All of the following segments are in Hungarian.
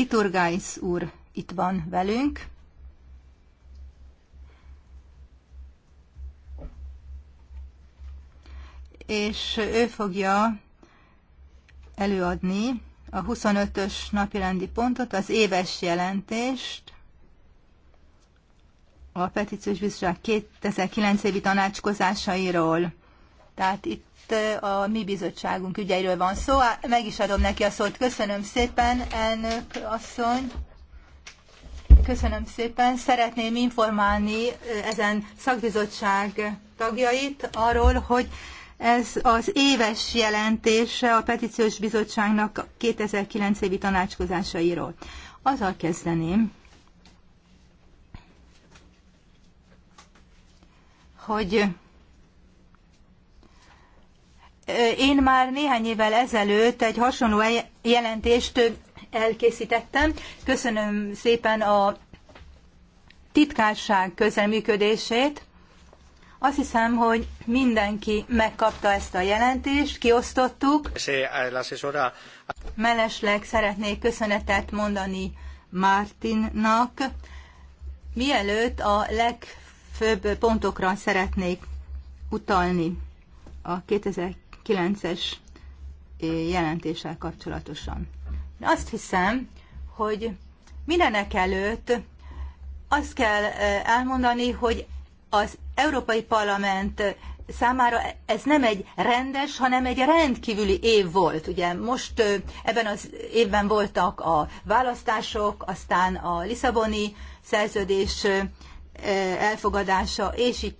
Iturgáis úr itt van velünk. És ő fogja előadni a 25-ös napirendi pontot, az éves jelentést, a Petíciós Bizottság 2009 évi tanácskozásairól. Tehát itt a mi bizottságunk ügyeiről van szó. Meg is adom neki a szót. Köszönöm szépen, elnök asszony. Köszönöm szépen. Szeretném informálni ezen szakbizottság tagjait arról, hogy ez az éves jelentése a Petíciós Bizottságnak 2009 évi tanácskozásairól. Azzal kezdeném, hogy én már néhány évvel ezelőtt egy hasonló jelentést elkészítettem. Köszönöm szépen a titkárság közreműködését. Azt hiszem, hogy mindenki megkapta ezt a jelentést, kiosztottuk. Mellesleg szeretnék köszönetet mondani Martinnak. Mielőtt a legfőbb pontokra szeretnék utalni a 2009 9-es jelentéssel kapcsolatosan. azt hiszem, hogy mindenek előtt azt kell elmondani, hogy az Európai Parlament számára ez nem egy rendes, hanem egy rendkívüli év volt. Ugye most ebben az évben voltak a választások, aztán a Lisszaboni szerződés elfogadása, és így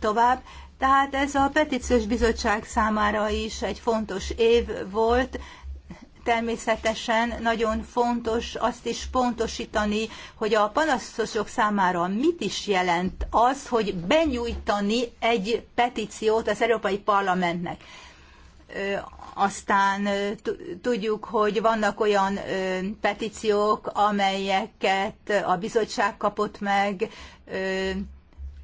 tovább. Tehát ez a petíciós bizottság számára is egy fontos év volt, természetesen nagyon fontos azt is pontosítani, hogy a panaszosok számára mit is jelent az, hogy benyújtani egy petíciót az Európai Parlamentnek. Aztán tudjuk, hogy vannak olyan petíciók, amelyeket a bizottság kapott meg,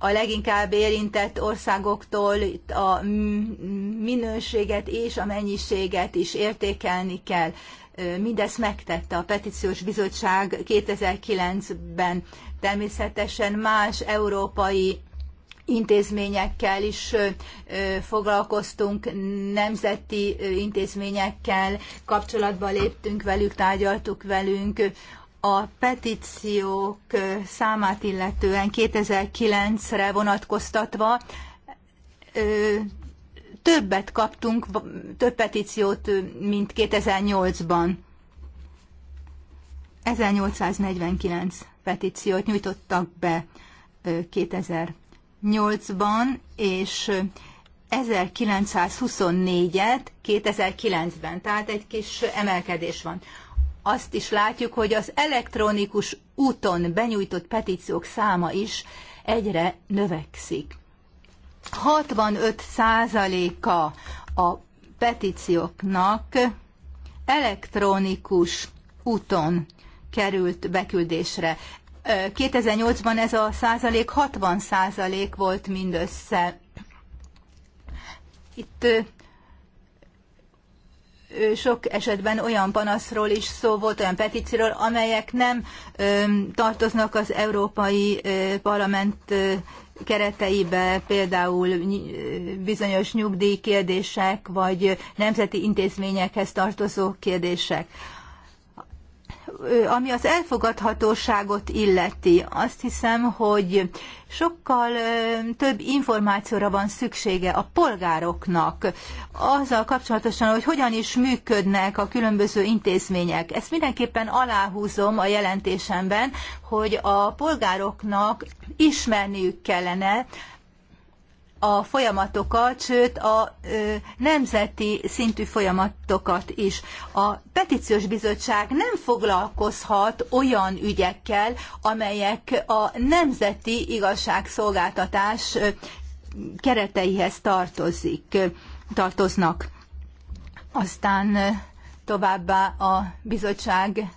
a leginkább érintett országoktól itt a minőséget és a mennyiséget is értékelni kell. Mindezt megtette a Petíciós Bizottság 2009-ben. Természetesen más európai intézményekkel is foglalkoztunk, nemzeti intézményekkel kapcsolatba léptünk velük, tárgyaltuk velünk a petíciók számát illetően 2009-re vonatkoztatva többet kaptunk, több petíciót, mint 2008-ban. 1849 petíciót nyújtottak be 2008-ban, és 1924-et 2009-ben, tehát egy kis emelkedés van azt is látjuk, hogy az elektronikus úton benyújtott petíciók száma is egyre növekszik. 65%-a a petícióknak elektronikus úton került beküldésre. 2008-ban ez a százalék 60 százalék volt mindössze. Itt sok esetben olyan panaszról is szó volt, olyan petícióról, amelyek nem tartoznak az Európai Parlament kereteibe, például bizonyos nyugdíj kérdések, vagy nemzeti intézményekhez tartozó kérdések ami az elfogadhatóságot illeti, azt hiszem, hogy sokkal több információra van szüksége a polgároknak azzal kapcsolatosan, hogy hogyan is működnek a különböző intézmények. Ezt mindenképpen aláhúzom a jelentésemben, hogy a polgároknak ismerniük kellene a folyamatokat, sőt a nemzeti szintű folyamatokat is. A petíciós bizottság nem foglalkozhat olyan ügyekkel, amelyek a nemzeti igazságszolgáltatás kereteihez tartozik, tartoznak. Aztán továbbá a bizottság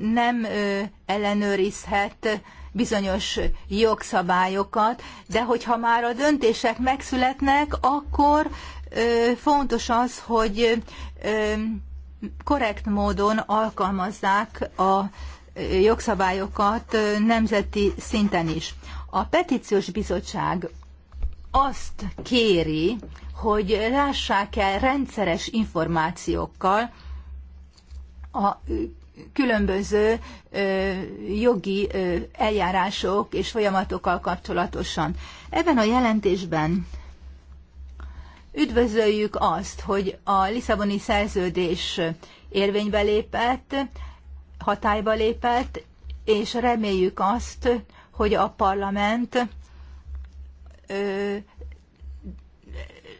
nem ellenőrizhet bizonyos jogszabályokat, de hogyha már a döntések megszületnek, akkor fontos az, hogy korrekt módon alkalmazzák a jogszabályokat nemzeti szinten is. A petíciós bizottság azt kéri, hogy lássák el rendszeres információkkal a különböző jogi eljárások és folyamatokkal kapcsolatosan. Ebben a jelentésben üdvözöljük azt, hogy a Lisszaboni szerződés érvénybe lépett, hatályba lépett, és reméljük azt, hogy a parlament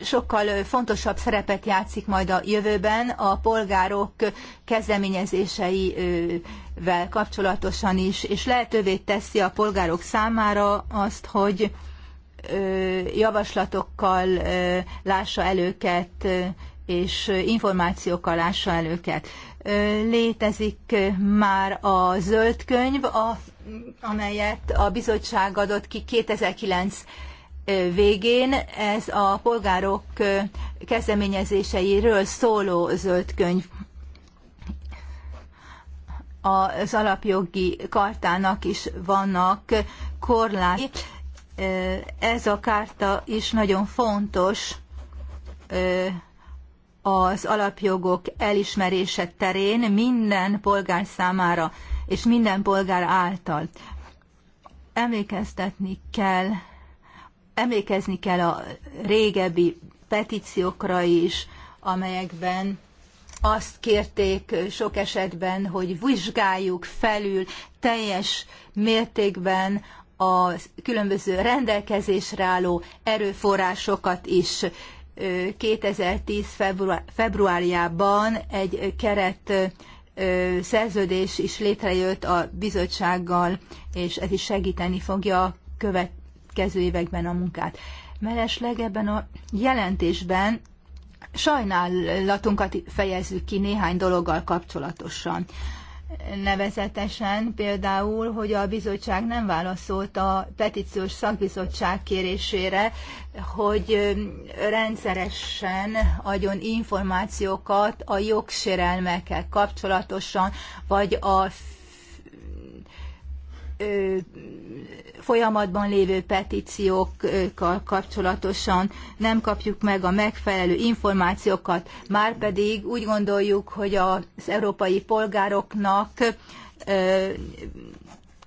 sokkal fontosabb szerepet játszik majd a jövőben a polgárok kezdeményezéseivel kapcsolatosan is, és lehetővé teszi a polgárok számára azt, hogy javaslatokkal lássa előket, és információkkal lássa előket. Létezik már a zöld könyv, a, amelyet a bizottság adott ki 2009 végén ez a polgárok kezdeményezéseiről szóló zöld könyv az alapjogi kartának is vannak korlátai. Ez a kárta is nagyon fontos az alapjogok elismerése terén minden polgár számára és minden polgár által. Emlékeztetni kell emlékezni kell a régebbi petíciókra is, amelyekben azt kérték sok esetben, hogy vizsgáljuk felül teljes mértékben a különböző rendelkezésre álló erőforrásokat is. 2010. februárjában egy keret szerződés is létrejött a bizottsággal, és ez is segíteni fogja a követ, következő években a munkát. Mellesleg ebben a jelentésben sajnálatunkat fejezzük ki néhány dologgal kapcsolatosan. Nevezetesen például, hogy a bizottság nem válaszolt a petíciós szakbizottság kérésére, hogy rendszeresen adjon információkat a jogsérelmekkel kapcsolatosan, vagy a folyamatban lévő petíciókkal kapcsolatosan nem kapjuk meg a megfelelő információkat, már pedig úgy gondoljuk, hogy az európai polgároknak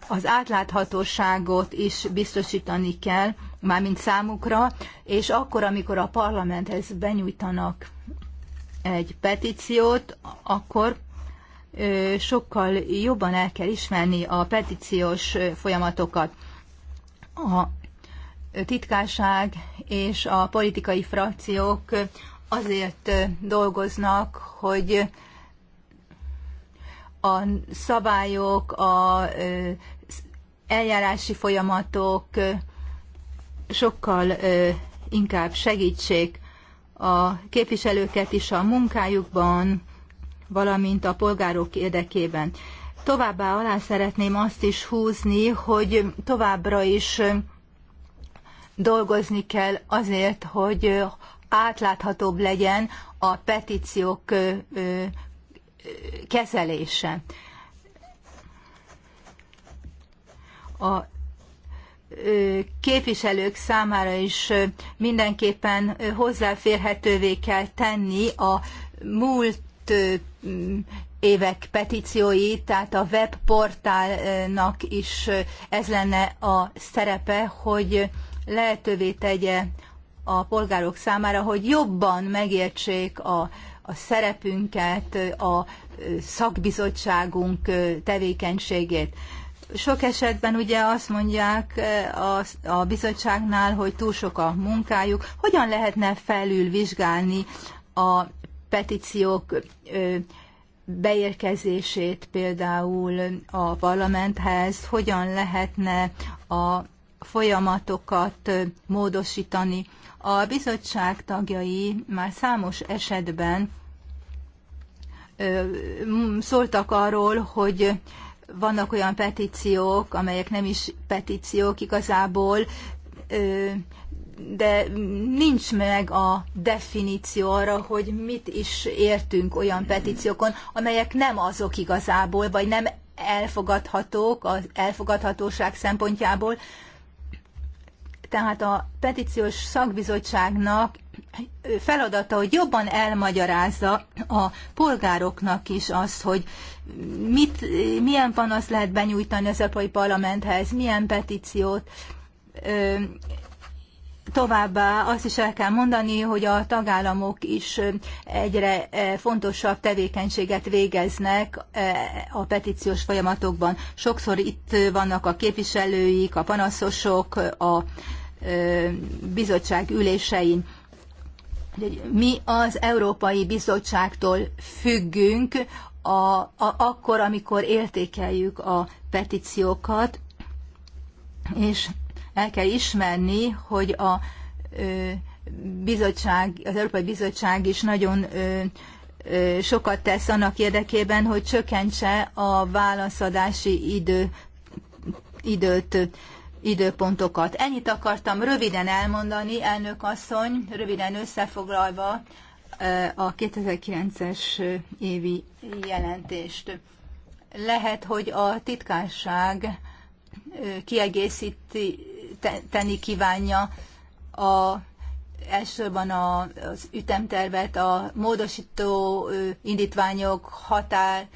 az átláthatóságot is biztosítani kell, mármint számukra, és akkor, amikor a parlamenthez benyújtanak egy petíciót, akkor sokkal jobban el kell ismerni a petíciós folyamatokat. A titkárság és a politikai frakciók azért dolgoznak, hogy a szabályok, a eljárási folyamatok sokkal inkább segítsék a képviselőket is a munkájukban, valamint a polgárok érdekében. Továbbá alá szeretném azt is húzni, hogy továbbra is dolgozni kell azért, hogy átláthatóbb legyen a petíciók kezelése. A képviselők számára is mindenképpen hozzáférhetővé kell tenni a múlt évek petíciói, tehát a webportálnak is ez lenne a szerepe, hogy lehetővé tegye a polgárok számára, hogy jobban megértsék a, a szerepünket, a szakbizottságunk tevékenységét. Sok esetben ugye azt mondják a, a bizottságnál, hogy túl sok a munkájuk. Hogyan lehetne felülvizsgálni a petíciók beérkezését például a parlamenthez, hogyan lehetne a folyamatokat módosítani. A bizottság tagjai már számos esetben szóltak arról, hogy vannak olyan petíciók, amelyek nem is petíciók igazából, de nincs meg a definíció arra, hogy mit is értünk olyan petíciókon, amelyek nem azok igazából, vagy nem elfogadhatók az elfogadhatóság szempontjából. Tehát a petíciós szakbizottságnak feladata, hogy jobban elmagyarázza a polgároknak is azt, hogy mit, milyen panaszt lehet benyújtani az Európai Parlamenthez, milyen petíciót Továbbá azt is el kell mondani, hogy a tagállamok is egyre fontosabb tevékenységet végeznek a petíciós folyamatokban. Sokszor itt vannak a képviselőik, a panaszosok, a bizottság ülésein. Mi az Európai Bizottságtól függünk a, a, akkor, amikor értékeljük a petíciókat, és el kell ismerni, hogy a bizottság, az Európai Bizottság is nagyon sokat tesz annak érdekében, hogy csökkentse a válaszadási idő, időt, időpontokat. Ennyit akartam röviden elmondani, elnök asszony, röviden összefoglalva a 2009-es évi jelentést. Lehet, hogy a titkárság kiegészíti tenni kívánja a elsőben az ütemtervet, a módosító indítványok határ,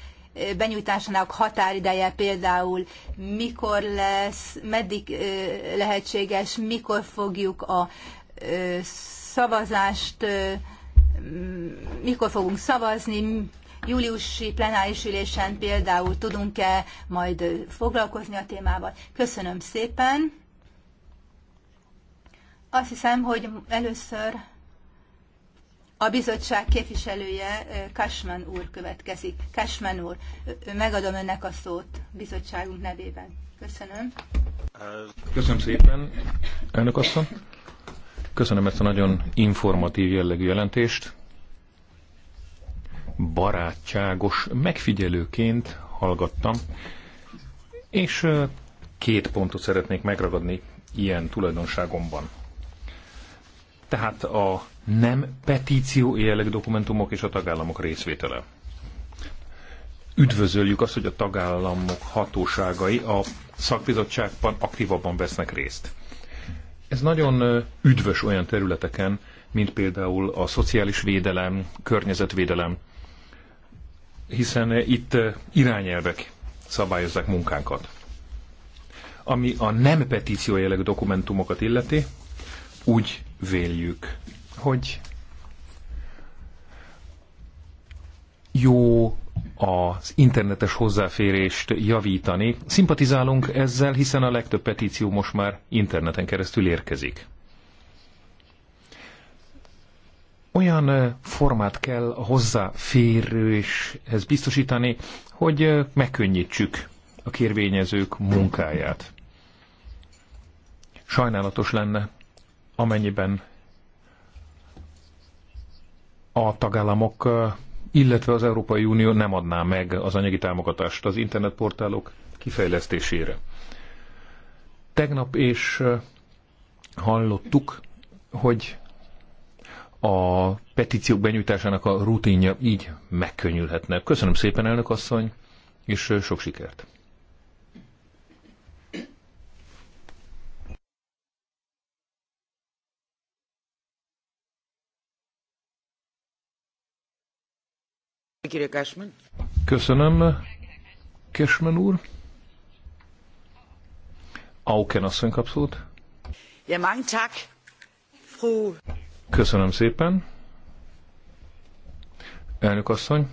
benyújtásának határideje például, mikor lesz, meddig lehetséges, mikor fogjuk a szavazást, mikor fogunk szavazni, júliusi plenáris ülésen például tudunk-e majd foglalkozni a témával. Köszönöm szépen! Azt hiszem, hogy először a bizottság képviselője Kasman úr következik. Kasman úr, megadom önnek a szót bizottságunk nevében. Köszönöm. Köszönöm szépen, elnök asszony. Köszönöm ezt a nagyon informatív jellegű jelentést. Barátságos megfigyelőként hallgattam, és két pontot szeretnék megragadni ilyen tulajdonságomban tehát a nem petíció jelleg dokumentumok és a tagállamok részvétele. Üdvözöljük azt, hogy a tagállamok hatóságai a szakbizottságban aktívabban vesznek részt. Ez nagyon üdvös olyan területeken, mint például a szociális védelem, környezetvédelem, hiszen itt irányelvek szabályozzák munkánkat. Ami a nem petíció jellegű dokumentumokat illeti, úgy véljük, hogy jó az internetes hozzáférést javítani. Szimpatizálunk ezzel, hiszen a legtöbb petíció most már interneten keresztül érkezik. Olyan formát kell a hozzáféréshez biztosítani, hogy megkönnyítsük a kérvényezők munkáját. Sajnálatos lenne, amennyiben a tagállamok, illetve az Európai Unió nem adná meg az anyagi támogatást az internetportálok kifejlesztésére. Tegnap és hallottuk, hogy a petíciók benyújtásának a rutinja így megkönnyülhetne. Köszönöm szépen, elnök asszony, és sok sikert! Köszönöm, Cashman úr. Auken asszony kap szót. Köszönöm szépen. Elnök asszony.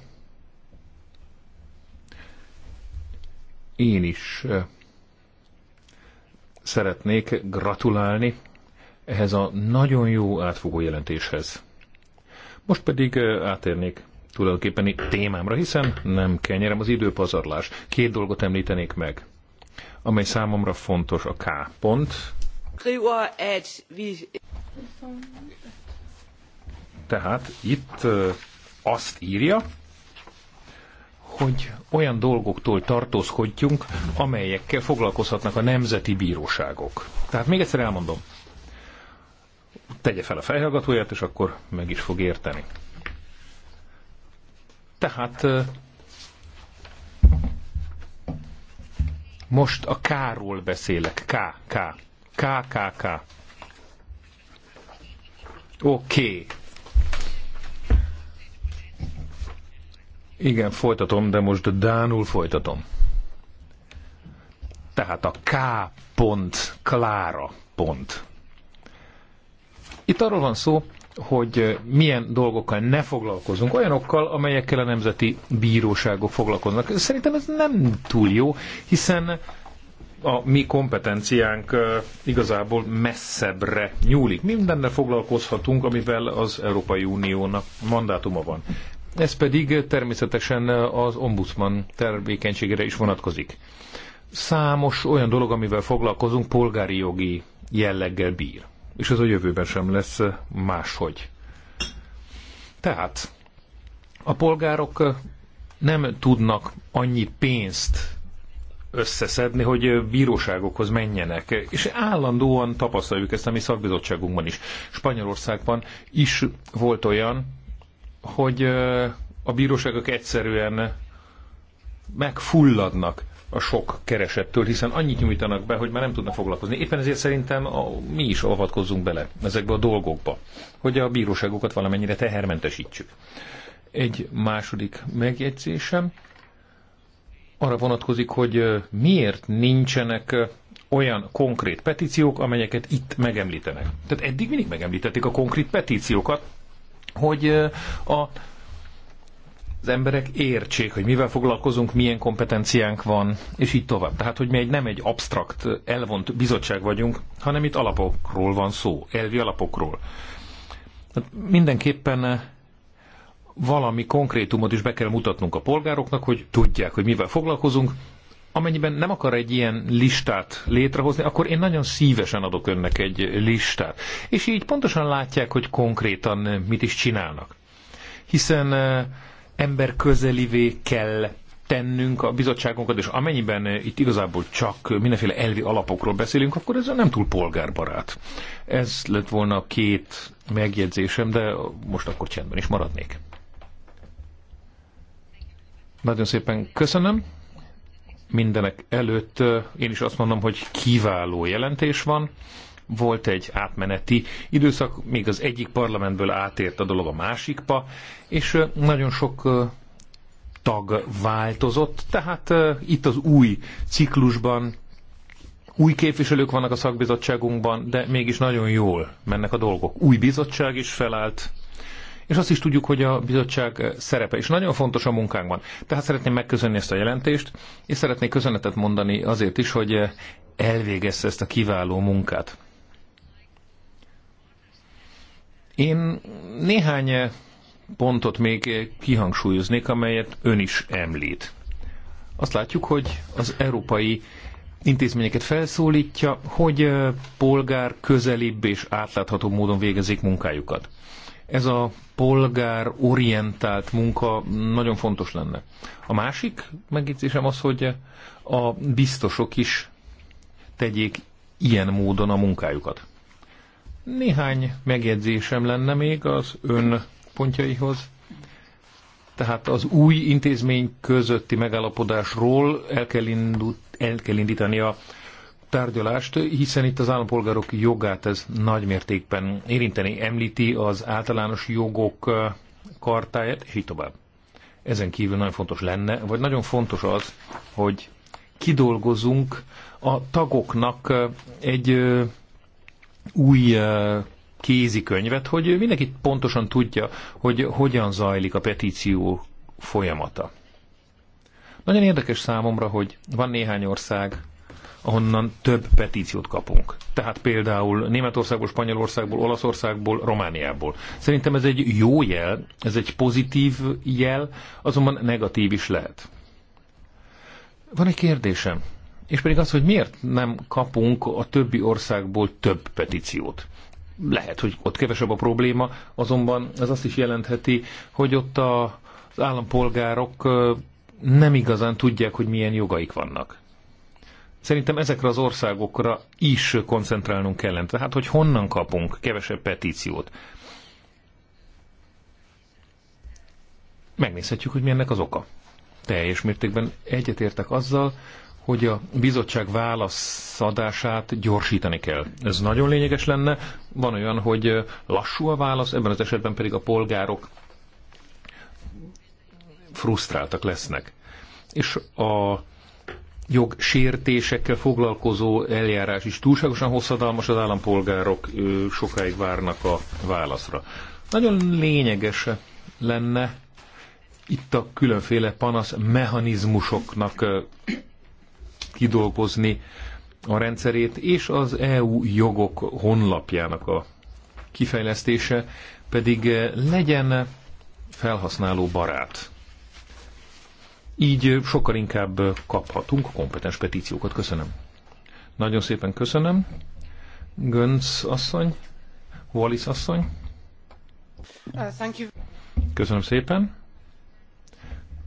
Én is eh, szeretnék gratulálni ehhez a nagyon jó átfogó jelentéshez. Most pedig eh, átérnék itt témámra, hiszen nem kenyerem az időpazarlás. Két dolgot említenék meg, amely számomra fontos a K pont. Tehát itt azt írja, hogy olyan dolgoktól tartózkodjunk, amelyekkel foglalkozhatnak a nemzeti bíróságok. Tehát még egyszer elmondom. Tegye fel a fejhallgatóját, és akkor meg is fog érteni. Tehát most a K-ról beszélek. K, K, K, K, K. Oké. Okay. Igen, folytatom, de most Dánul folytatom. Tehát a K pont, Klára pont. Itt arról van szó, hogy milyen dolgokkal ne foglalkozunk, olyanokkal, amelyekkel a nemzeti bíróságok foglalkoznak. Szerintem ez nem túl jó, hiszen a mi kompetenciánk igazából messzebbre nyúlik. Mindennel foglalkozhatunk, amivel az Európai Uniónak mandátuma van. Ez pedig természetesen az ombudsman termékenységére is vonatkozik. Számos olyan dolog, amivel foglalkozunk, polgári jogi jelleggel bír és ez a jövőben sem lesz eh, máshogy. Tehát a polgárok eh, nem tudnak annyi pénzt összeszedni, hogy eh, bíróságokhoz menjenek. És állandóan tapasztaljuk ezt a mi szakbizottságunkban is. Spanyolországban is volt olyan, hogy a bíróságok egyszerűen megfulladnak a sok keresettől, hiszen annyit nyújtanak be, hogy már nem tudnak foglalkozni. Éppen ezért szerintem a, mi is avatkozzunk bele ezekbe a dolgokba, hogy a bíróságokat valamennyire tehermentesítsük. Egy második megjegyzésem arra vonatkozik, hogy miért nincsenek olyan konkrét petíciók, amelyeket itt megemlítenek. Tehát eddig mindig megemlítették a konkrét petíciókat, hogy a az emberek értsék, hogy mivel foglalkozunk, milyen kompetenciánk van, és így tovább. Tehát, hogy mi egy, nem egy absztrakt, elvont bizottság vagyunk, hanem itt alapokról van szó, elvi alapokról. Hát mindenképpen eh, valami konkrétumot is be kell mutatnunk a polgároknak, hogy tudják, hogy mivel foglalkozunk. Amennyiben nem akar egy ilyen listát létrehozni, akkor én nagyon szívesen adok önnek egy listát. És így pontosan látják, hogy konkrétan eh, mit is csinálnak. Hiszen eh, emberközelivé kell tennünk a bizottságunkat, és amennyiben itt igazából csak mindenféle elvi alapokról beszélünk, akkor ez nem túl polgárbarát. Ez lett volna a két megjegyzésem, de most akkor csendben is maradnék. Nagyon szépen köszönöm. Mindenek előtt eh, én is azt mondom, hogy kiváló jelentés van volt egy átmeneti időszak, még az egyik parlamentből átért a dolog a másikba, és nagyon sok tag változott, tehát itt az új ciklusban új képviselők vannak a szakbizottságunkban, de mégis nagyon jól mennek a dolgok. Új bizottság is felállt, és azt is tudjuk, hogy a bizottság szerepe is nagyon fontos a munkánkban. Tehát szeretném megköszönni ezt a jelentést, és szeretnék köszönetet mondani azért is, hogy elvégezte ezt a kiváló munkát. Én néhány pontot még kihangsúlyoznék, amelyet ön is említ. Azt látjuk, hogy az európai intézményeket felszólítja, hogy polgár közelibb és átlátható módon végezik munkájukat. Ez a polgár orientált munka nagyon fontos lenne. A másik megítésem az, hogy a biztosok is tegyék ilyen módon a munkájukat. Néhány megjegyzésem lenne még az ön pontjaihoz. Tehát az új intézmény közötti megállapodásról el kell, indult, el kell indítani a tárgyalást, hiszen itt az állampolgárok jogát ez nagymértékben érinteni. Említi az általános jogok kartáját, és így tovább. Ezen kívül nagyon fontos lenne, vagy nagyon fontos az, hogy kidolgozunk a tagoknak egy új kézikönyvet, hogy mindenki pontosan tudja, hogy hogyan zajlik a petíció folyamata. Nagyon érdekes számomra, hogy van néhány ország, ahonnan több petíciót kapunk. Tehát például Németországból, Spanyolországból, Olaszországból, Romániából. Szerintem ez egy jó jel, ez egy pozitív jel, azonban negatív is lehet. Van egy kérdésem és pedig az, hogy miért nem kapunk a többi országból több petíciót. Lehet, hogy ott kevesebb a probléma, azonban ez azt is jelentheti, hogy ott a, az állampolgárok nem igazán tudják, hogy milyen jogaik vannak. Szerintem ezekre az országokra is koncentrálnunk kellene. Tehát, hogy honnan kapunk kevesebb petíciót. Megnézhetjük, hogy mi ennek az oka. Teljes mértékben egyetértek azzal, hogy a bizottság válaszadását gyorsítani kell. Ez nagyon lényeges lenne. Van olyan, hogy lassú a válasz, ebben az esetben pedig a polgárok frusztráltak lesznek. És a jogsértésekkel foglalkozó eljárás is túlságosan hosszadalmas, az állampolgárok sokáig várnak a válaszra. Nagyon lényeges lenne itt a különféle panasz mechanizmusoknak kidolgozni a rendszerét, és az EU jogok honlapjának a kifejlesztése pedig legyen felhasználó barát. Így sokkal inkább kaphatunk kompetens petíciókat. Köszönöm. Nagyon szépen köszönöm. Gönc asszony, Wallis asszony. Uh, köszönöm szépen.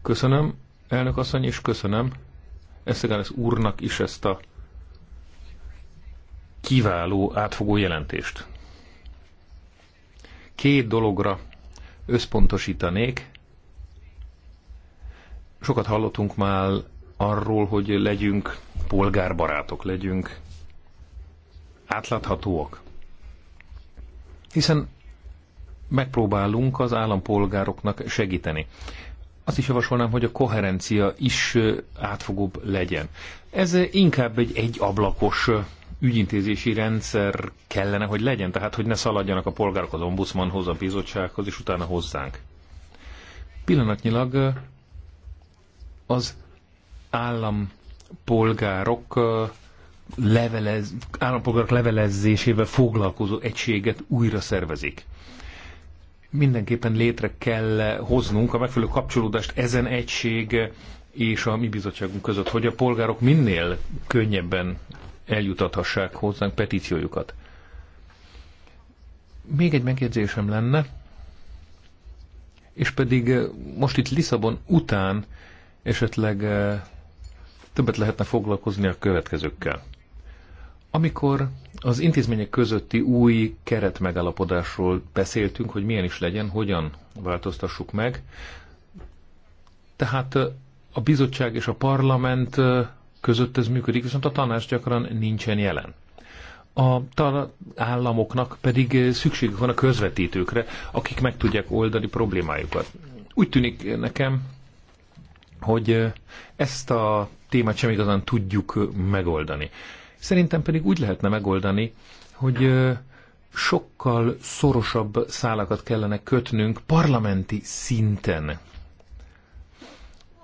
Köszönöm, elnök asszony, és köszönöm Eszegánes úrnak is ezt a kiváló átfogó jelentést. Két dologra összpontosítanék. Sokat hallottunk már arról, hogy legyünk polgárbarátok, legyünk átláthatóak. Hiszen megpróbálunk az állampolgároknak segíteni azt is javasolnám, hogy a koherencia is átfogóbb legyen. Ez inkább egy egyablakos ügyintézési rendszer kellene, hogy legyen, tehát hogy ne szaladjanak a polgárok az ombudsmanhoz, a bizottsághoz, és utána hozzánk. Pillanatnyilag az állampolgárok levelez, állampolgárok levelezésével foglalkozó egységet újra szervezik mindenképpen létre kell hoznunk a megfelelő kapcsolódást ezen egység és a mi bizottságunk között, hogy a polgárok minél könnyebben eljutathassák hozzánk petíciójukat. Még egy megjegyzésem lenne, és pedig eh, most itt Lisszabon után esetleg eh, többet lehetne foglalkozni a következőkkel. Amikor az intézmények közötti új keretmegállapodásról beszéltünk, hogy milyen is legyen, hogyan változtassuk meg. Tehát eh, a bizottság és a parlament eh, között ez működik, viszont a tanács gyakran nincsen jelen. A államoknak pedig eh, szükségük van a közvetítőkre, akik meg tudják oldani problémájukat. Úgy tűnik nekem, hogy ezt a témát sem igazán tudjuk megoldani. Szerintem pedig úgy lehetne megoldani, hogy sokkal szorosabb szálakat kellene kötnünk parlamenti szinten.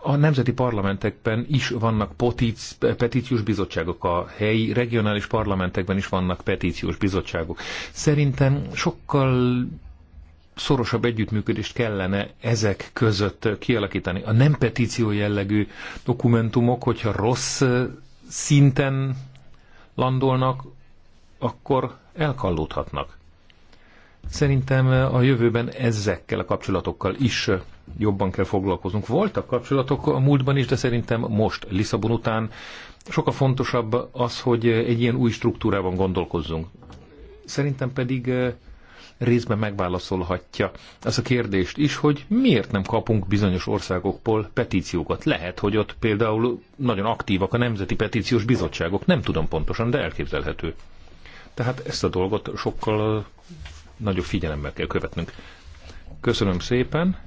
A nemzeti parlamentekben is vannak potíc, petíciós bizottságok, a helyi, regionális parlamentekben is vannak petíciós bizottságok. Szerintem sokkal szorosabb együttműködést kellene ezek között kialakítani. A nem petíció jellegű dokumentumok, hogyha rossz szinten landolnak, akkor elkallódhatnak. Szerintem eh, a jövőben ezekkel a kapcsolatokkal is eh, jobban kell foglalkoznunk. Voltak kapcsolatok a múltban is, de szerintem most, Lisszabon után sokkal fontosabb az, hogy eh, egy ilyen új struktúrában gondolkozzunk. Szerintem pedig részben megválaszolhatja az a kérdést is, hogy miért nem kapunk bizonyos országokból petíciókat. Lehet, hogy ott például nagyon aktívak a nemzeti petíciós bizottságok, nem tudom pontosan, de elképzelhető. Tehát ezt a dolgot sokkal nagyobb figyelemmel kell követnünk. Köszönöm szépen.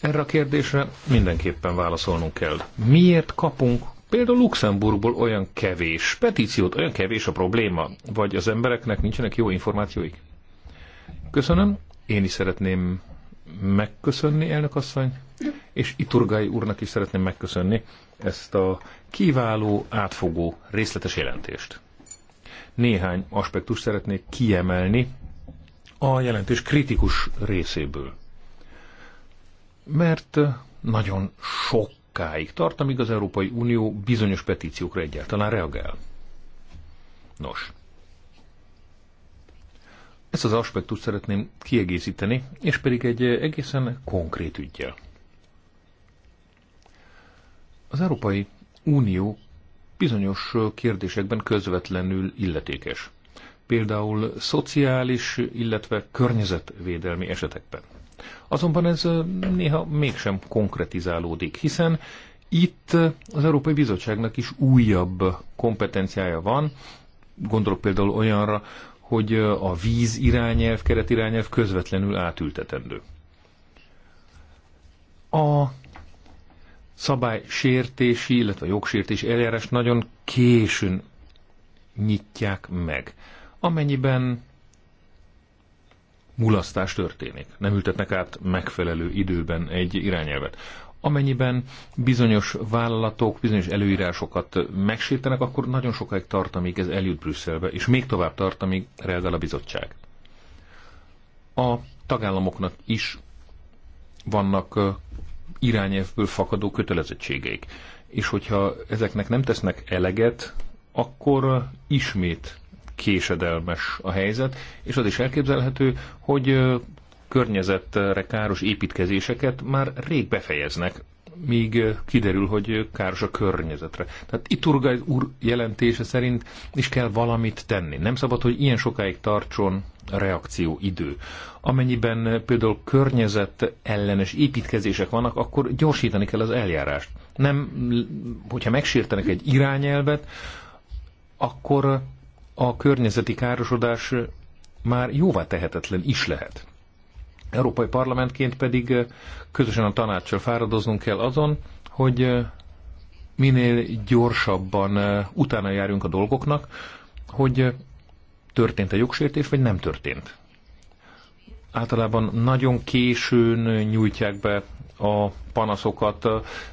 Erre a kérdésre mindenképpen válaszolnunk kell. Miért kapunk Például Luxemburgból olyan kevés petíciót, olyan kevés a probléma, vagy az embereknek nincsenek jó információik. Köszönöm, én is szeretném megköszönni, elnök asszony, és Iturgai úrnak is szeretném megköszönni ezt a kiváló, átfogó, részletes jelentést. Néhány aspektust szeretnék kiemelni a jelentés kritikus részéből. Mert nagyon sok sokáig tart, amíg az Európai Unió bizonyos petíciókra egyáltalán reagál. Nos, ezt az aspektust szeretném kiegészíteni, és pedig egy egészen konkrét ügyjel. Az Európai Unió bizonyos kérdésekben közvetlenül illetékes. Például szociális, illetve környezetvédelmi esetekben. Azonban ez néha mégsem konkretizálódik, hiszen itt az Európai Bizottságnak is újabb kompetenciája van, gondolok például olyanra, hogy a víz irányelv, irányelv közvetlenül átültetendő. A szabálysértési, illetve a jogsértési eljárás nagyon későn nyitják meg. Amennyiben mulasztás történik. Nem ültetnek át megfelelő időben egy irányelvet. Amennyiben bizonyos vállalatok, bizonyos előírásokat megsértenek, akkor nagyon sokáig tart, amíg ez eljut Brüsszelbe, és még tovább tart, amíg reagál a bizottság. A tagállamoknak is vannak irányelvből fakadó kötelezettségeik. És hogyha ezeknek nem tesznek eleget, akkor ismét késedelmes a helyzet, és az is elképzelhető, hogy környezetre káros építkezéseket már rég befejeznek, míg kiderül, hogy káros a környezetre. Tehát itt Urgály úr jelentése szerint is kell valamit tenni. Nem szabad, hogy ilyen sokáig tartson a reakció idő. Amennyiben például környezet ellenes építkezések vannak, akkor gyorsítani kell az eljárást. Nem, hogyha megsértenek egy irányelvet, akkor a környezeti károsodás már jóvá tehetetlen is lehet. Európai Parlamentként pedig közösen a tanácssal fáradoznunk kell azon, hogy minél gyorsabban utána járjunk a dolgoknak, hogy történt-e jogsértés, vagy nem történt. Általában nagyon későn nyújtják be a panaszokat,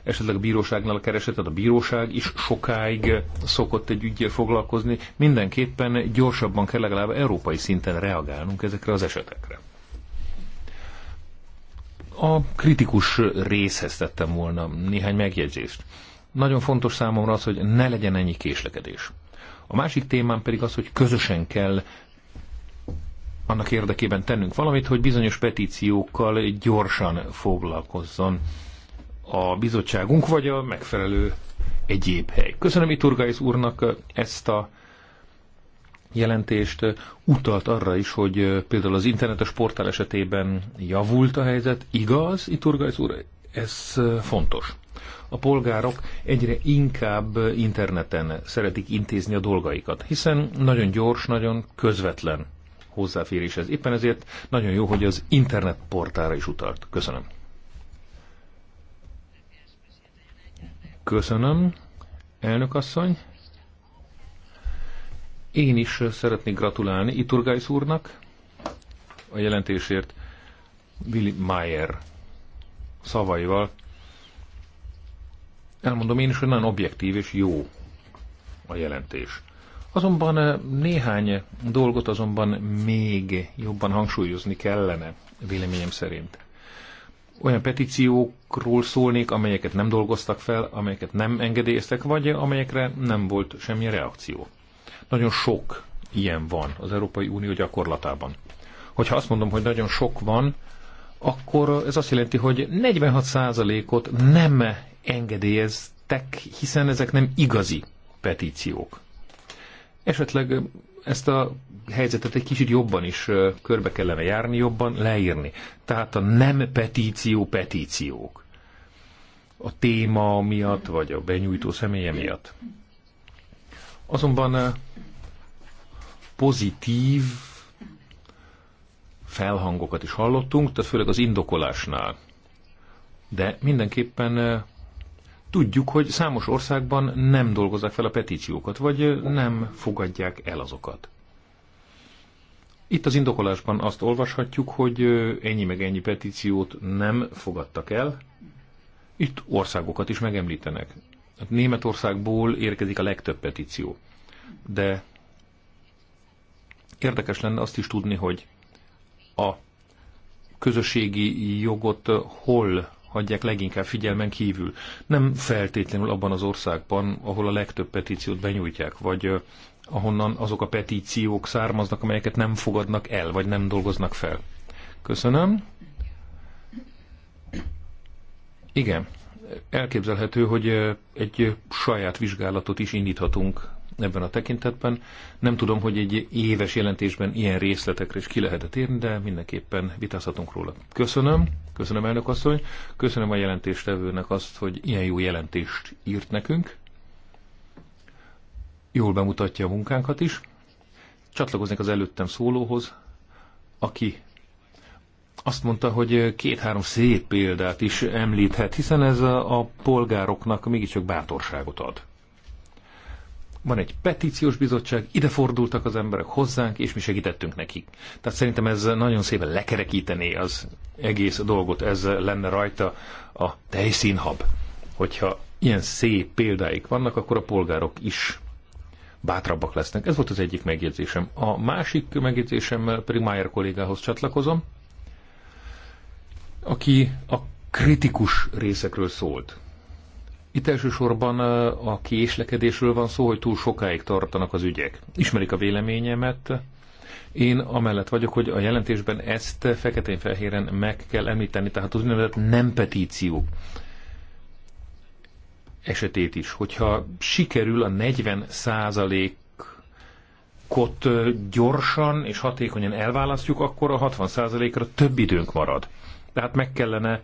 esetleg a bíróságnál a keresetet, a bíróság is sokáig szokott egy ügyjel foglalkozni. Mindenképpen gyorsabban kell legalább európai szinten reagálnunk ezekre az esetekre. A kritikus részhez tettem volna néhány megjegyzést. Nagyon fontos számomra az, hogy ne legyen ennyi késlekedés. A másik témám pedig az, hogy közösen kell annak érdekében tennünk valamit, hogy bizonyos petíciókkal gyorsan foglalkozzon a bizottságunk, vagy a megfelelő egyéb hely. Köszönöm Iturgais úrnak ezt a jelentést. Utalt arra is, hogy például az internetes portál esetében javult a helyzet. Igaz, Iturgais úr? Ez fontos. A polgárok egyre inkább interneten szeretik intézni a dolgaikat, hiszen nagyon gyors, nagyon közvetlen hozzáféréshez. Éppen ezért nagyon jó, hogy az internet portára is utalt. Köszönöm. Köszönöm, elnök asszony. Én is szeretnék gratulálni Iturgais úrnak a jelentésért Willy Mayer szavaival. Elmondom én is, hogy nagyon objektív és jó a jelentés. Azonban eh, néhány dolgot azonban még jobban hangsúlyozni kellene, véleményem szerint. Olyan petíciókról szólnék, amelyeket nem dolgoztak fel, amelyeket nem engedélyeztek, vagy amelyekre nem volt semmi reakció. Nagyon sok ilyen van az Európai Unió gyakorlatában. Hogyha azt mondom, hogy nagyon sok van, akkor ez azt jelenti, hogy 46%-ot nem engedélyeztek, hiszen ezek nem igazi petíciók. Esetleg ezt a helyzetet egy kicsit jobban is körbe kellene járni, jobban leírni. Tehát a nem petíció petíciók. A téma miatt, vagy a benyújtó személye miatt. Azonban pozitív felhangokat is hallottunk, tehát főleg az indokolásnál. De mindenképpen Tudjuk, hogy számos országban nem dolgozzák fel a petíciókat, vagy nem fogadják el azokat. Itt az indokolásban azt olvashatjuk, hogy ennyi meg ennyi petíciót nem fogadtak el. Itt országokat is megemlítenek. Hát Németországból érkezik a legtöbb petíció. De érdekes lenne azt is tudni, hogy a közösségi jogot hol hagyják leginkább figyelmen kívül. Nem feltétlenül abban az országban, ahol a legtöbb petíciót benyújtják, vagy ahonnan azok a petíciók származnak, amelyeket nem fogadnak el, vagy nem dolgoznak fel. Köszönöm. Igen, elképzelhető, hogy egy saját vizsgálatot is indíthatunk ebben a tekintetben. Nem tudom, hogy egy éves jelentésben ilyen részletekre is ki lehetett érni, de mindenképpen vitázhatunk róla. Köszönöm, köszönöm elnök asszony, köszönöm a jelentéstevőnek azt, hogy ilyen jó jelentést írt nekünk. Jól bemutatja a munkánkat is. Csatlakoznék az előttem szólóhoz, aki azt mondta, hogy két-három szép példát is említhet, hiszen ez a, a polgároknak mégiscsak bátorságot ad van egy petíciós bizottság, ide fordultak az emberek hozzánk, és mi segítettünk nekik. Tehát szerintem ez nagyon szépen lekerekítené az egész dolgot, ez lenne rajta a tejszínhab. Hogyha ilyen szép példáik vannak, akkor a polgárok is bátrabbak lesznek. Ez volt az egyik megjegyzésem. A másik megjegyzésem pedig Mayer kollégához csatlakozom, aki a kritikus részekről szólt. Itt elsősorban a késlekedésről van szó, hogy túl sokáig tartanak az ügyek. Ismerik a véleményemet. Én amellett vagyok, hogy a jelentésben ezt feketén-fehéren meg kell említeni, tehát az úgynevezett nem petíció esetét is. Hogyha sikerül a 40 kot gyorsan és hatékonyan elválasztjuk, akkor a 60%-ra több időnk marad. Tehát meg kellene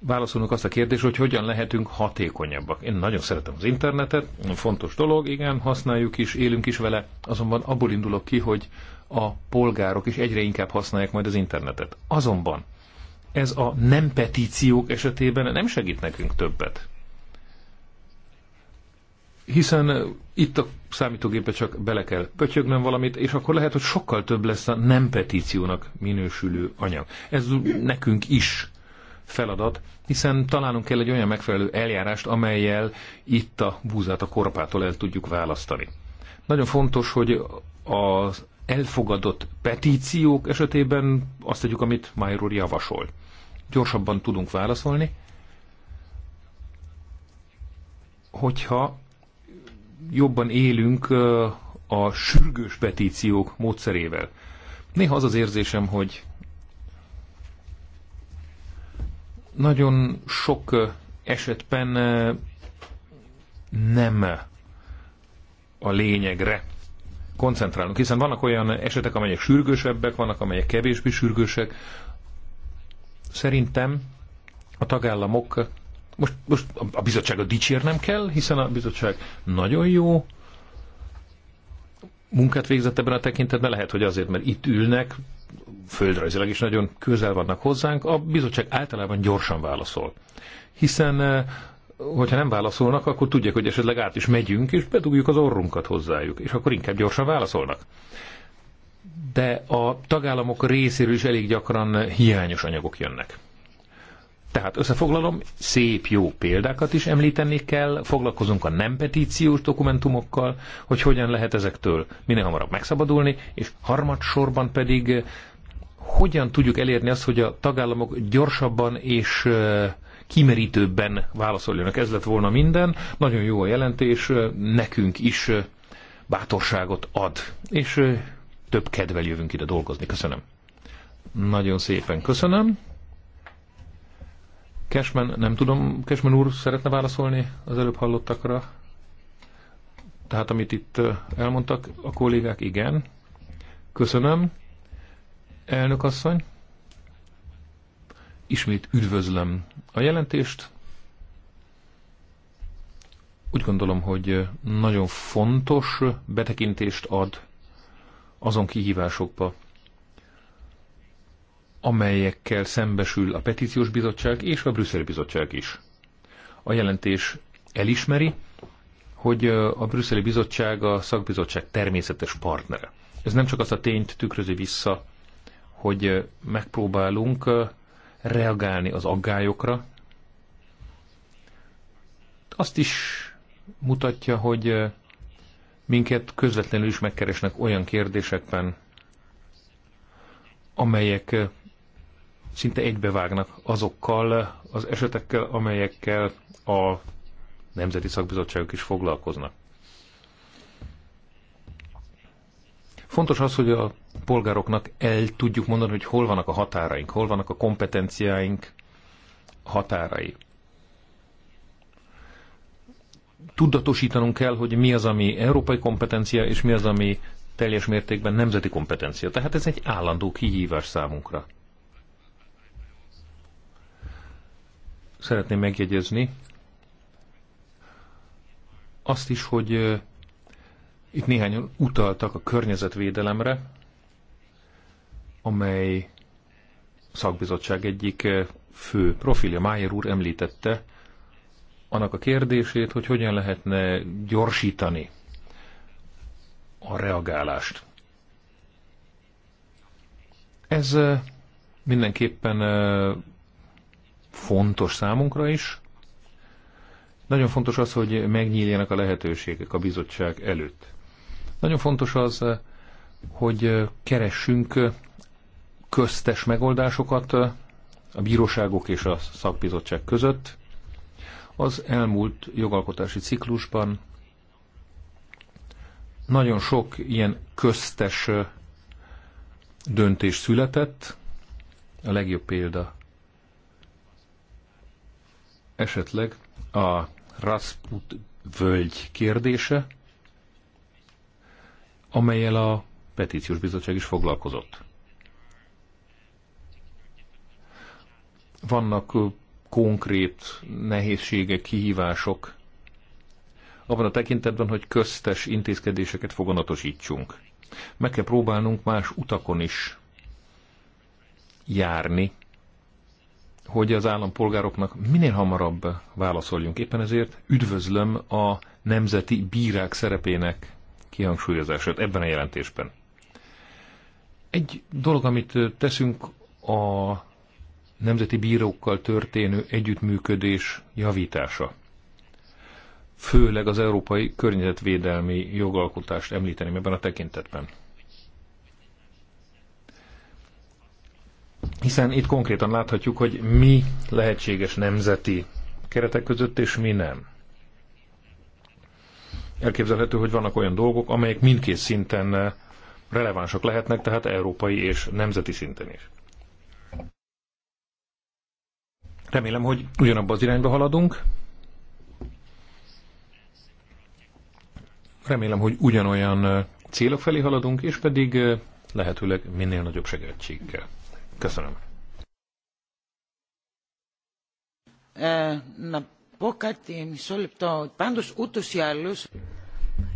válaszolnunk azt a kérdést, hogy hogyan lehetünk hatékonyabbak. Én nagyon szeretem az internetet, fontos dolog, igen, használjuk is, élünk is vele, azonban abból indulok ki, hogy a polgárok is egyre inkább használják majd az internetet. Azonban ez a nem petíciók esetében nem segít nekünk többet. Hiszen itt a számítógépe csak bele kell pötyögnöm valamit, és akkor lehet, hogy sokkal több lesz a nem petíciónak minősülő anyag. Ez nekünk is feladat, hiszen találunk kell egy olyan megfelelő eljárást, amelyel itt a búzát a korpától el tudjuk választani. Nagyon fontos, hogy az elfogadott petíciók esetében azt tegyük, amit Májer úr javasol. Gyorsabban tudunk válaszolni, hogyha jobban élünk a sürgős petíciók módszerével. Néha az az érzésem, hogy nagyon sok esetben nem a lényegre koncentrálunk, hiszen vannak olyan esetek, amelyek sürgősebbek, vannak, amelyek kevésbé sürgősek. Szerintem a tagállamok, most, most a bizottság bizottságot dicsérnem kell, hiszen a bizottság nagyon jó munkát végzett ebben a tekintetben, lehet, hogy azért, mert itt ülnek, földrajzilag is nagyon közel vannak hozzánk, a bizottság általában gyorsan válaszol. Hiszen eh, hogyha nem válaszolnak, akkor tudják, hogy esetleg át is megyünk, és bedugjuk az orrunkat hozzájuk, és akkor inkább gyorsan válaszolnak. De a tagállamok részéről is elég gyakran hiányos anyagok jönnek. Tehát összefoglalom, szép jó példákat is említeni kell, foglalkozunk a nem petíciós dokumentumokkal, hogy hogyan lehet ezektől minél hamarabb megszabadulni, és harmadsorban pedig eh, hogyan tudjuk elérni azt, hogy a tagállamok gyorsabban és eh, kimerítőbben válaszoljanak. Ez lett volna minden. Nagyon jó a jelentés, eh, nekünk is bátorságot ad, és több kedvel jövünk ide dolgozni. Köszönöm. Nagyon szépen köszönöm. Kesmen, nem tudom, Kesmen úr szeretne válaszolni az előbb hallottakra? Tehát amit itt elmondtak a kollégák, igen. Köszönöm. Elnök asszony, ismét üdvözlöm a jelentést. Úgy gondolom, hogy nagyon fontos betekintést ad azon kihívásokba, amelyekkel szembesül a petíciós bizottság és a brüsszeli bizottság is. A jelentés elismeri, hogy a brüsszeli bizottság a szakbizottság természetes partnere. Ez nem csak azt a tényt tükrözi vissza, hogy megpróbálunk reagálni az aggályokra, azt is mutatja, hogy minket közvetlenül is megkeresnek olyan kérdésekben, amelyek szinte egybevágnak azokkal az esetekkel, amelyekkel a nemzeti szakbizottságok is foglalkoznak. Fontos az, hogy a polgároknak el tudjuk mondani, hogy hol vannak a határaink, hol vannak a kompetenciáink határai. Tudatosítanunk kell, hogy mi az, ami európai kompetencia, és mi az, ami teljes mértékben nemzeti kompetencia. Tehát ez egy állandó kihívás számunkra. szeretném megjegyezni azt is, hogy itt néhányan utaltak a környezetvédelemre, amely szakbizottság egyik fő profilja. Májer úr említette annak a kérdését, hogy hogyan lehetne gyorsítani a reagálást. Ez mindenképpen fontos számunkra is. Nagyon fontos az, hogy megnyíljanak a lehetőségek a bizottság előtt. Nagyon fontos az, hogy keressünk köztes megoldásokat a bíróságok és a szakbizottság között. Az elmúlt jogalkotási ciklusban nagyon sok ilyen köztes döntés született. A legjobb példa esetleg a Rasput völgy kérdése, amelyel a petíciós bizottság is foglalkozott. Vannak konkrét nehézségek, kihívások, abban a tekintetben, hogy köztes intézkedéseket foganatosítsunk. Meg kell próbálnunk más utakon is járni, hogy az állampolgároknak minél hamarabb válaszoljunk. Éppen ezért üdvözlöm a nemzeti bírák szerepének kihangsúlyozását ebben a jelentésben. Egy dolog, amit teszünk a nemzeti bírókkal történő együttműködés javítása. Főleg az európai környezetvédelmi jogalkotást említeném ebben a tekintetben. hiszen itt konkrétan láthatjuk, hogy mi lehetséges nemzeti keretek között, és mi nem. Elképzelhető, hogy vannak olyan dolgok, amelyek mindkét szinten relevánsak lehetnek, tehát európai és nemzeti szinten is. Remélem, hogy ugyanabba az irányba haladunk. Remélem, hogy ugyanolyan célok felé haladunk, és pedig lehetőleg minél nagyobb segítségkel. Köszönöm.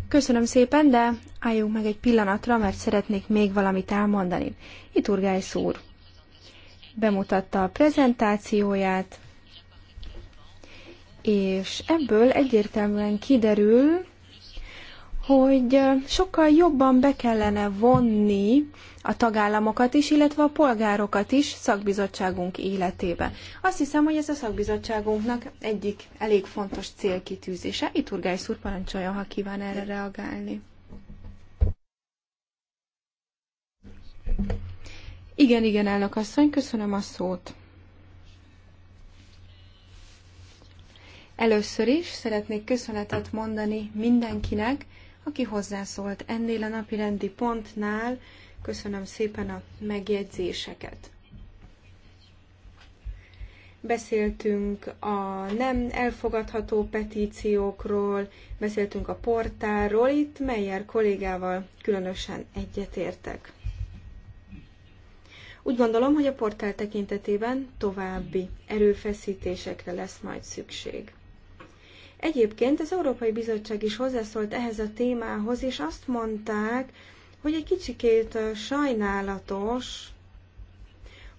Köszönöm szépen, de álljunk meg egy pillanatra, mert szeretnék még valamit elmondani. Iturgály úr bemutatta a prezentációját, és ebből egyértelműen kiderül, hogy sokkal jobban be kellene vonni a tagállamokat is, illetve a polgárokat is szakbizottságunk életébe. Azt hiszem, hogy ez a szakbizottságunknak egyik elég fontos célkitűzése. Itt Urgály úr parancsolja, ha kíván erre reagálni. Igen, igen, elnök asszony, köszönöm a szót. Először is szeretnék köszönetet mondani mindenkinek, aki hozzászólt ennél a napirendi pontnál, Köszönöm szépen a megjegyzéseket. Beszéltünk a nem elfogadható petíciókról, beszéltünk a portálról, itt Meyer kollégával különösen egyetértek. Úgy gondolom, hogy a portál tekintetében további erőfeszítésekre lesz majd szükség. Egyébként az Európai Bizottság is hozzászólt ehhez a témához, és azt mondták, hogy egy kicsikét sajnálatos,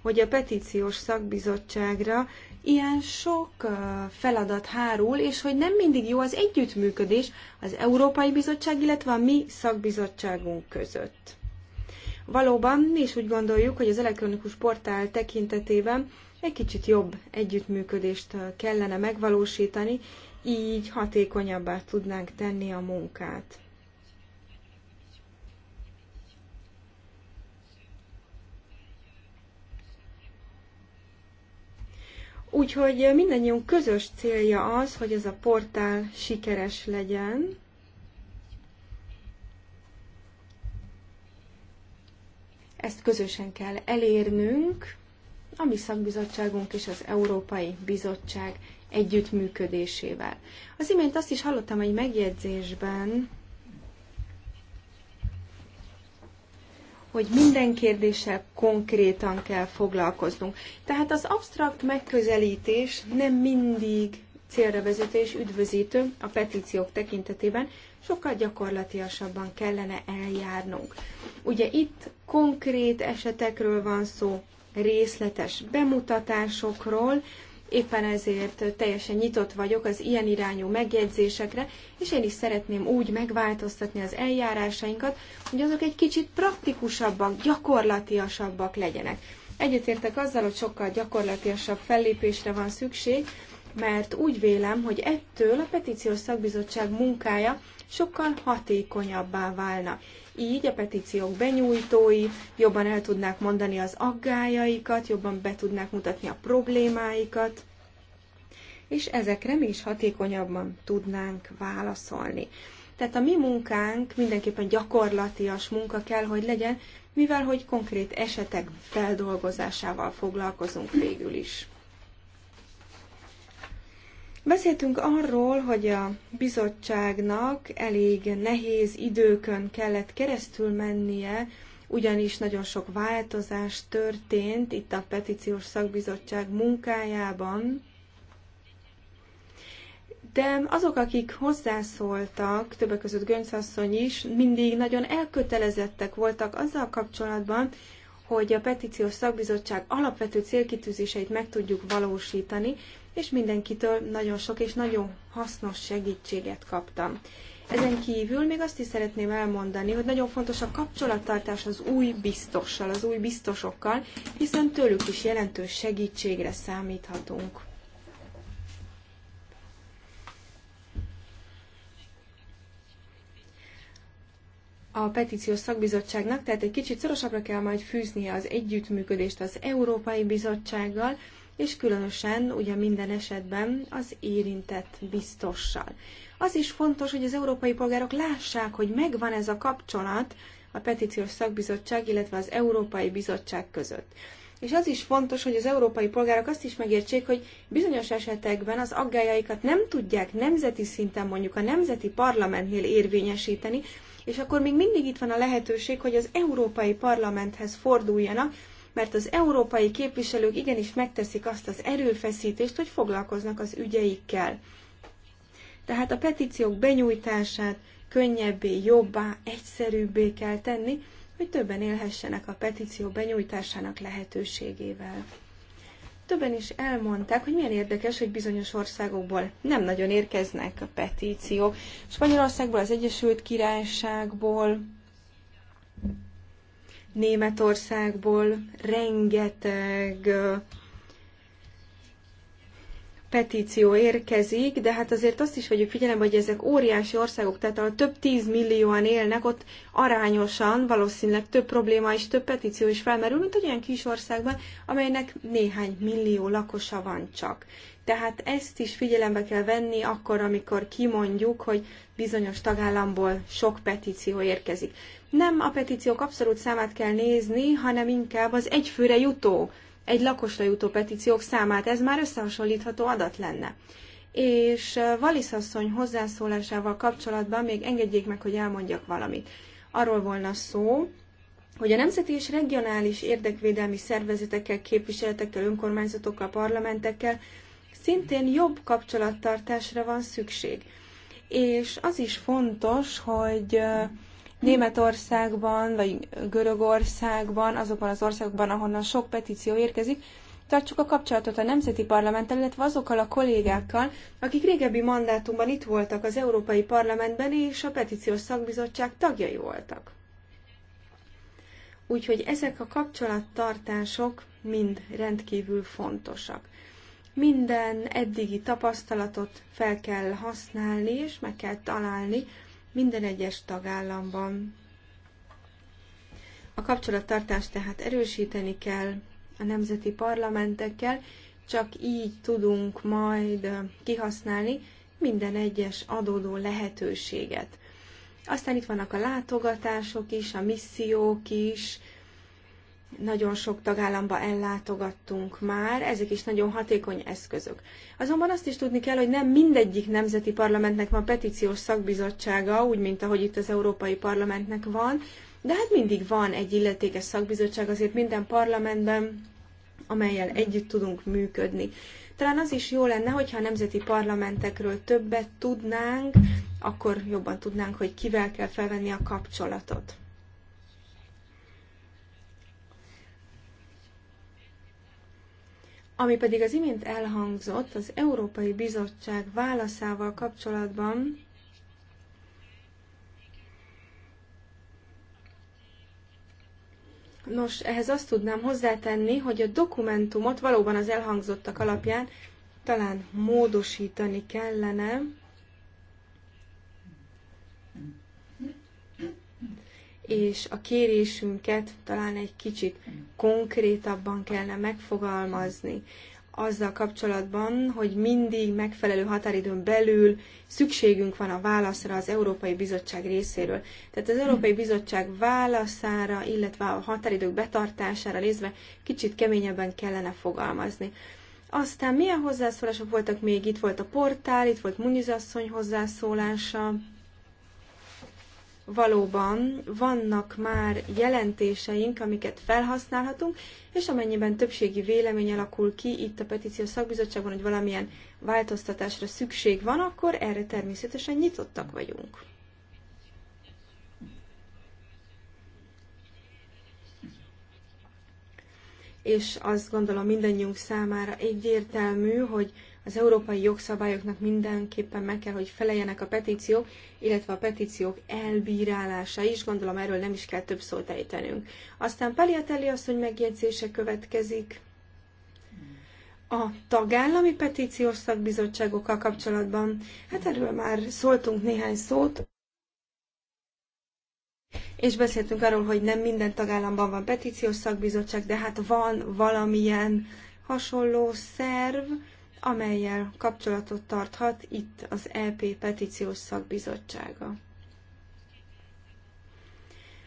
hogy a petíciós szakbizottságra ilyen sok feladat hárul, és hogy nem mindig jó az együttműködés az Európai Bizottság, illetve a mi szakbizottságunk között. Valóban mi is úgy gondoljuk, hogy az elektronikus portál tekintetében egy kicsit jobb együttműködést kellene megvalósítani, így hatékonyabbá tudnánk tenni a munkát. Úgyhogy mindannyiunk közös célja az, hogy ez a portál sikeres legyen. Ezt közösen kell elérnünk, a mi szakbizottságunk és az Európai Bizottság együttműködésével. Az imént azt is hallottam egy megjegyzésben, hogy minden kérdéssel konkrétan kell foglalkoznunk. Tehát az absztrakt megközelítés nem mindig célra vezető és üdvözítő a petíciók tekintetében, sokkal gyakorlatiasabban kellene eljárnunk. Ugye itt konkrét esetekről van szó, részletes bemutatásokról, Éppen ezért teljesen nyitott vagyok az ilyen irányú megjegyzésekre, és én is szeretném úgy megváltoztatni az eljárásainkat, hogy azok egy kicsit praktikusabbak, gyakorlatiasabbak legyenek. Egyetértek azzal, hogy sokkal gyakorlatiasabb fellépésre van szükség, mert úgy vélem, hogy ettől a petíciós szakbizottság munkája sokkal hatékonyabbá válna. Így a petíciók benyújtói jobban el tudnák mondani az aggájaikat, jobban be tudnák mutatni a problémáikat, és ezekre mi is hatékonyabban tudnánk válaszolni. Tehát a mi munkánk mindenképpen gyakorlatias munka kell, hogy legyen, mivel hogy konkrét esetek feldolgozásával foglalkozunk végül is. Beszéltünk arról, hogy a bizottságnak elég nehéz időkön kellett keresztül mennie, ugyanis nagyon sok változás történt itt a petíciós szakbizottság munkájában. De azok, akik hozzászóltak, többek között Gönc asszony is, mindig nagyon elkötelezettek voltak azzal kapcsolatban, hogy a petíciós szakbizottság alapvető célkitűzéseit meg tudjuk valósítani, és mindenkitől nagyon sok és nagyon hasznos segítséget kaptam. Ezen kívül még azt is szeretném elmondani, hogy nagyon fontos a kapcsolattartás az új biztossal, az új biztosokkal, hiszen tőlük is jelentős segítségre számíthatunk. a petíciós szakbizottságnak, tehát egy kicsit szorosabbra kell majd fűznie az együttműködést az Európai Bizottsággal, és különösen ugye minden esetben az érintett biztossal. Az is fontos, hogy az európai polgárok lássák, hogy megvan ez a kapcsolat a petíciós szakbizottság, illetve az Európai Bizottság között. És az is fontos, hogy az európai polgárok azt is megértsék, hogy bizonyos esetekben az aggájaikat nem tudják nemzeti szinten, mondjuk a nemzeti parlamentnél érvényesíteni, és akkor még mindig itt van a lehetőség, hogy az Európai Parlamenthez forduljanak, mert az európai képviselők igenis megteszik azt az erőfeszítést, hogy foglalkoznak az ügyeikkel. Tehát a petíciók benyújtását könnyebbé, jobbá, egyszerűbbé kell tenni, hogy többen élhessenek a petíció benyújtásának lehetőségével. Többen is elmondták, hogy milyen érdekes, hogy bizonyos országokból nem nagyon érkeznek a petíciók. Spanyolországból, az Egyesült Királyságból, Németországból rengeteg petíció érkezik, de hát azért azt is vegyük figyelembe, hogy ezek óriási országok, tehát ahol több tízmillióan élnek, ott arányosan valószínűleg több probléma és több petíció is felmerül, mint egy olyan kis országban, amelynek néhány millió lakosa van csak. Tehát ezt is figyelembe kell venni akkor, amikor kimondjuk, hogy bizonyos tagállamból sok petíció érkezik nem a petíciók abszolút számát kell nézni, hanem inkább az egyfőre jutó, egy lakosra jutó petíciók számát. Ez már összehasonlítható adat lenne. És Valisz asszony hozzászólásával kapcsolatban még engedjék meg, hogy elmondjak valamit. Arról volna szó, hogy a nemzeti és regionális érdekvédelmi szervezetekkel, képviseletekkel, önkormányzatokkal, parlamentekkel szintén jobb kapcsolattartásra van szükség. És az is fontos, hogy Németországban, vagy Görögországban, azokban az országokban, ahonnan sok petíció érkezik, tartsuk a kapcsolatot a Nemzeti Parlamenttel, illetve azokkal a kollégákkal, akik régebbi mandátumban itt voltak az Európai Parlamentben, és a Petíciós Szakbizottság tagjai voltak. Úgyhogy ezek a kapcsolattartások mind rendkívül fontosak. Minden eddigi tapasztalatot fel kell használni, és meg kell találni minden egyes tagállamban. A kapcsolattartást tehát erősíteni kell a nemzeti parlamentekkel, csak így tudunk majd kihasználni minden egyes adódó lehetőséget. Aztán itt vannak a látogatások is, a missziók is, nagyon sok tagállamba ellátogattunk már, ezek is nagyon hatékony eszközök. Azonban azt is tudni kell, hogy nem mindegyik nemzeti parlamentnek van petíciós szakbizottsága, úgy, mint ahogy itt az Európai Parlamentnek van, de hát mindig van egy illetékes szakbizottság azért minden parlamentben, amelyel együtt tudunk működni. Talán az is jó lenne, hogyha a nemzeti parlamentekről többet tudnánk, akkor jobban tudnánk, hogy kivel kell felvenni a kapcsolatot. Ami pedig az imént elhangzott, az Európai Bizottság válaszával kapcsolatban Nos, ehhez azt tudnám hozzátenni, hogy a dokumentumot valóban az elhangzottak alapján talán módosítani kellene, és a kérésünket talán egy kicsit konkrétabban kellene megfogalmazni azzal kapcsolatban, hogy mindig megfelelő határidőn belül szükségünk van a válaszra az Európai Bizottság részéről. Tehát az Európai Bizottság válaszára, illetve a határidők betartására nézve kicsit keményebben kellene fogalmazni. Aztán milyen hozzászólások voltak még? Itt volt a portál, itt volt asszony hozzászólása valóban vannak már jelentéseink, amiket felhasználhatunk, és amennyiben többségi vélemény alakul ki itt a petíció szakbizottságban, hogy valamilyen változtatásra szükség van, akkor erre természetesen nyitottak vagyunk. És azt gondolom mindannyiunk számára egyértelmű, hogy az európai jogszabályoknak mindenképpen meg kell, hogy feleljenek a petíciók, illetve a petíciók elbírálása is, gondolom erről nem is kell több szót ejtenünk. Aztán Paliatelli asszony megjegyzése következik. A tagállami petíciós szakbizottságokkal kapcsolatban, hát erről már szóltunk néhány szót, és beszéltünk arról, hogy nem minden tagállamban van petíciós szakbizottság, de hát van valamilyen hasonló szerv, amelyel kapcsolatot tarthat itt az EP petíciós szakbizottsága.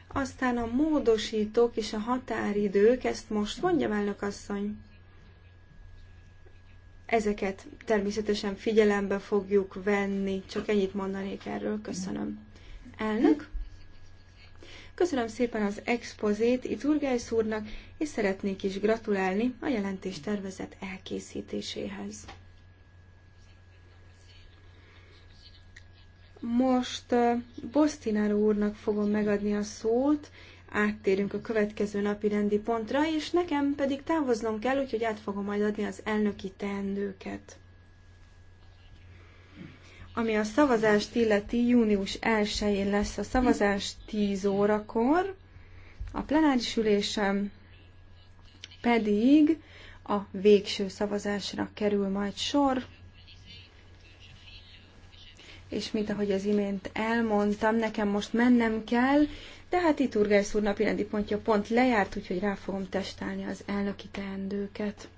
Aztán a módosítók és a határidők, ezt most mondjam, elnök asszony. Ezeket természetesen figyelembe fogjuk venni, csak ennyit mondanék erről. Köszönöm. Elnök? Köszönöm szépen az expozét Iturgály úrnak, és szeretnék is gratulálni a jelentés tervezet elkészítéséhez. Most Bosztináró úrnak fogom megadni a szót, áttérünk a következő napi rendi pontra, és nekem pedig távoznom kell, úgyhogy át fogom majd adni az elnöki teendőket. Ami a szavazást illeti, június 1-én lesz a szavazás 10 órakor, a plenáris ülésem pedig a végső szavazásra kerül majd sor, és mint ahogy az imént elmondtam, nekem most mennem kell, de hát itt Urgász úr napirendi pontja pont lejárt, úgyhogy rá fogom testálni az elnöki teendőket.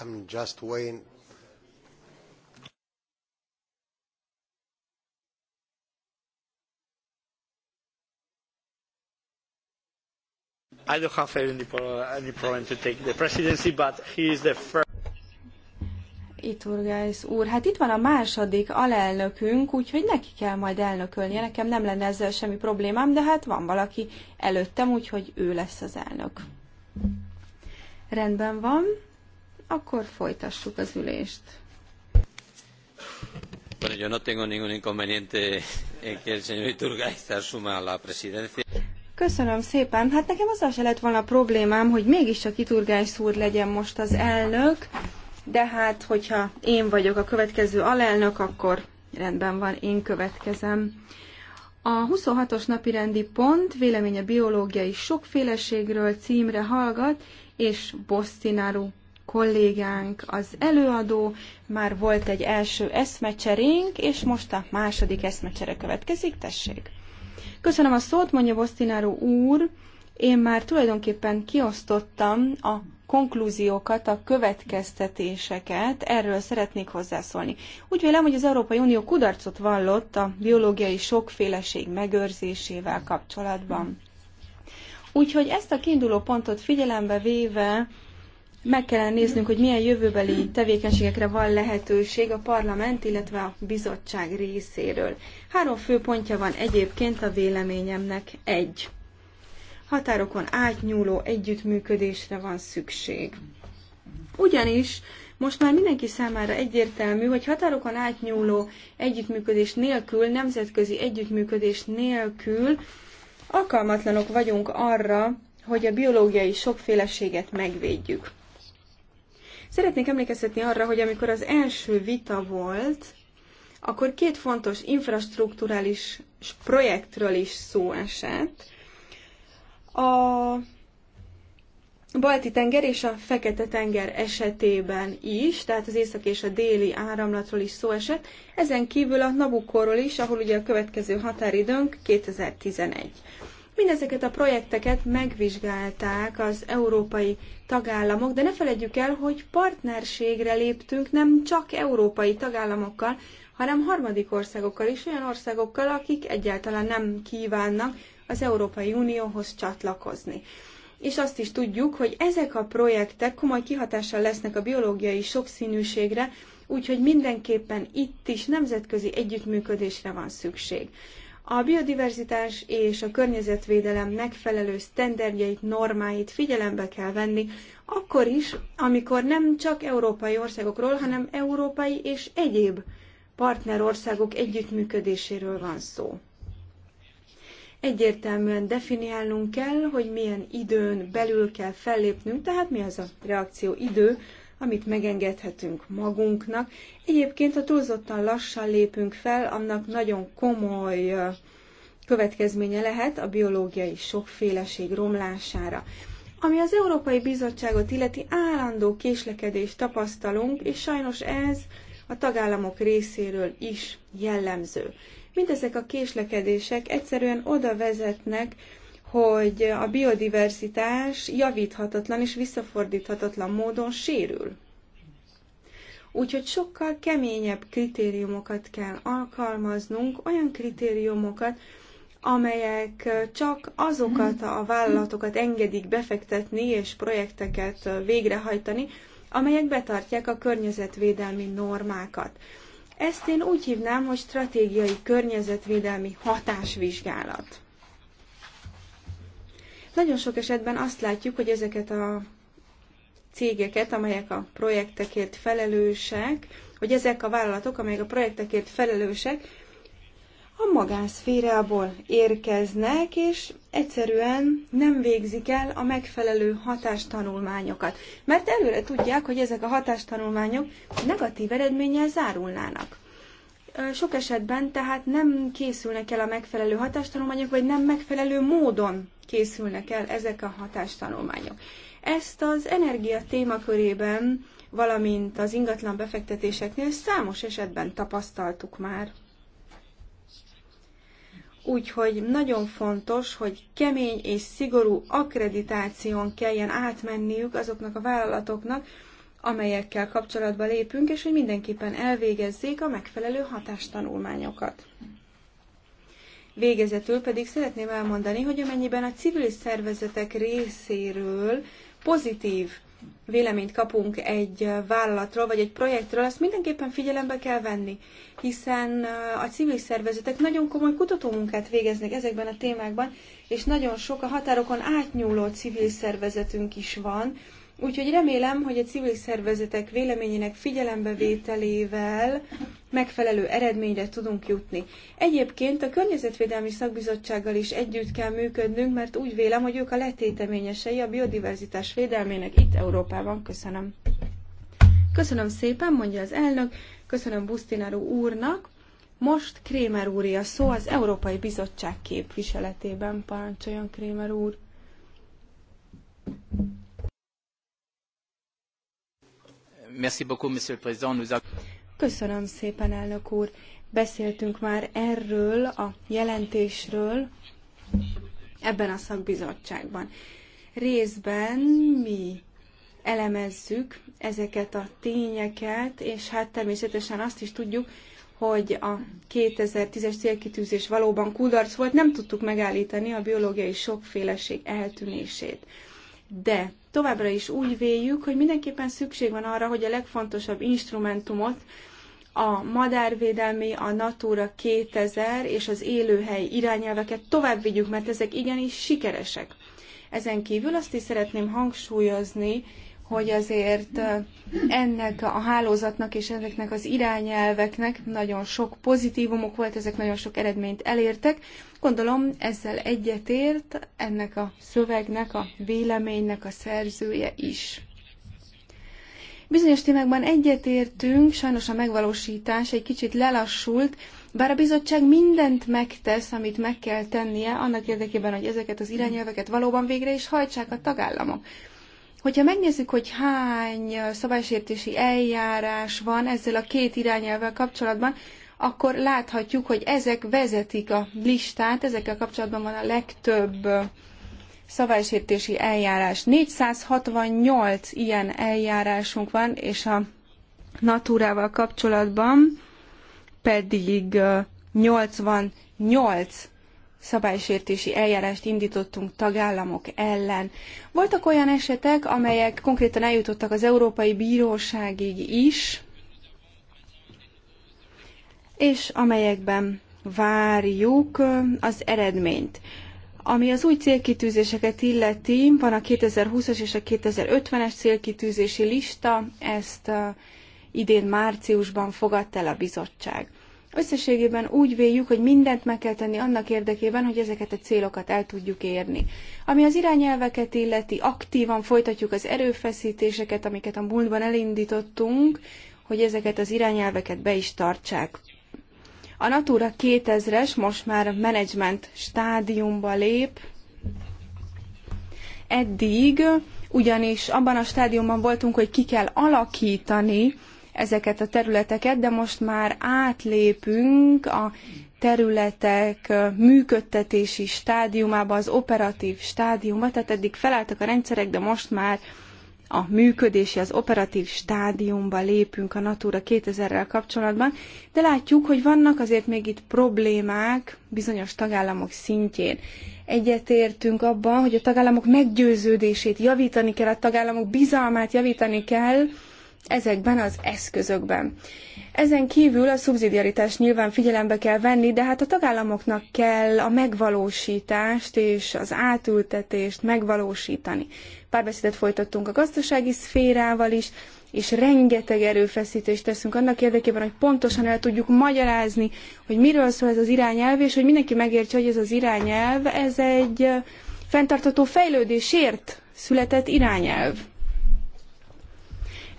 I'm just waiting. I don't have any, any problem to take the presidency, but he is the first. Itt Iturgáis úr, hát itt van a második alelnökünk, úgyhogy neki kell majd elnökölnie. Nekem nem lenne ezzel semmi problémám, de hát van valaki előttem, úgyhogy ő lesz az elnök. Rendben van akkor folytassuk az ülést. Bueno, yo no tengo ningún inconveniente en que el señor Iturgaiz asuma la presidencia. Köszönöm szépen. Hát nekem az se lett volna problémám, hogy mégiscsak Iturgáis úr legyen most az elnök, de hát, hogyha én vagyok a következő alelnök, akkor rendben van, én következem. A 26-os napi rendi pont véleménye biológiai sokféleségről címre hallgat, és Bosszinárú kollégánk az előadó, már volt egy első eszmecserénk, és most a második eszmecsere következik, tessék. Köszönöm a szót, mondja Bosztináró úr. Én már tulajdonképpen kiosztottam a konklúziókat, a következtetéseket, erről szeretnék hozzászólni. Úgy vélem, hogy az Európai Unió kudarcot vallott a biológiai sokféleség megőrzésével kapcsolatban. Úgyhogy ezt a kiinduló pontot figyelembe véve meg kellene néznünk, hogy milyen jövőbeli tevékenységekre van lehetőség a parlament, illetve a bizottság részéről. Három fő pontja van egyébként a véleményemnek. Egy. Határokon átnyúló együttműködésre van szükség. Ugyanis most már mindenki számára egyértelmű, hogy határokon átnyúló együttműködés nélkül, nemzetközi együttműködés nélkül alkalmatlanok vagyunk arra, hogy a biológiai sokféleséget megvédjük. Szeretnék emlékeztetni arra, hogy amikor az első vita volt, akkor két fontos infrastruktúrális projektről is szó esett. A Balti-tenger és a Fekete-tenger esetében is, tehát az észak és a déli áramlatról is szó esett, ezen kívül a Nabukorról is, ahol ugye a következő határidőnk 2011. Mindezeket a projekteket megvizsgálták az európai tagállamok, de ne feledjük el, hogy partnerségre léptünk nem csak európai tagállamokkal, hanem harmadik országokkal is, olyan országokkal, akik egyáltalán nem kívánnak az Európai Unióhoz csatlakozni. És azt is tudjuk, hogy ezek a projektek komoly kihatással lesznek a biológiai sokszínűségre, úgyhogy mindenképpen itt is nemzetközi együttműködésre van szükség a biodiverzitás és a környezetvédelem megfelelő sztenderdjeit, normáit figyelembe kell venni, akkor is, amikor nem csak európai országokról, hanem európai és egyéb partnerországok együttműködéséről van szó. Egyértelműen definiálnunk kell, hogy milyen időn belül kell fellépnünk, tehát mi az a reakció idő, amit megengedhetünk magunknak. Egyébként, ha túlzottan lassan lépünk fel, annak nagyon komoly következménye lehet a biológiai sokféleség romlására. Ami az Európai Bizottságot illeti állandó késlekedést tapasztalunk, és sajnos ez a tagállamok részéről is jellemző. Mindezek a késlekedések egyszerűen oda vezetnek, hogy a biodiverzitás javíthatatlan és visszafordíthatatlan módon sérül. Úgyhogy sokkal keményebb kritériumokat kell alkalmaznunk, olyan kritériumokat, amelyek csak azokat a vállalatokat engedik befektetni és projekteket végrehajtani, amelyek betartják a környezetvédelmi normákat. Ezt én úgy hívnám, hogy stratégiai környezetvédelmi hatásvizsgálat. Nagyon sok esetben azt látjuk, hogy ezeket a cégeket, amelyek a projektekért felelősek, hogy ezek a vállalatok, amelyek a projektekért felelősek, a magánszférából érkeznek, és egyszerűen nem végzik el a megfelelő hatástanulmányokat. Mert előre tudják, hogy ezek a hatástanulmányok negatív eredménnyel zárulnának. Sok esetben tehát nem készülnek el a megfelelő hatástanulmányok, vagy nem megfelelő módon készülnek el ezek a hatástanulmányok. Ezt az energia témakörében, valamint az ingatlan befektetéseknél számos esetben tapasztaltuk már. Úgyhogy nagyon fontos, hogy kemény és szigorú akkreditáción kelljen átmenniük azoknak a vállalatoknak, amelyekkel kapcsolatba lépünk, és hogy mindenképpen elvégezzék a megfelelő hatástanulmányokat. Végezetül pedig szeretném elmondani, hogy amennyiben a civil szervezetek részéről pozitív véleményt kapunk egy vállalatról vagy egy projektről, azt mindenképpen figyelembe kell venni, hiszen a civil szervezetek nagyon komoly kutatómunkát végeznek ezekben a témákban, és nagyon sok a határokon átnyúló civil szervezetünk is van, Úgyhogy remélem, hogy a civil szervezetek véleményének figyelembevételével megfelelő eredményre tudunk jutni. Egyébként a Környezetvédelmi Szakbizottsággal is együtt kell működnünk, mert úgy vélem, hogy ők a letéteményesei a biodiverzitás védelmének itt Európában. Köszönöm. Köszönöm szépen, mondja az elnök, köszönöm Busztináró úrnak. Most Krémer úri a szó az Európai Bizottság képviseletében. Parancsoljon Krémer úr! Thank you. Köszönöm szépen, elnök úr. Beszéltünk már erről a jelentésről ebben a szakbizottságban. Részben mi elemezzük ezeket a tényeket, és hát természetesen azt is tudjuk, hogy a 2010-es célkitűzés valóban kudarc volt, nem tudtuk megállítani a biológiai sokféleség eltűnését. De Továbbra is úgy véljük, hogy mindenképpen szükség van arra, hogy a legfontosabb instrumentumot, a madárvédelmi, a Natura 2000 és az élőhely irányelveket tovább vigyük, mert ezek igenis sikeresek. Ezen kívül azt is szeretném hangsúlyozni, hogy azért ennek a hálózatnak és ezeknek az irányelveknek nagyon sok pozitívumok volt, ezek nagyon sok eredményt elértek, Gondolom ezzel egyetért ennek a szövegnek, a véleménynek a szerzője is. Bizonyos témákban egyetértünk, sajnos a megvalósítás egy kicsit lelassult, bár a bizottság mindent megtesz, amit meg kell tennie, annak érdekében, hogy ezeket az irányelveket valóban végre is hajtsák a tagállamok. Hogyha megnézzük, hogy hány szabálysértési eljárás van ezzel a két irányelvvel kapcsolatban, akkor láthatjuk, hogy ezek vezetik a listát, ezekkel kapcsolatban van a legtöbb szabálysértési eljárás. 468 ilyen eljárásunk van, és a Naturával kapcsolatban pedig 88 szabálysértési eljárást indítottunk tagállamok ellen. Voltak olyan esetek, amelyek konkrétan eljutottak az Európai Bíróságig is, és amelyekben várjuk az eredményt. Ami az új célkitűzéseket illeti, van a 2020-as és a 2050-es célkitűzési lista, ezt idén márciusban fogadta el a bizottság. Összességében úgy véljük, hogy mindent meg kell tenni annak érdekében, hogy ezeket a célokat el tudjuk érni. Ami az irányelveket illeti, aktívan folytatjuk az erőfeszítéseket, amiket a múltban elindítottunk, hogy ezeket az irányelveket be is tartsák. A Natura 2000-es most már menedzsment stádiumba lép. Eddig ugyanis abban a stádiumban voltunk, hogy ki kell alakítani ezeket a területeket, de most már átlépünk a területek működtetési stádiumába, az operatív stádiumba, tehát eddig felálltak a rendszerek, de most már a működési, az operatív stádiumba lépünk a Natura 2000-rel kapcsolatban, de látjuk, hogy vannak azért még itt problémák bizonyos tagállamok szintjén. Egyetértünk abban, hogy a tagállamok meggyőződését javítani kell, a tagállamok bizalmát javítani kell ezekben az eszközökben. Ezen kívül a szubszidiaritást nyilván figyelembe kell venni, de hát a tagállamoknak kell a megvalósítást és az átültetést megvalósítani. Párbeszédet folytattunk a gazdasági szférával is, és rengeteg erőfeszítést teszünk annak érdekében, hogy pontosan el tudjuk magyarázni, hogy miről szól ez az irányelv, és hogy mindenki megértse, hogy ez az irányelv, ez egy fenntartható fejlődésért született irányelv.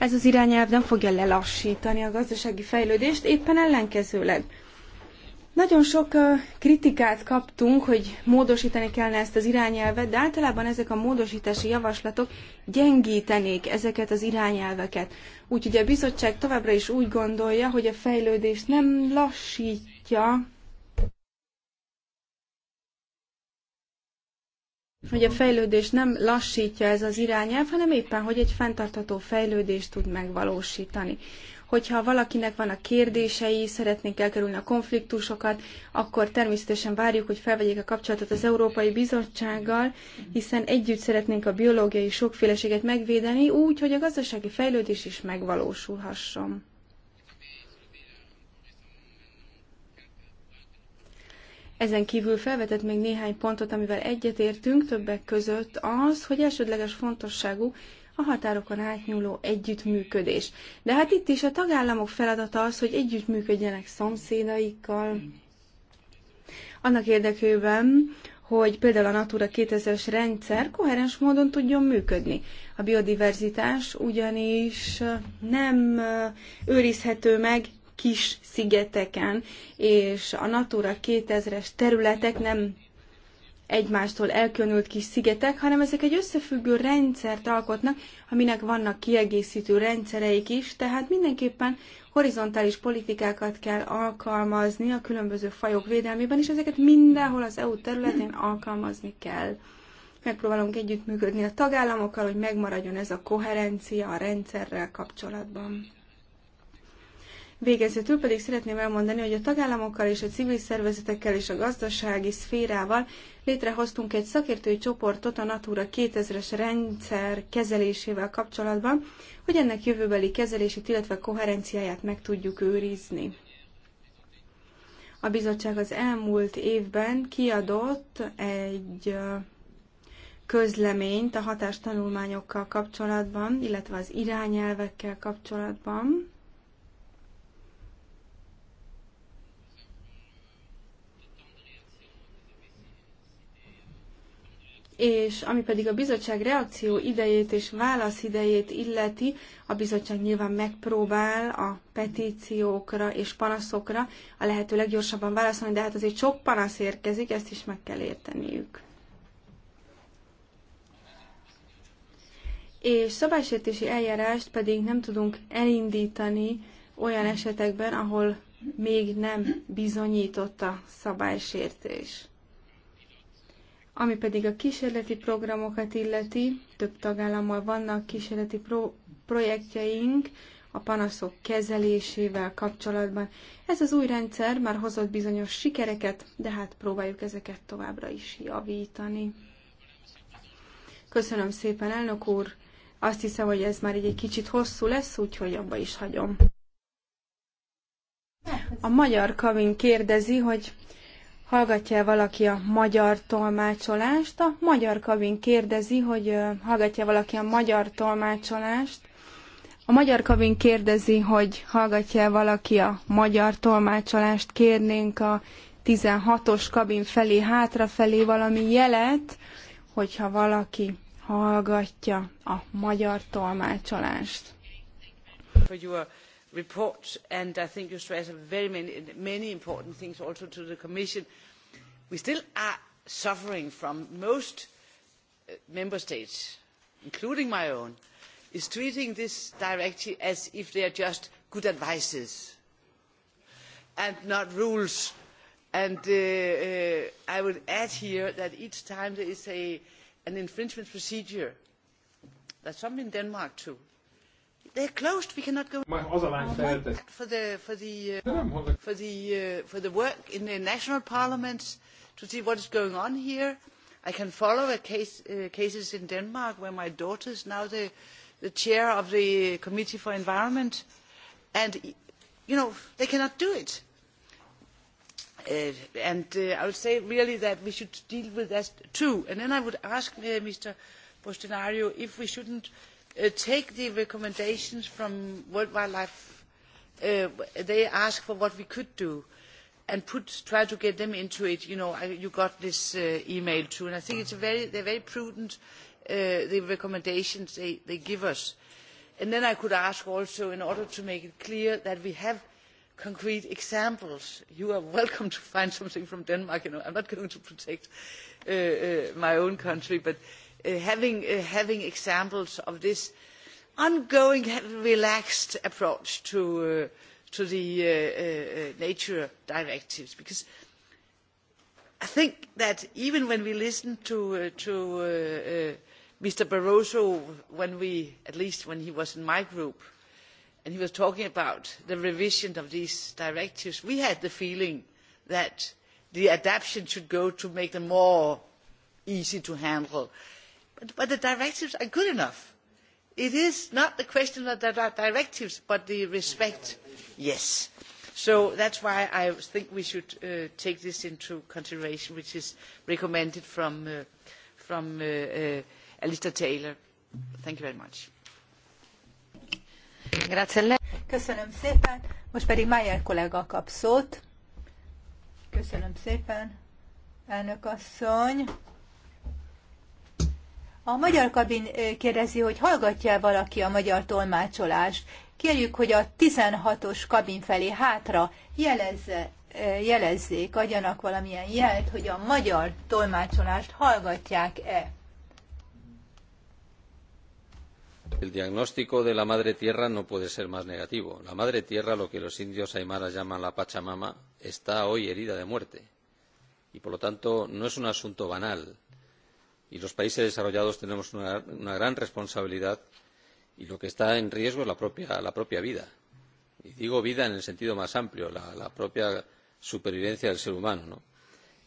Ez az irányelv nem fogja lelassítani a gazdasági fejlődést, éppen ellenkezőleg. Nagyon sok kritikát kaptunk, hogy módosítani kellene ezt az irányelvet, de általában ezek a módosítási javaslatok gyengítenék ezeket az irányelveket. Úgyhogy a bizottság továbbra is úgy gondolja, hogy a fejlődést nem lassítja hogy a fejlődés nem lassítja ez az irányelv, hanem éppen, hogy egy fenntartható fejlődést tud megvalósítani. Hogyha valakinek van a kérdései, szeretnénk elkerülni a konfliktusokat, akkor természetesen várjuk, hogy felvegyék a kapcsolatot az Európai Bizottsággal, hiszen együtt szeretnénk a biológiai sokféleséget megvédeni úgy, hogy a gazdasági fejlődés is megvalósulhasson. Ezen kívül felvetett még néhány pontot, amivel egyetértünk, többek között az, hogy elsődleges fontosságú a határokon átnyúló együttműködés. De hát itt is a tagállamok feladata az, hogy együttműködjenek szomszédaikkal, annak érdekében, hogy például a Natura 2000-es rendszer koherens módon tudjon működni. A biodiverzitás ugyanis nem őrizhető meg kis szigeteken, és a Natura 2000-es területek nem egymástól elkülönült kis szigetek, hanem ezek egy összefüggő rendszert alkotnak, aminek vannak kiegészítő rendszereik is, tehát mindenképpen horizontális politikákat kell alkalmazni a különböző fajok védelmében, és ezeket mindenhol az EU területén alkalmazni kell. Megpróbálunk együttműködni a tagállamokkal, hogy megmaradjon ez a koherencia a rendszerrel kapcsolatban. Végezetül pedig szeretném elmondani, hogy a tagállamokkal és a civil szervezetekkel és a gazdasági szférával létrehoztunk egy szakértői csoportot a Natura 2000-es rendszer kezelésével kapcsolatban, hogy ennek jövőbeli kezelését, illetve koherenciáját meg tudjuk őrizni. A bizottság az elmúlt évben kiadott egy közleményt a hatástanulmányokkal kapcsolatban, illetve az irányelvekkel kapcsolatban. és ami pedig a bizottság reakció idejét és válasz idejét illeti, a bizottság nyilván megpróbál a petíciókra és panaszokra a lehető leggyorsabban válaszolni, de hát azért sok panasz érkezik, ezt is meg kell érteniük. És szabálysértési eljárást pedig nem tudunk elindítani olyan esetekben, ahol még nem bizonyított a szabálysértés. Ami pedig a kísérleti programokat illeti, több tagállammal vannak kísérleti pro- projektjeink a panaszok kezelésével kapcsolatban. Ez az új rendszer már hozott bizonyos sikereket, de hát próbáljuk ezeket továbbra is javítani. Köszönöm szépen, elnök úr! Azt hiszem, hogy ez már így egy kicsit hosszú lesz, úgyhogy abba is hagyom. A magyar Kavin kérdezi, hogy hallgatja -e valaki a magyar tolmácsolást? A magyar kabin kérdezi, hogy hallgatja -e valaki a magyar tolmácsolást? A magyar kabin kérdezi, hogy hallgatja -e valaki a magyar tolmácsolást? Kérnénk a 16-os kabin felé, hátrafelé valami jelet, hogyha valaki hallgatja a magyar tolmácsolást. Hogy report and i think you stress very many, important things also to the commission. we still are suffering from most uh, member states including my own is treating this directive as if they are just good advices and not rules and uh, uh, i would add here that each time there is a, an infringement procedure that's something in denmark too They're closed. We cannot go. Már az a lány feltesz. For the for the uh, for the uh, for the work in the national parliaments to see what is going on here. I can follow a case, uh, cases in Denmark where my daughter is now the the chair of the committee for environment, and you know they cannot do it. Uh, and uh, I would say really that we should deal with that too. And then I would ask uh, Mr. Bostenario if we shouldn't Uh, take the recommendations from World Wildlife. Uh, they ask for what we could do and put, try to get them into it. You know, you got this uh, email too, and I think it's a very, they're very prudent, uh, the recommendations they, they give us. And then I could ask also, in order to make it clear that we have concrete examples. You are welcome to find something from Denmark. You know, I'm not going to protect uh, uh, my own country, but uh, Uh, uh, having, examples of this ongoing relaxed approach to, uh, the nature directives because i think that even when we listen to, to mr barroso when we at least when he was in my group and he was talking about the revision of these directives we had the feeling that the adaptation should go to make them more easy to handle but the directives are good enough. It is not the question of the directives, but the respect, yes. So that's why I think we should uh, take this into consideration, which is recommended from, uh, from uh, uh, Alistair Taylor. Thank you very much. Köszönöm szépen. Most pedig Mayer kollega kap szót. Köszönöm szépen, elnök asszony. A magyar kabin kérdezi, hogy hallgatja valaki a magyar tolmácsolást. Kérjük, hogy a 16-os kabin felé hátra jelezze, jelezzék, adjanak valamilyen jelt, hogy a magyar tolmácsolást hallgatják-e. El diagnóstico de la madre tierra no puede ser más negativo. La madre tierra, lo que los indios aymaras llaman la Pachamama, está hoy herida de muerte. Y por lo tanto no es un asunto banal y los países desarrollados tenemos una, gran responsabilidad y lo que está en riesgo es la propia, vida y digo vida en el sentido más amplio la, propia supervivencia del ser humano.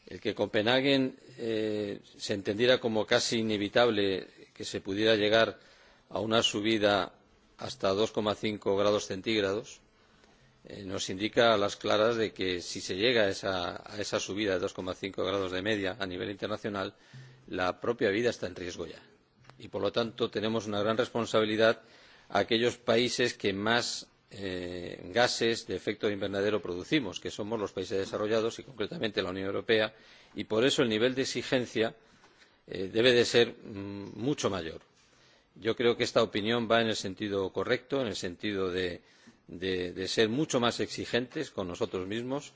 el que copenhague eh, se entendiera como casi inevitable que se pudiera llegar a una subida hasta dos cinco grados centígrados eh, nos indica a las claras de que si se llega a esa, a esa subida de dos cinco grados de media a nivel internacional la propia vida está en riesgo ya y por lo tanto tenemos una gran responsabilidad a aquellos países que más eh, gases de efecto invernadero producimos que somos los países desarrollados y concretamente la unión europea y por eso el nivel de exigencia eh, debe de ser mm, mucho mayor. yo creo que esta opinión va en el sentido correcto en el sentido de, de, de ser mucho más exigentes con nosotros mismos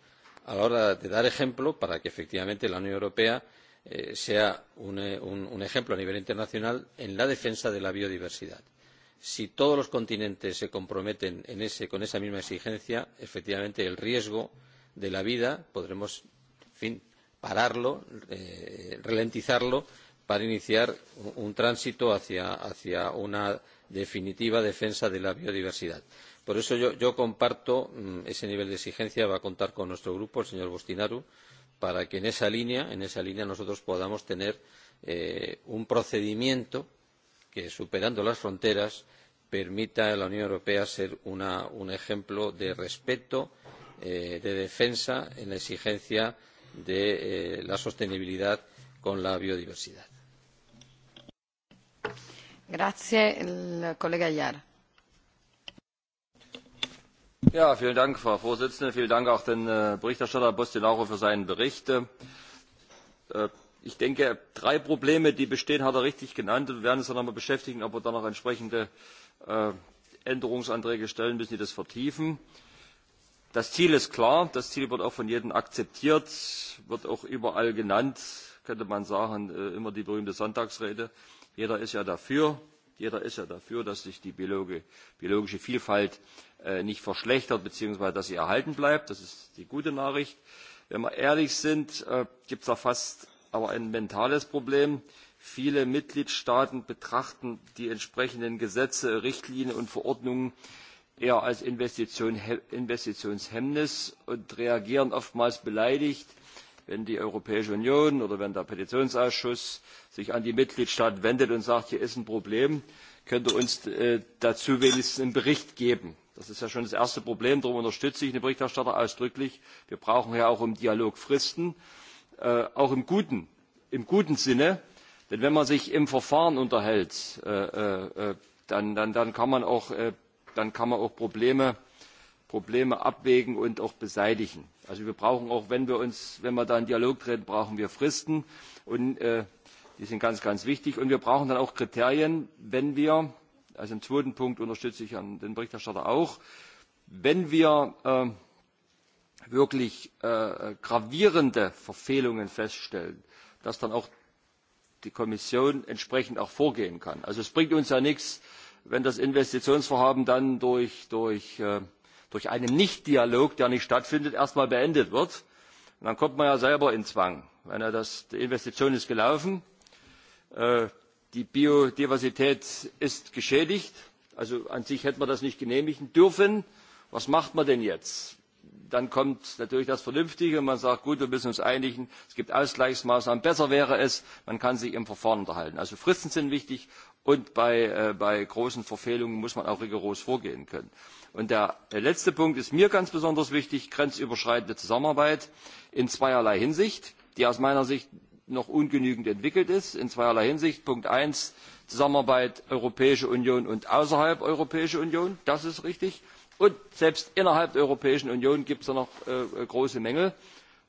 a la hora de dar ejemplo para que efectivamente la unión europea Eh, sea eh, un, ejemplo a nivel internacional en la defensa de la biodiversidad. si todos los continentes se comprometen con esa misma exigencia efectivamente el riesgo de la vida podremos en fin pararlo eh, ralentizarlo para iniciar un, tránsito hacia, una definitiva defensa de la biodiversidad. por eso yo, yo comparto mm, ese nivel de exigencia va a contar con nuestro grupo el señor botinaru y para que en esa línea, en esa línea nosotros podamos tener eh, un procedimiento que, superando las fronteras, permita a la Unión Europea ser una, un ejemplo de respeto, eh, de defensa en la exigencia de eh, la sostenibilidad con la biodiversidad. Grazie, el colega Yar. Frau präsidentin! Vielen Dank auch den äh, Berichterstatter botinaru für seinen Bericht. Äh, ich denke, drei Probleme, die bestehen, hat er richtig genannt. Wir werden uns dann damit beschäftigen, ob wir dann noch entsprechende äh, Änderungsanträge stellen müssen, die das vertiefen. Das Ziel ist klar. Das Ziel wird auch von jedem akzeptiert, wird auch überall genannt, könnte man sagen, immer die berühmte Sonntagsrede. Jeder ist ja dafür Jeder ist ja dafür, dass sich die biologische Vielfalt äh, nicht verschlechtert bzw. dass sie erhalten bleibt. Das ist die gute Nachricht. Wenn wir ehrlich sind, äh, gibt es da fast aber ein mentales Problem. Viele Mitgliedstaaten betrachten die entsprechenden Gesetze, Richtlinien und Verordnungen eher als Investitionshemmnis und reagieren oftmals beleidigt wenn die europäische union oder wenn der petitionsausschuss sich an die mitgliedstaaten wendet und sagt hier ist ein problem könnt ihr uns äh, dazu wenigstens einen bericht geben? das ist ja schon das erste problem. darum unterstütze ich den berichterstatter ausdrücklich. wir brauchen ja auch um äh, im dialog fristen auch im guten, sinne denn wenn man sich im verfahren unterhält äh, dann kann man auch probleme Probleme abwägen und auch beseitigen. Also wir brauchen auch, wenn wir uns, wenn wir da in Dialog treten, brauchen wir Fristen und äh, die sind ganz, ganz wichtig. Und wir brauchen dann auch Kriterien, wenn wir, also im zweiten Punkt unterstütze ich den Berichterstatter auch, wenn wir äh, wirklich äh, gravierende Verfehlungen feststellen, dass dann auch die Kommission entsprechend auch vorgehen kann. Also es bringt uns ja nichts, wenn das Investitionsvorhaben dann durch, durch äh, durch einen Nichtdialog, der nicht stattfindet, erst einmal beendet wird. Und dann kommt man ja selber in Zwang. Er die Investition ist gelaufen, äh, die Biodiversität ist geschädigt, also an sich hätte man das nicht genehmigen dürfen. Was macht man denn jetzt? Dann kommt natürlich das Vernünftige man sagt, gut, wir müssen uns einigen, es gibt Ausgleichsmaßnahmen, besser wäre es, man kann sich im Verfahren unterhalten. Also Fristen sind wichtig und bei, äh, bei großen Verfehlungen muss man auch rigoros vorgehen können. Und der letzte Punkt ist mir ganz besonders wichtig, grenzüberschreitende Zusammenarbeit in zweierlei Hinsicht, die aus meiner Sicht noch ungenügend entwickelt ist, in zweierlei Hinsicht. Punkt 1, Zusammenarbeit Europäische Union und außerhalb Europäische Union, das ist richtig. Und selbst innerhalb der Europäischen Union gibt es ja noch äh, große Mängel.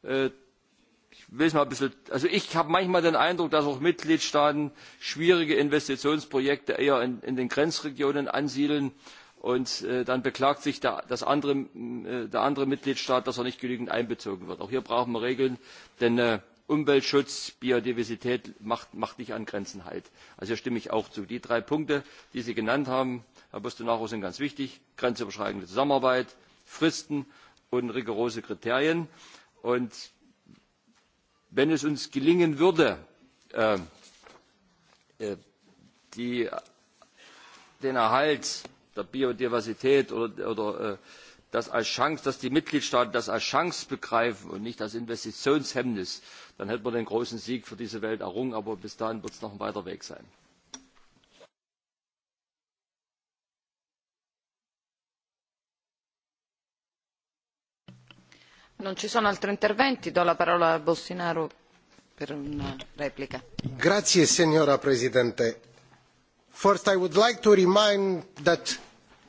Äh, ich will es mal ein bisschen, also ich habe manchmal den Eindruck, dass auch Mitgliedstaaten schwierige Investitionsprojekte eher in, in den Grenzregionen ansiedeln und äh, dann beklagt sich der, das andere, äh, der andere Mitgliedstaat, dass er nicht genügend einbezogen wird. Auch hier brauchen wir Regeln, denn äh, Umweltschutz, Biodiversität macht, macht nicht an Grenzen halt. Also hier stimme ich auch zu. Die drei Punkte, die Sie genannt haben, Herr Bustinaro, sind ganz wichtig. Grenzüberschreitende Zusammenarbeit, Fristen und rigorose Kriterien. Und wenn es uns gelingen würde äh, äh, den erhalt der biodiversität oder, äh, als chance dass die mitgliedstaaten das als chance begreifen und nicht als investitionshemmnis dann hätten wir den großen sieg für diese welt errungen aber bis dahin wird es noch ein weiter weg sein. signora presidente first i would like to remind that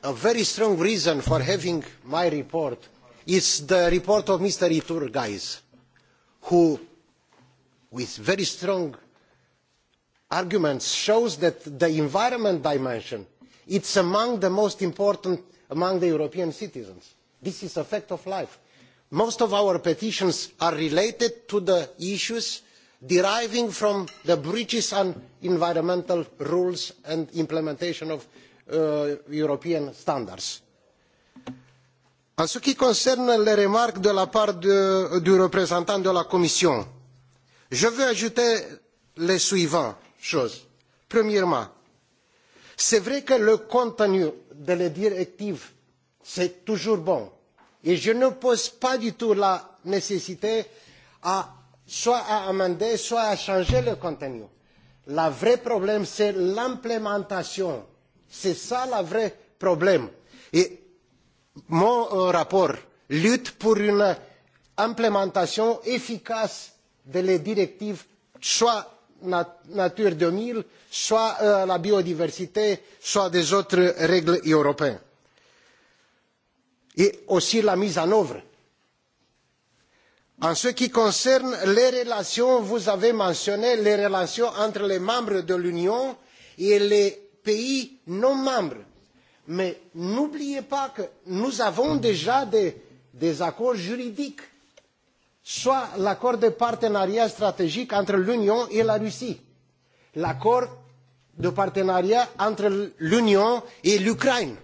a very strong reason for having my report is the report of mr iturgaiz who with very strong arguments shows that the environment dimension is among the most important among the european citizens. this is a fact of life most of our petitions are related to the issues deriving from the breaches of environmental rules and implementation of uh, european standards. en ce qui concerne les remarques de la part du représentant de la commission je veux ajouter les suivantes choses. premièrement c'est vrai que le contenu de la directive est toujours bon Et je n'oppose pas du tout la nécessité à soit à amender, soit à changer le contenu. Le vrai problème, c'est l'implémentation. C'est ça le vrai problème. Et mon euh, rapport lutte pour une implémentation efficace de des directives, soit Nature 2000, soit euh, la biodiversité, soit des autres règles européennes et aussi la mise en œuvre. en ce qui concerne les relations vous avez mentionné les relations entre les membres de l'union et les pays non membres mais n'oubliez pas que nous avons déjà des, des accords juridiques soit l'accord de partenariat stratégique entre l'union et la russie l'accord de partenariat entre l'union et l'ukraine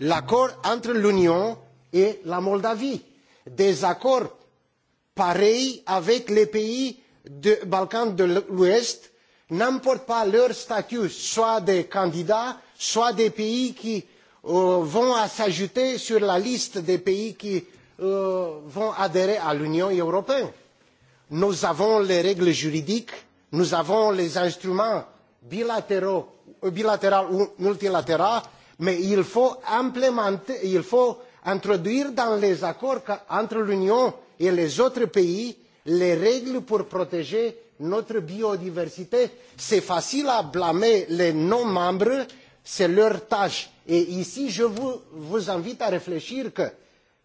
l'accord entre l'union et la Moldavie. Des accords pareils avec les pays des Balkans de l'Ouest n'importe pas leur statut, soit des candidats, soit des pays qui euh, vont s'ajouter sur la liste des pays qui euh, vont adhérer à l'Union européenne. Nous avons les règles juridiques, nous avons les instruments bilatéraux, euh, bilatéraux ou multilatéraux, mais il faut, implémenter, il faut introduire dans les accords entre l'union et les autres pays les règles pour protéger notre biodiversité. c'est facile à blâmer les non membres c'est leur tâche et ici je vous, invite à réfléchir que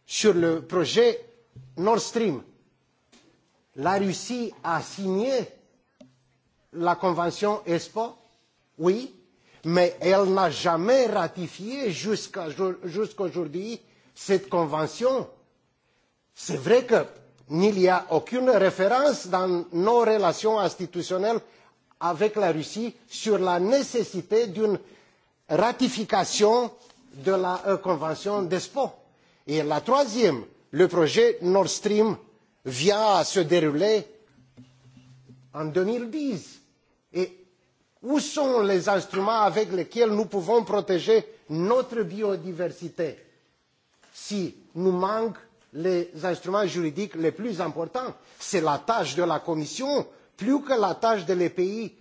sur le projet nord stream la russie a signé la convention espoo oui mais elle n'a jamais ratifié jusqu'à aujourd'hui cette convention, c'est vrai qu'il n'y a aucune référence dans nos relations institutionnelles avec la Russie sur la nécessité d'une ratification de la euh, convention d'Espoo. Et la troisième, le projet Nord Stream vient à se dérouler en 2010. Et où sont les instruments avec lesquels nous pouvons protéger notre biodiversité si nous manquons les instruments juridiques les plus importants. c'est la tâche de la commission plus que la tâche des pays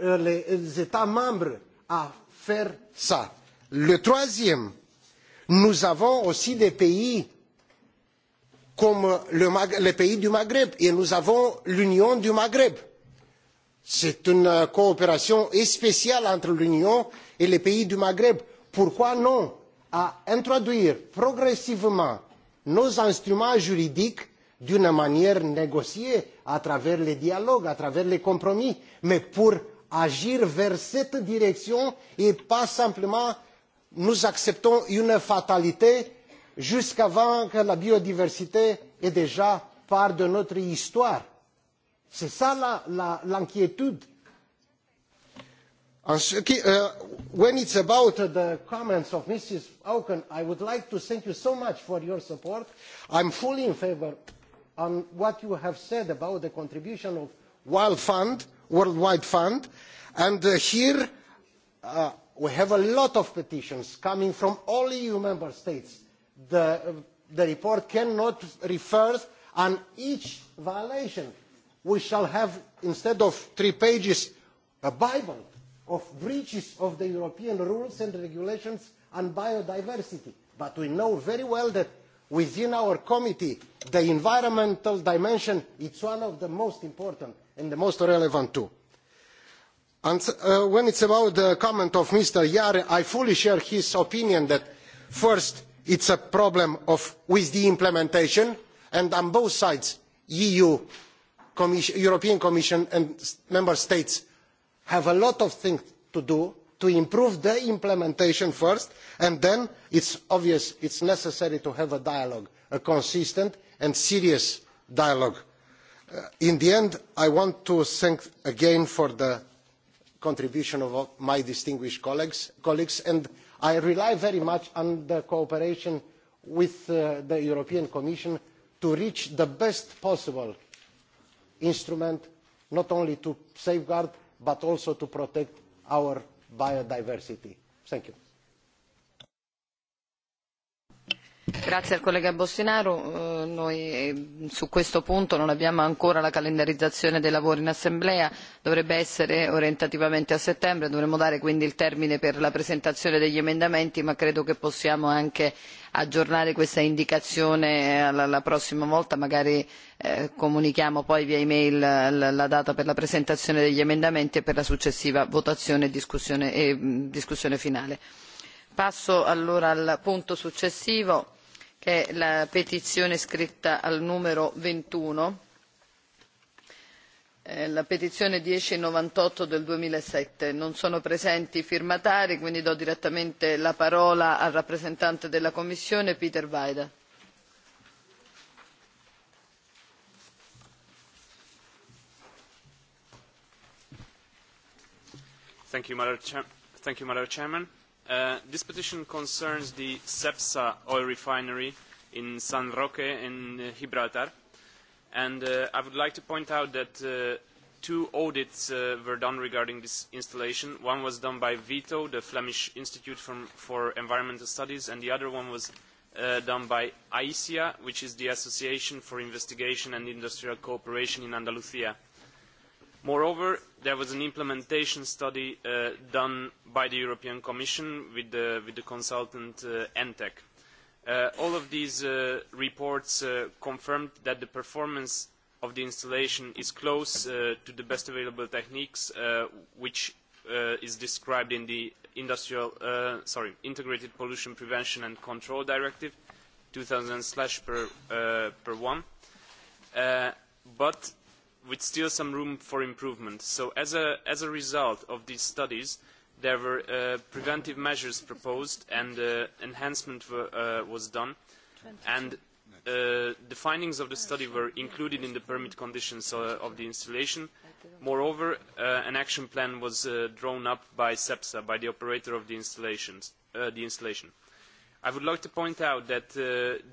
des euh, états membres à faire cela. le troisième nous avons aussi des pays comme le, les pays du maghreb et nous avons l'union du maghreb. c'est une euh, coopération spéciale entre l'union et les pays du maghreb. pourquoi non? à introduire progressivement nos instruments juridiques d'une manière négociée à travers les dialogues, à travers les compromis, mais pour agir vers cette direction et pas simplement nous acceptons une fatalité jusqu'avant que la biodiversité ait déjà part de notre histoire. C'est ça l'inquiétude Uh, uh, when it is about uh, the comments of mrs auken i would like to thank you so much for your support. i am fully in favour of what you have said about the contribution of the worldwide fund and here we have a lot of petitions coming from all eu member states. the, report cannot refer to each violation. we shall have instead of three pages a bible of breaches of the European rules and regulations on biodiversity. But we know very well that within our committee, the environmental dimension is one of the most important and the most relevant too. And, uh, when it about the comment of Mr. Yare, I fully share his opinion that first it is a problem of, with the implementation and on both sides, EU, Commission, European Commission and member states have a lot of things to do to improve the implementation first and then it is obvious it is necessary to have a dialogue a consistent and serious dialogue. Uh, in the end i want to thank again for the contribution of my distinguished colleagues and i rely very much on the cooperation with uh, the european commission to reach the best possible instrument not only to safeguard but also to protect our biodiversity. Thank Grazie al collega Bostinaro. Eh, noi eh, su questo punto non abbiamo ancora la calendarizzazione dei lavori in assemblea, dovrebbe essere orientativamente a settembre, dovremmo dare quindi il termine per la presentazione degli emendamenti, ma credo che possiamo anche aggiornare questa indicazione eh, la prossima volta, magari eh, comunichiamo poi via email la data per la presentazione degli emendamenti e per la successiva votazione e discussione, e, discussione finale passo allora al punto successivo che è la petizione scritta al numero 21, la petizione millenovecentonovantotto del duemilasette Non sono presenti i firmatari, quindi do direttamente la parola al rappresentante della Commissione, Peter Weida. Thank you, Madam Chairman. Uh, this petition concerns the Cepsa oil refinery in San Roque in uh, Gibraltar. And uh, I would like to point out that uh, two audits uh, were done regarding this installation. One was done by VITO, the Flemish Institute from, for Environmental Studies, and the other one was uh, done by AICIA, which is the Association for Investigation and Industrial Cooperation in Andalusia. Moreover, there was an implementation study uh, done by the European Commission with the, with the consultant uh, ENTEC. Uh, all of these uh, reports uh, confirmed that the performance of the installation is close uh, to the best available techniques, uh, which uh, is described in the industrial, uh, sorry, Integrated Pollution Prevention and Control Directive 2000/per uh, per one. Uh, but with still some room for improvement. So as a, as a result of these studies, there were uh, preventive measures proposed and uh, enhancement uh, was done. And uh, the findings of the study were included in the permit conditions uh, of the installation. Moreover, uh, an action plan was drawn up by SEPSA, by the operator of the, installations, the installation. I would like to point out that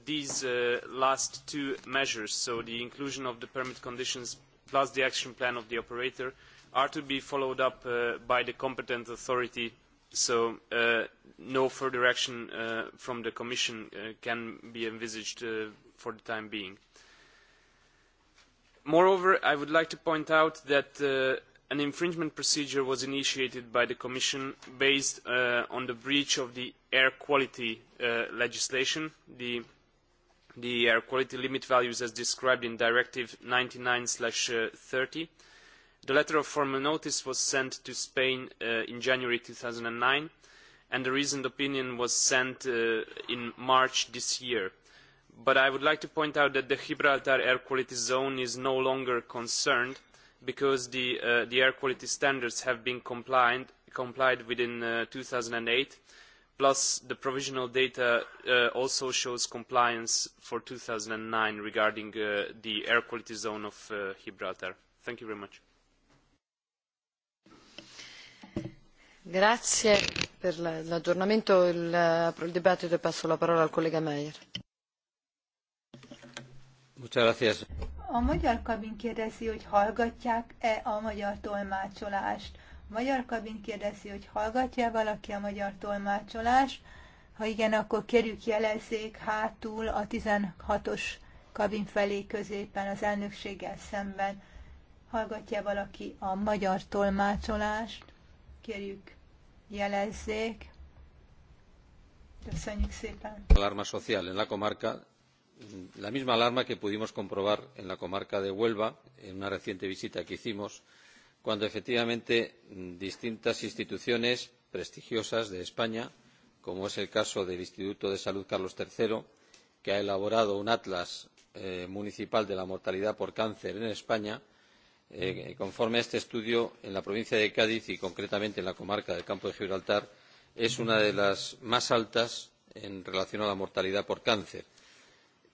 these last two measures, so the inclusion of the permit conditions plus the action plan of the operator are to be followed up uh, by the competent authority so uh, no further action uh, from the commission uh, can be envisaged uh, for the time being. moreover i would like to point out that uh, an infringement procedure was initiated by the commission based on the breach of the air quality legislation the the air quality limit values as described in Directive 99/30. Uh, the letter of formal notice was sent to Spain uh, in January 2009, and the reasoned opinion was sent uh, in March this year. But I would like to point out that the Gibraltar Air Quality Zone is no longer concerned because the, uh, the air quality standards have been complied, complied with in uh, 2008 Plus, the provisional data uh, also shows compliance for 2009 regarding uh, the air quality zone of uh, Gibraltar. Thank you very much. Grazie per l'aggiornamento. Il, uh, il dibattito e passo la parola al collega Meyer. Muchas gracias. A magyar kabin kérdezi, hogy hallgatják-e a magyar tolmácsolást magyar kabin kérdezi, hogy hallgatja valaki a magyar tolmácsolás. Ha igen, akkor kérjük jelezzék hátul a 16-os kabin felé középen az elnökséggel szemben. Hallgatja valaki a magyar tolmácsolást. Kérjük jelezzék. Köszönjük szépen. Alarma social en la comarca, la misma alarma que pudimos comprobar en la comarca de Huelva en una reciente visita que hicimos cuando efectivamente distintas instituciones prestigiosas de españa como es el caso del instituto de salud carlos iii que ha elaborado un atlas eh, municipal de la mortalidad por cáncer en españa eh, conforme a este estudio en la provincia de cádiz y concretamente en la comarca del campo de gibraltar es una de las más altas en relación con la mortalidad por cáncer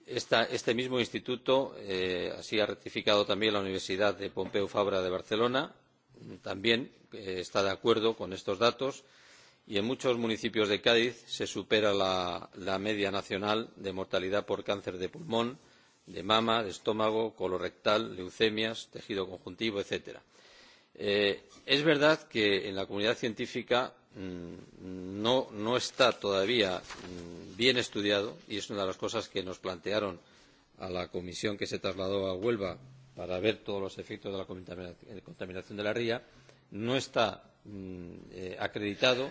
este mismo instituto eh, así ha ratificado también la Universidad Pompeu Fabra de Barcelona, también eh, está de acuerdo con estos datos y en muchos municipios de Cádiz se supera la, media nacional de mortalidad por cáncer de pulmón, de mama, de estómago, colorrectal leucemias, tejido conjuntivo, etcétera Eh, es verdad que en la comunidad científica mm, no, no está todavía mm, bien estudiado y es una de las cosas que nos plantearon a la comisión que se trasladó a Huelva para ver todos los efectos de la contaminación, de la ría, no está mm, eh, acreditado,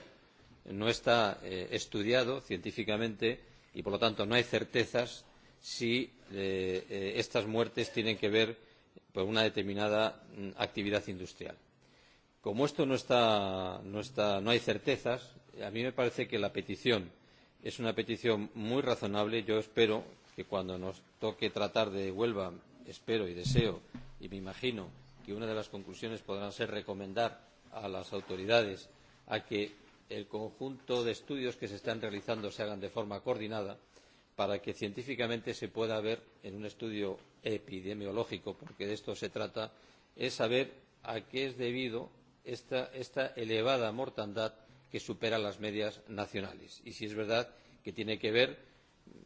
no está eh, estudiado científicamente y, por lo tanto, no hay certezas si eh, eh estas muertes tienen que ver por una determinada mm, actividad industrial. Como esto no, está, no, está, no hay certezas, a mí me parece que la petición es una petición muy razonable. Yo espero que cuando nos toque tratar de Huelva, espero y deseo y me imagino que una de las conclusiones podrán ser recomendar a las autoridades a que el conjunto de estudios que se están realizando se hagan de forma coordinada para que científicamente se pueda ver en un estudio epidemiológico porque de esto se trata es saber a qué es debido esta, esta elevada mortandad que supera las medias nacionales y si es verdad que tiene que ver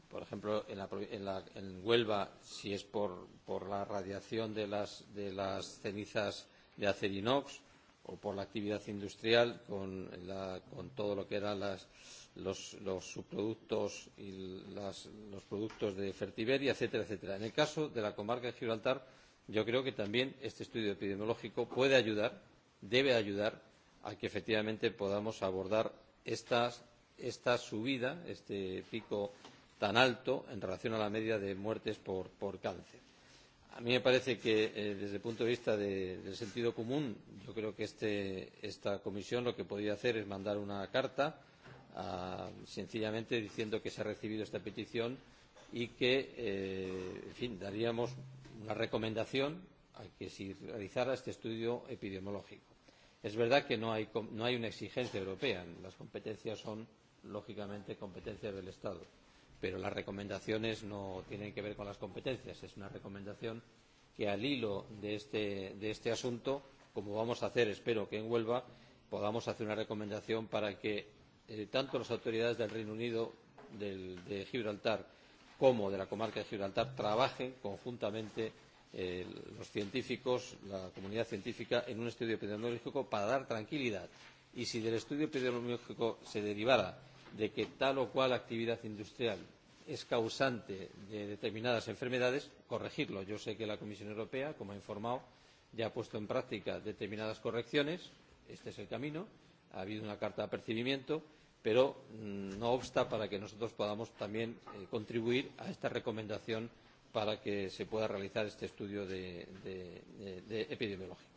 por ejemplo en, la, en, la, en Huelva si es por, por la radiación de las, de las cenizas de acerinox o por la actividad industrial con, la, con todo lo que eran las, los, los subproductos y las, los productos de Fertiberia, etcétera, etcétera. En el caso de la comarca de Gibraltar, yo creo que también este estudio epidemiológico puede ayudar, debe ayudar a que efectivamente podamos abordar estas, esta subida, este pico tan alto en relación a la media de muertes por, por cáncer. A mí me parece que eh, desde el punto de vista de, del sentido común, yo creo que este, esta comisión lo que podría hacer es mandar una carta a, sencillamente diciendo que se ha recibido esta petición y que, eh, en fin, daríamos una recomendación a que se realizara este estudio epidemiológico. Es verdad que no hay, no hay una exigencia europea, las competencias son, lógicamente, competencias del Estado, pero las recomendaciones no tienen que ver con las competencias, es una recomendación que al hilo de este, de este asunto, como vamos a hacer, espero que en Huelva, podamos hacer una recomendación para que eh, tanto las autoridades del Reino Unido, del, de Gibraltar, como de la comarca de Gibraltar trabajen conjuntamente eh, los científicos, la comunidad científica, en un estudio epidemiológico para dar tranquilidad. Y si del estudio epidemiológico se derivara de que tal o cual actividad industrial es causante de determinadas enfermedades, corregirlo. Yo sé que la Comisión Europea, como ha informado, ya ha puesto en práctica determinadas correcciones. Este es el camino ha habido una carta de apercibimiento pero mm, no obsta para que nosotros podamos también eh, contribuir a esta recomendación para que se pueda realizar este estudio de, de, de epidemiológico.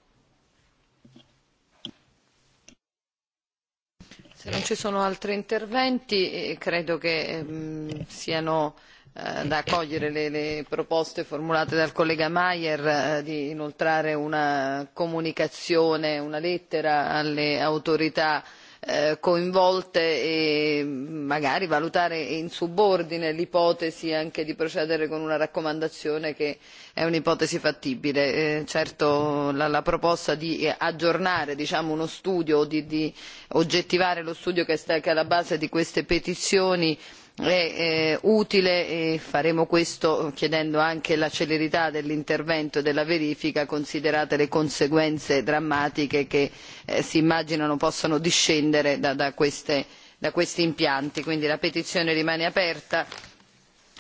Se non ci sono altri interventi, eh, credo che ehm, siano Eh, ad accogliere le, le proposte formulate dal collega Mayer eh, di inoltrare una comunicazione, una lettera alle autorità eh, coinvolte e mm, magari valutare in subordine l'ipotesi anche di procedere con una raccomandazione che è un'ipotesi fattibile. Eh, certo la, la proposta di aggiornare diciamo, uno studio o di, di oggettivare lo studio che è alla base di queste petizioni è utile e faremo questo chiedendo anche la celerità dell'intervento e della verifica considerate le conseguenze drammatiche che eh, si immaginano possano discendere da questi impianti. quindi la petizione rimane aperta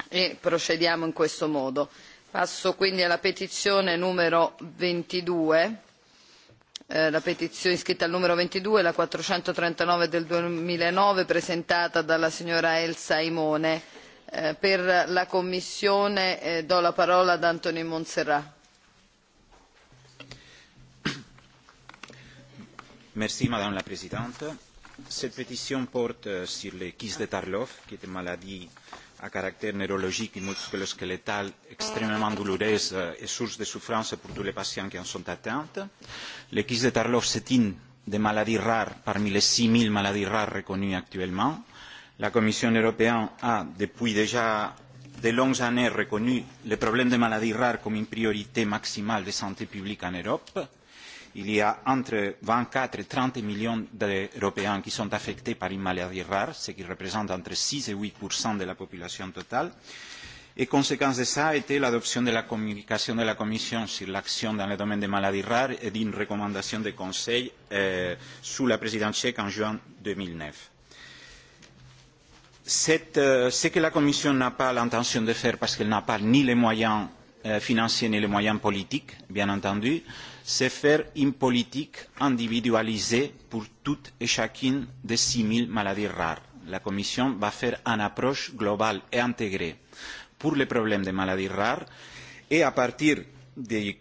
e procediamo in questo modo. passo quindi alla petizione numero ventidue Eh, la petizione iscritta al numero ventidue la quattrocentotrentanove del duemilanove presentata dalla signora elsa imone. Eh, per la commissione eh, do la parola ad anthony montserrat. Merci, madame la présidente cette pétition porte euh, sur les kystes de tarlov qui est une maladie à caractère neurologique et musculo-squelettal extrêmement douloureuse eh, et source de souffrance pour tous les patients qui en sont atteints. Le kyste de Tarlov, est une des maladies rares parmi les 6000 maladies rares reconnues actuellement. La Commission européenne a, depuis déjà de longues années, reconnu le problème des maladies rares comme une priorité maximale de santé publique en Europe il y a entre vingt quatre et trente millions d'européens qui sont affectés par une maladie rare ce qui représente entre six et huit de la population totale et conséquence de cela a été l'adoption de la communication de la commission sur l'action dans le domaine des maladies rares et d'une recommandation du conseil euh, sous la présidence tchèque en juin. deux mille neuf euh, ce que la commission n'a pas l'intention de faire parce qu'elle n'a pas ni les moyens euh, financiers ni les moyens politiques bien entendu c'est c'est faire une politique individualisée pour toutes et chacune des 6000 maladies rares. La Commission va faire une approche globale et intégrée pour les problèmes des maladies rares et à partir de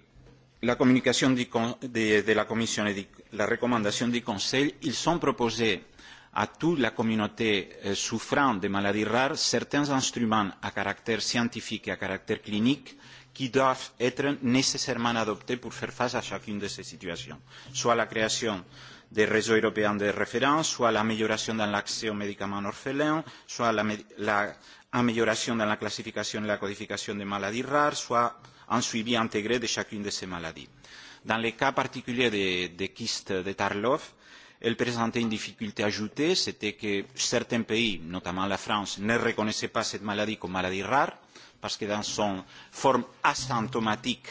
la communication de, la Commission et de la recommandation du Conseil, ils sont proposés à toute la communauté euh, souffrant de maladies rares certains instruments à caractère scientifique et à caractère clinique qui doivent être nécessairement adoptées pour faire face à chacune de ces situations, soit la création des réseaux européens de référence, soit l'amélioration dans l'accès aux médicaments orphelins, soit l'amélioration la, la dans la classification et la codification des maladies rares, soit un suivi intégré de chacune de ces maladies. Dans le cas particulier des, des kystes de Tarlov, elle présentait une difficulté ajoutée, c'était que certains pays, notamment la France, ne reconnaissaient pas cette maladie comme maladie rare, parce que dans son forme asymptomatique,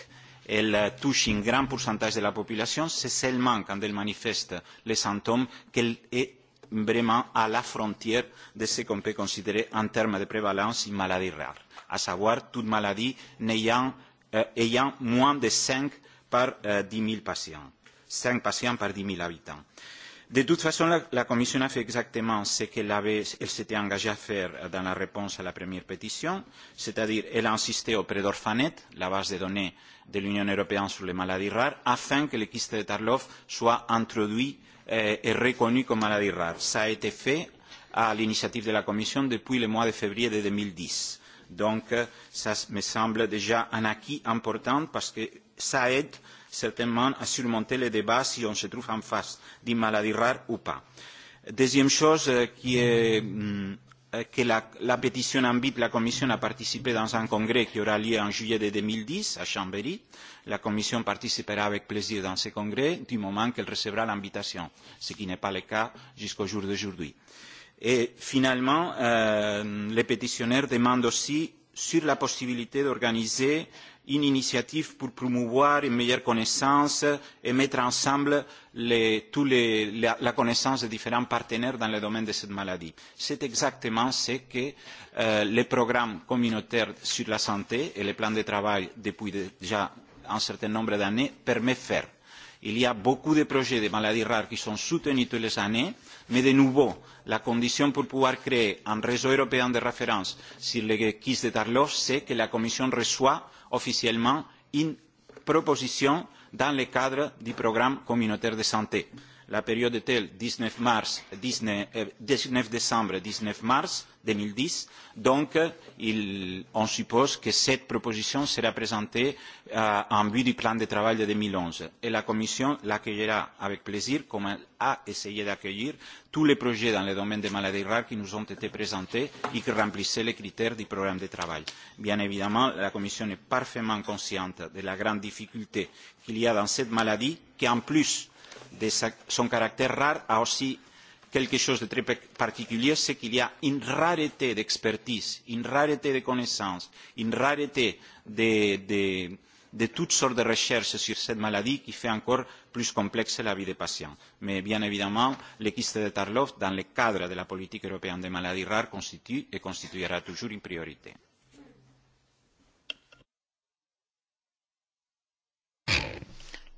elle touche un grand pourcentage de la population. C'est seulement quand elle manifeste les symptômes qu'elle est vraiment à la frontière de ce qu'on peut considérer en termes de prévalence une maladie rare, à savoir toute maladie ayant, euh, ayant moins de 5 par euh, 10 000 patients, 5 patients par 10 000 habitants. De toute façon, la, la Commission a fait exactement ce qu'elle s'était engagée à faire dans la réponse à la première pétition, c'est-à-dire elle a insisté auprès d'Orphanet, la base de données de l'Union européenne sur les maladies rares, afin que le kyste de Tarlov soit introduit euh, et reconnu comme maladie rare. Ça a été fait à l'initiative de la Commission depuis le mois de février de 2010. Donc, eh, ça me semble déjà un acquis important parce que ça aide certainement à surmonter les débats si on se trouve en face d'une maladie rare ou pas. Deuxième chose euh, qui est mm, euh, que la, la pétition invite la Commission à participer dans un congrès qui aura lieu en juillet de 2010 à Chambéry. La Commission participera avec plaisir dans ce congrès du moment qu'elle recevra l'invitation, ce qui n'est pas le cas jusqu'au jour d'aujourd'hui. Et finalement, euh, les pétitionnaires demandent aussi sur la possibilité d'organiser euh, une initiative pour promouvoir une meilleure connaissance et mettre ensemble les, tous les, la, la connaissance des différents partenaires dans le domaine de cette maladie. C'est exactement ce que euh, les programmes communautaires sur la santé et les plans de travail depuis déjà un certain nombre d'années permettent de faire. Il y a beaucoup de projets de maladies rares qui sont soutenus tous les années, mais de nouveau, la condition pour pouvoir créer un réseau européen de référence sur les quistes de Tarlov, c'est que la Commission reçoit officiellement une proposition dans le cadre du programme communautaire de santé la période est-elle 19, mars, 19, euh, 19 décembre 19 mars 2010 Donc, il, on suppose que cette proposition sera présentée euh, en vue du plan de travail de 2011. Et la Commission l'accueillera avec plaisir, comme elle a essayé d'accueillir tous les projets dans le domaine des maladies rares qui nous ont été présentés et qui remplissaient les critères du programme de travail. Bien évidemment, la Commission est parfaitement consciente de la grande difficulté qu'il y a dans cette maladie, qui en plus de son caractère rare a aussi quelque chose de très particulier, c'est qu'il y a une rareté d'expertise, une rareté de connaissances, une rareté de, de, de toutes sortes de recherches sur cette maladie qui fait encore plus complexe la vie des patients. Mais bien évidemment, le kyste de Tarlov, dans le cadre de la politique européenne des maladies rares, constitue et constituera toujours une priorité.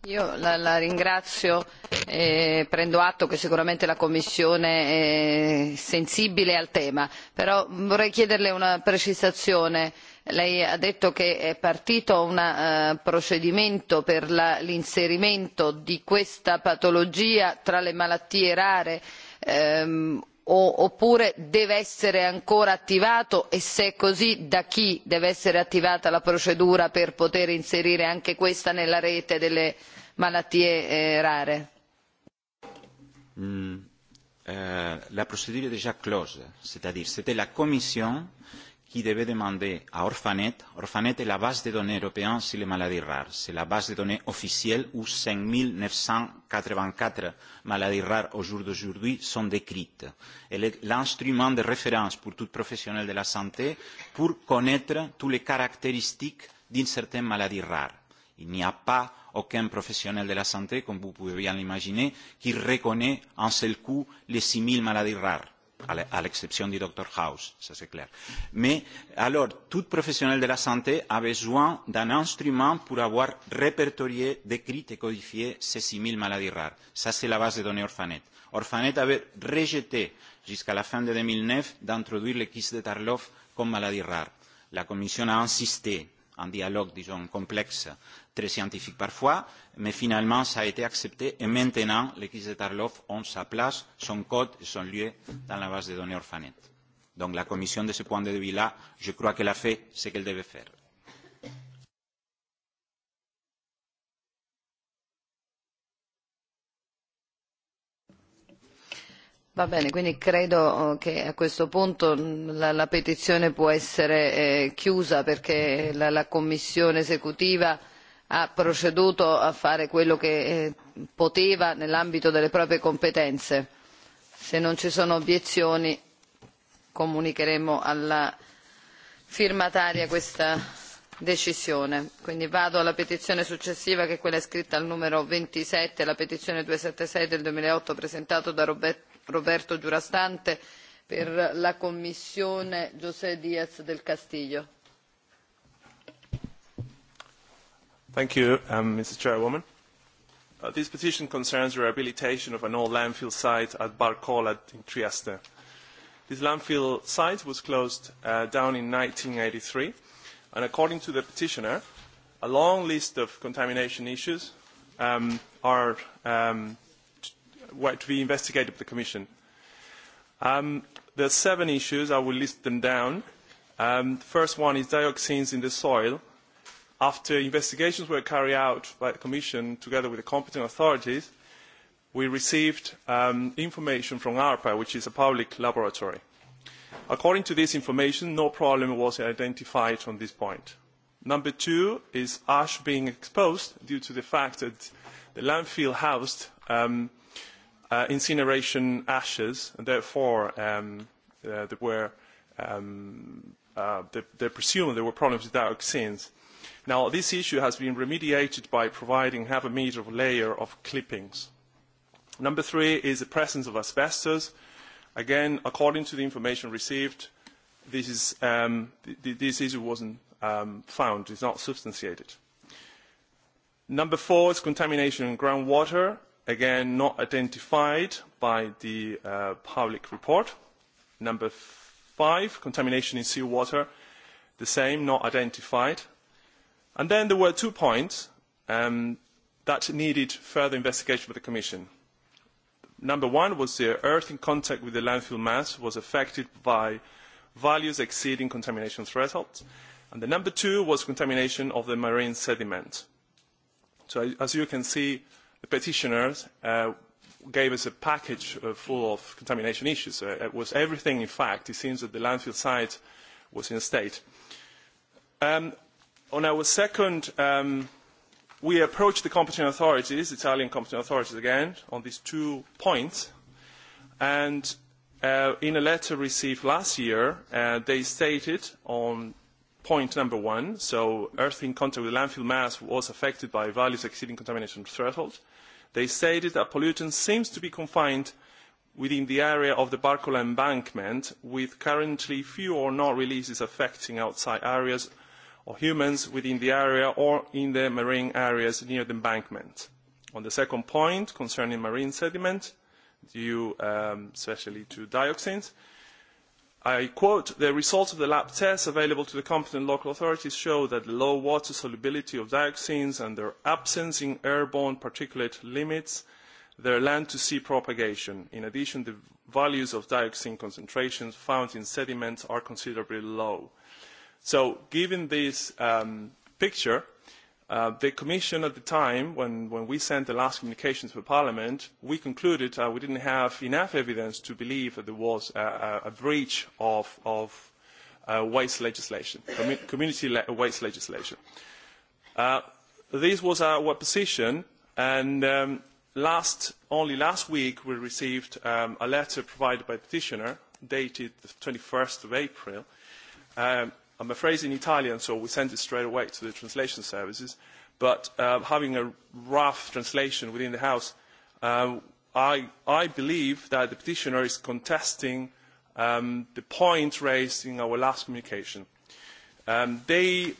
Io la, la ringrazio e prendo atto che sicuramente la Commissione è sensibile al tema, però vorrei chiederle una precisazione lei ha detto che è partito un uh, procedimento per l'inserimento di questa patologia tra le malattie rare. Um, oppure deve essere ancora attivato e se è così da chi deve essere attivata la procedura per poter inserire anche questa nella rete delle malattie eh, rare? Mm, eh, la procédure est déjà close c'est à dire c'était la commission qui qui devait demander à Orphanet. Orphanet est la base de données européenne sur les maladies rares. C'est la base de données officielle où 5 984 maladies rares au jour d'aujourd'hui sont décrites. Elle est l'instrument de référence pour tout professionnel de la santé pour connaître toutes les caractéristiques d'une certaine maladie rare. Il n'y a pas aucun professionnel de la santé, comme vous pouvez bien l'imaginer, qui reconnaît en seul coup les 6 000 maladies rares à l'exception du Dr House, ça c'est clair. Mais alors, tout professionnel de la santé a besoin d'un instrument pour avoir répertorié, décrit et codifié ces 6000 maladies rares. Ça c'est la base de données Orphanet. Orphanet avait rejeté jusqu'à la fin de 2009 d'introduire le kiss de Tarlov comme maladie rare. La Commission a insisté un dialogue, disons, complexe, très scientifique parfois, mais finalement, ça a été accepté et maintenant, les crises de Tarlov ont sa place, son code et son lieu dans la base de données Orphanet. Donc la Commission, de ce point de vue-là, je crois qu'elle a fait ce qu'elle devait faire. Va bene, quindi credo oh, che a questo punto mm, la, la petizione può essere eh, chiusa perché la, la Commissione esecutiva ha proceduto a fare quello che eh, poteva nell'ambito delle proprie competenze. Se non ci sono obiezioni comunicheremo alla firmataria questa decisione. Quindi vado alla petizione successiva che è quella iscritta al numero 27, la petizione 276 del 2008 presentato da Roberto Roberto durante per la Commissione José Díaz del Castillo. Thank you, um, uh, this petition concerns the rehabilitation of an old landfill site at Barcola in Trieste. This landfill site was closed uh, down in one thousand nine hundred and eighty three and according to the petitioner, a long list of contamination issues um, are um, what we investigate with the Commission. Um, there are seven issues. I will list them down. Um, the first one is dioxins in the soil. After investigations were carried out by the Commission together with the competent authorities, we received um, information from ARPA, which is a public laboratory. According to this information, no problem was identified on this point. Number two is ash being exposed due to the fact that the landfill housed um, uh, incineration ashes, and therefore um, uh, there were um, uh, they, they presume there were problems with dioxins. Now, this issue has been remediated by providing half a meter of layer of clippings. Number three is the presence of asbestos. Again, according to the information received, this, is, um, th th- this issue wasn't um, found, it's not substantiated. Number four is contamination in groundwater again not identified by the uh, public report. Number five, contamination in seawater, the same, not identified. And then there were two points um, that needed further investigation by the Commission. Number one was the earth in contact with the landfill mass was affected by values exceeding contamination thresholds. And the number two was contamination of the marine sediment. So as you can see, the petitioners uh, gave us a package uh, full of contamination issues. Uh, it was everything, in fact. It seems that the landfill site was in a state. Um, on our second, um, we approached the competent authorities, Italian competent authorities again, on these two points. And uh, in a letter received last year, uh, they stated on point number one, so earth in contact with landfill mass was affected by values exceeding contamination threshold. Uh, They stated that pollutants seem to be confined within the area of the Barcola embankment, with currently few or no releases affecting outside areas or humans within the area or in the marine areas near the embankment. On the second point, concerning marine sediment, due um, especially to dioxins, I quote, the results of the lab tests available to the competent local authorities show that the low water solubility of dioxins and their absence in airborne particulate limits their land-to-sea propagation. In addition, the values of dioxin concentrations found in sediments are considerably low. So given this um, picture, Uh, the Commission at the time, when, when we sent the last communication to Parliament, we concluded uh, we didn't have enough evidence to believe that there was a, a, a breach of, of uh, waste legislation, com community le waste legislation. Uh, this was our position, and um, last, only last week we received um, a letter provided by the petitioner, dated the 21st of April, um, I'm afraid in Italian, so we sent it straight away to the translation services. But uh, having a rough translation within the House, uh, I, I believe that the petitioner is contesting um, the point raised in our last communication. Um, they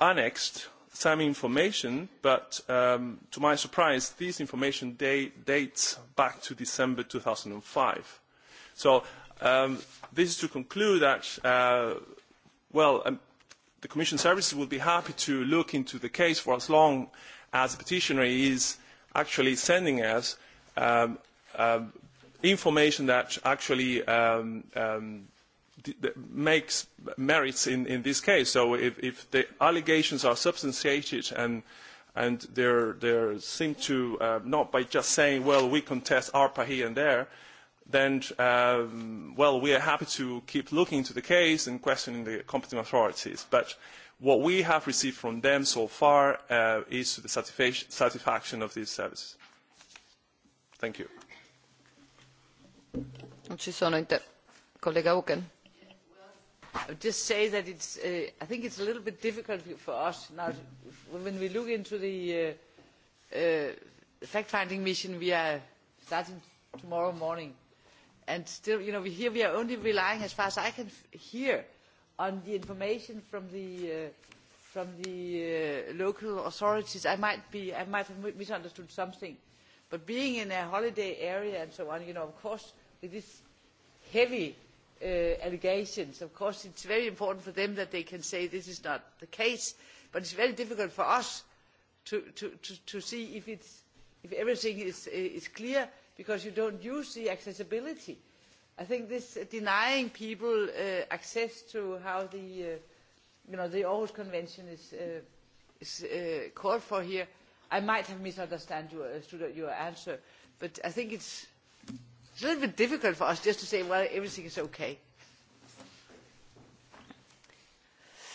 annexed some information, but um, to my surprise, this information date, dates back to December 2005. So um, this is to conclude that uh, well, um, the Commission services will be happy to look into the case for as long as the petitioner is actually sending us um, uh, information that actually um, um, makes merits in, in this case. So if, if the allegations are substantiated and and they're, they're seem to uh, not by just saying, well, we contest ARPA here and there, then, um, well, we are happy to keep looking into the case and questioning the competent authorities. But what we have received from them so far uh, is to the satisfaction, of these services. Thank you. Colleague I would just say that it's, uh, I think it's a little bit difficult for us now when we look into the uh, uh, fact-finding mission we are starting tomorrow morning and still, you know, we, here we are only relying, as far as I can hear, on the information from the, uh, from the uh, local authorities. I might, be, I might have misunderstood something. But being in a holiday area and so on, you know, of course, with these heavy uh, allegations, of course, it's very important for them that they can say this is not the case. But it's very difficult for us to, to, to, to see if, it's, if everything is, is clear because you don't use the accessibility. I think this denying people uh, access to how the, uh, you know, the Aarhus Convention is, uh, is uh, called for here, I might have misunderstood your, uh, your answer, but I think it's, it's a little bit difficult for us just to say, well, everything is okay.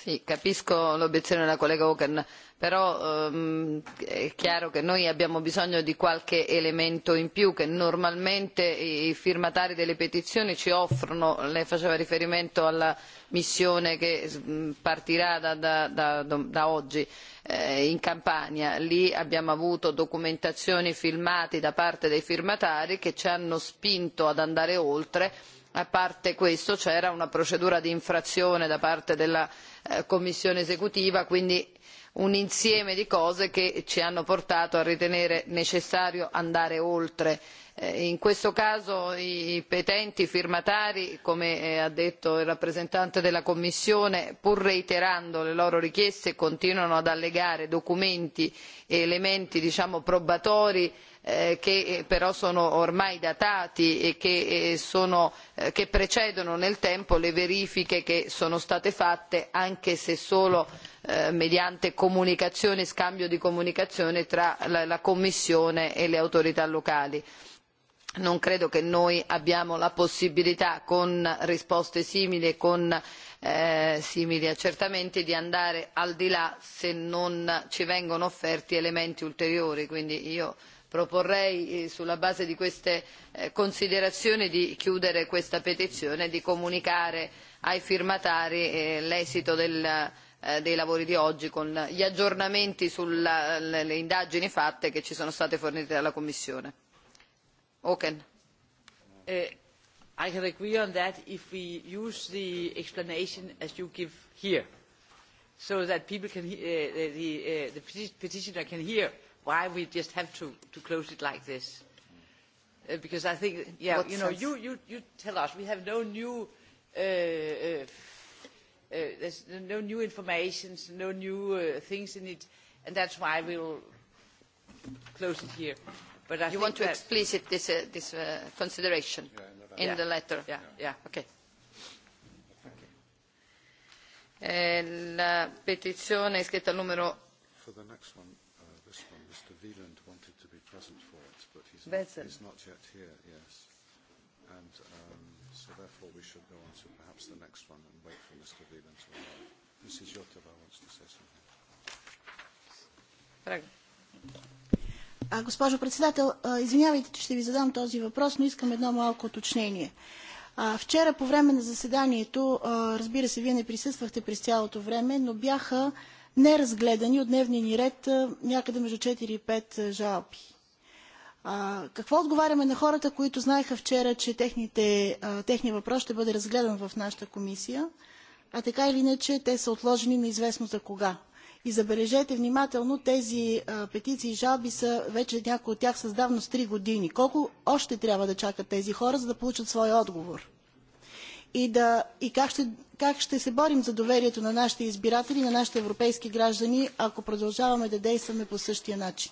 Sì, capisco l'obiezione della collega Hogan però ehm, è chiaro che noi abbiamo bisogno di qualche elemento in più che normalmente i firmatari delle petizioni ci offrono lei faceva riferimento alla missione che partirà da, oggi eh, in campania lì abbiamo avuto documentazioni filmati da parte dei firmatari che ci hanno spinto ad andare oltre a parte questo c'era una procedura di infrazione da parte della eh, commissione esecutiva quindi un insieme di cose che ci hanno portato a ritenere necessario andare oltre. Eh, in questo caso i petenti firmatari come eh, ha detto il rappresentante della commissione pur reiterando le loro richieste continuano ad allegare documenti e elementi diciamo probatori Eh, che eh, però sono ormai datati e eh, che, precedono nel tempo le verifiche che sono state fatte anche se solo mediante comunicazione scambio di comunicazioni tra la commissione e le autorità locali non credo che noi abbiamo la possibilità con risposte simili e con simili accertamenti di andare al di là se non ci vengono offerti elementi ulteriori quindi io proporrei eh, sulla base di queste eh, considerazioni di chiudere questa petizione e di comunicare ai firmatari eh, l'esito dei lavori di oggi con gli aggiornamenti sulle indagini fatte che ci sono state fornite dalla Commissione. Oken. I can agree on that if we use the explanation as you give here, so that people can, uh, the, uh, the petitioner can hear why we just have to, to close it like this. Uh, because I think, yeah, what you know, you, you, you tell us we have no new, uh, uh, uh, there's no new information, no new uh, things in it, and that's why we'll close it here. But I you want to explicit this, uh, this uh, consideration yeah, in, the, in yeah. the letter? Yeah, yeah. yeah. Okay. Eh, uh, la petizione è scritta al numero. For the next one. It's, Benson. it's not yet here, yes. And um, so therefore we should go on to perhaps the next one and wait for Mr. Wieland to arrive. Mrs. Yotova wants to say something. Прага. А, госпожо председател, извинявайте, че ще ви задам този въпрос, но искам едно малко уточнение. А, вчера по време на заседанието, а, разбира се, вие не присъствахте през цялото време, но бяха неразгледани от дневния ни ред някъде между 4 и 5 жалби А, какво отговаряме на хората, които знаеха вчера, че техните, а, техния въпрос ще бъде разгледан в нашата комисия, а така или иначе те са отложени неизвестно за кога? И забележете внимателно, тези а, петиции и жалби са, вече някои от тях са давно с 3 години. Колко още трябва да чакат тези хора, за да получат свой отговор? И, да, и как, ще, как ще се борим за доверието на нашите избиратели, на нашите европейски граждани, ако продължаваме да действаме по същия начин?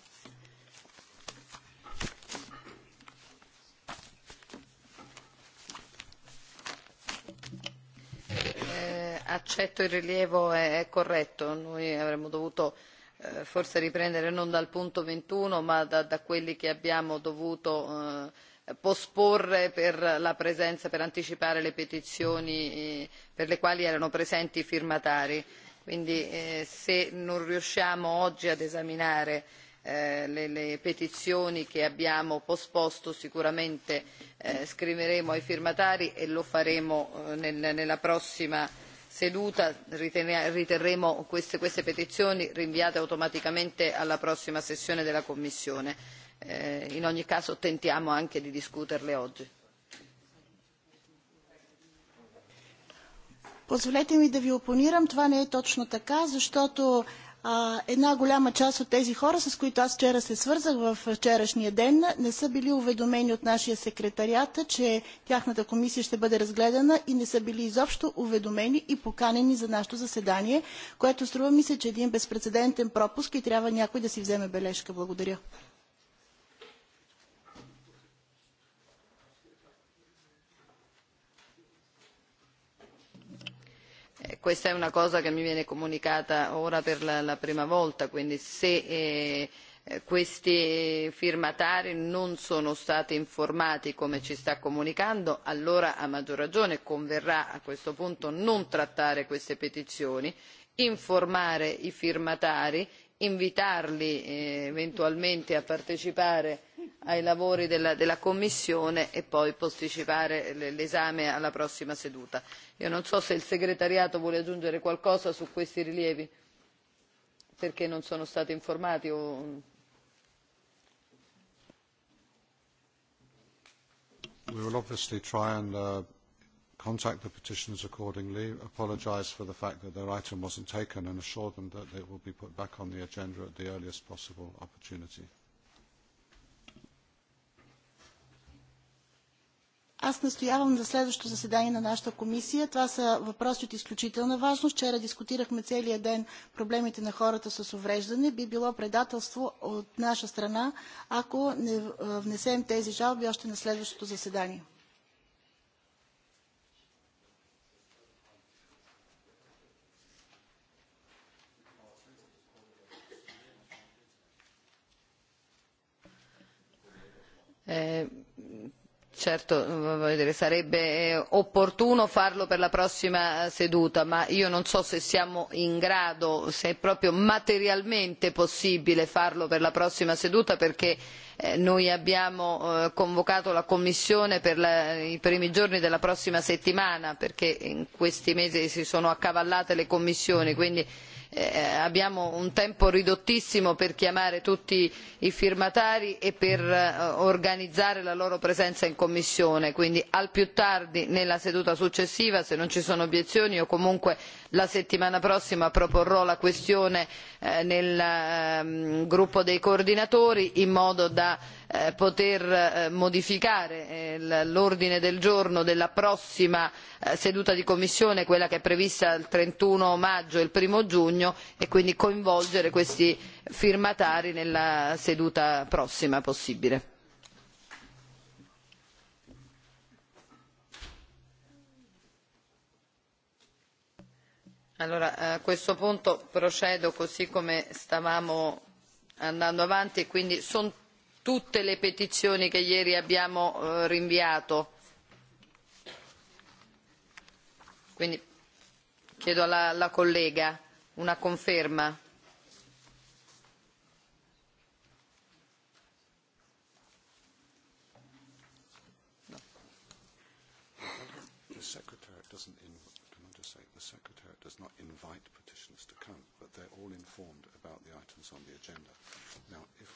accetto il rilievo è corretto noi avremmo dovuto eh, forse riprendere non dal punto ventiuno ma da, quelli che abbiamo dovuto eh, posporre per la presenza per anticipare le petizioni eh, per le quali erano presenti i firmatari quindi se non riusciamo oggi ad esaminare le, petizioni che abbiamo posposto sicuramente scriveremo ai firmatari e lo faremo nella prossima seduta riterremo queste, petizioni rinviate automaticamente alla prossima sessione della Commissione. Eh, in ogni caso tentiamo anche di discuterle oggi. Позволете ми да ви опонирам. Това не е точно така, защото а, една голяма част от тези хора, с които аз вчера се свързах в вчерашния ден, не са били уведомени от нашия секретарият, че тяхната комисия ще бъде разгледана и не са били изобщо уведомени и поканени за нашето заседание, което струва ми се, че е един безпредседентен пропуск и трябва някой да си вземе бележка. Благодаря. questa è una cosa che mi viene comunicata ora per la, prima volta quindi se eh, questi firmatari non sono stati informati come ci sta comunicando allora a maggior ragione converrà a questo punto non trattare queste petizioni informare i firmatari invitarli eh, eventualmente a partecipare ai lavori della, della commissione e poi posticipare l'esame alla prossima seduta. io non so se il segretariato vuole aggiungere qualcosa su questi rilievi perché non sono stati informati o We will obviously try and uh, contact the petitioners accordingly, apologise for the fact that their item wasn't taken and assure them that it will be put back on the agenda at the earliest possible opportunity. Аз настоявам за следващото заседание на нашата комисия. Това са въпроси от изключителна важност. Вчера дискутирахме целия ден проблемите на хората с увреждане. Би било предателство от наша страна, ако не внесем тези жалби още на следващото заседание. Eh, certo sarebbe eh, opportuno farlo per la prossima seduta ma io non so se siamo in grado se è proprio materialmente possibile farlo per la prossima seduta perché eh, noi abbiamo eh, convocato la commissione per i primi giorni della prossima settimana perché in questi mesi si sono accavallate le commissioni quindi Eh, abbiamo un tempo ridottissimo per chiamare tutti i firmatari e per eh, organizzare la loro presenza in commissione quindi al più tardi nella seduta successiva se non ci sono obiezioni o comunque la settimana prossima proporrò la questione eh, nel ehm, gruppo dei coordinatori in modo da eh, poter eh, modificare l'ordine del giorno della prossima seduta di commissione quella che è prevista il trentuno maggio e il uno giugno e quindi coinvolgere questi firmatari nella seduta prossima possibile. Allora, a questo punto procedo così come stavamo andando avanti, quindi sono tutte le petizioni che ieri abbiamo eh, rinviato. Quindi chiedo alla, alla collega una conferma.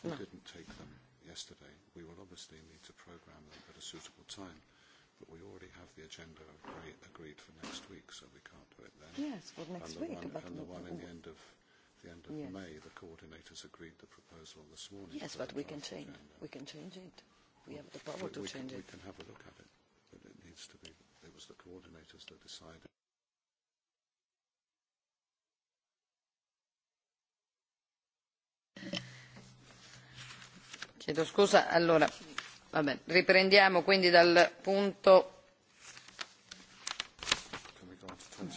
We no. didn't take them yesterday. We will obviously need to program them at a suitable time. But we already have the agenda agreed, for next week, so we can't do it then. Yes, for next and week. One, but and the one at the end of the end of yes. May, the coordinators agreed the proposal this morning. Yes, but we can change. Agenda. We can change it. We well, have the power we, to we change can, it. We can have a look at it, but it needs to be. It was the coordinators that decided. chiedo scusa allora vabbè, riprendiamo quindi dal punto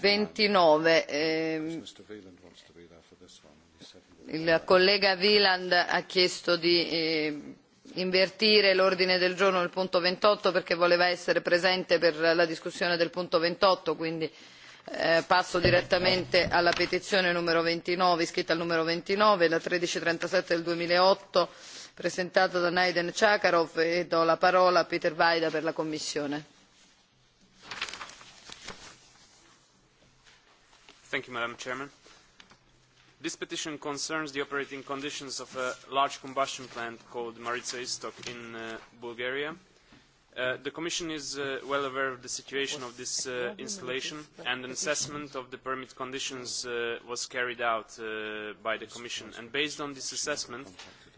ventinove eh, il collega wieland ha chiesto di eh, invertire l'ordine del giorno del punto ventotto perché voleva essere presente per la discussione del punto ventotto quindi eh, passo direttamente alla petizione numero ventinove iscritta al numero ventinove la tredicitrentasette del duemilaotto presentato da Naiden Sakharov e eh, do la parola a Peter Vaida per la Commissione. Madam president This petition concerns the operating conditions of a large combustion plant called Maritsa Istok in uh, Bulgaria. Uh, the Commission is uh, well aware of the situation of this uh, installation and an assessment of the permit conditions uh, was carried out uh, by the Commission. And based on this assessment,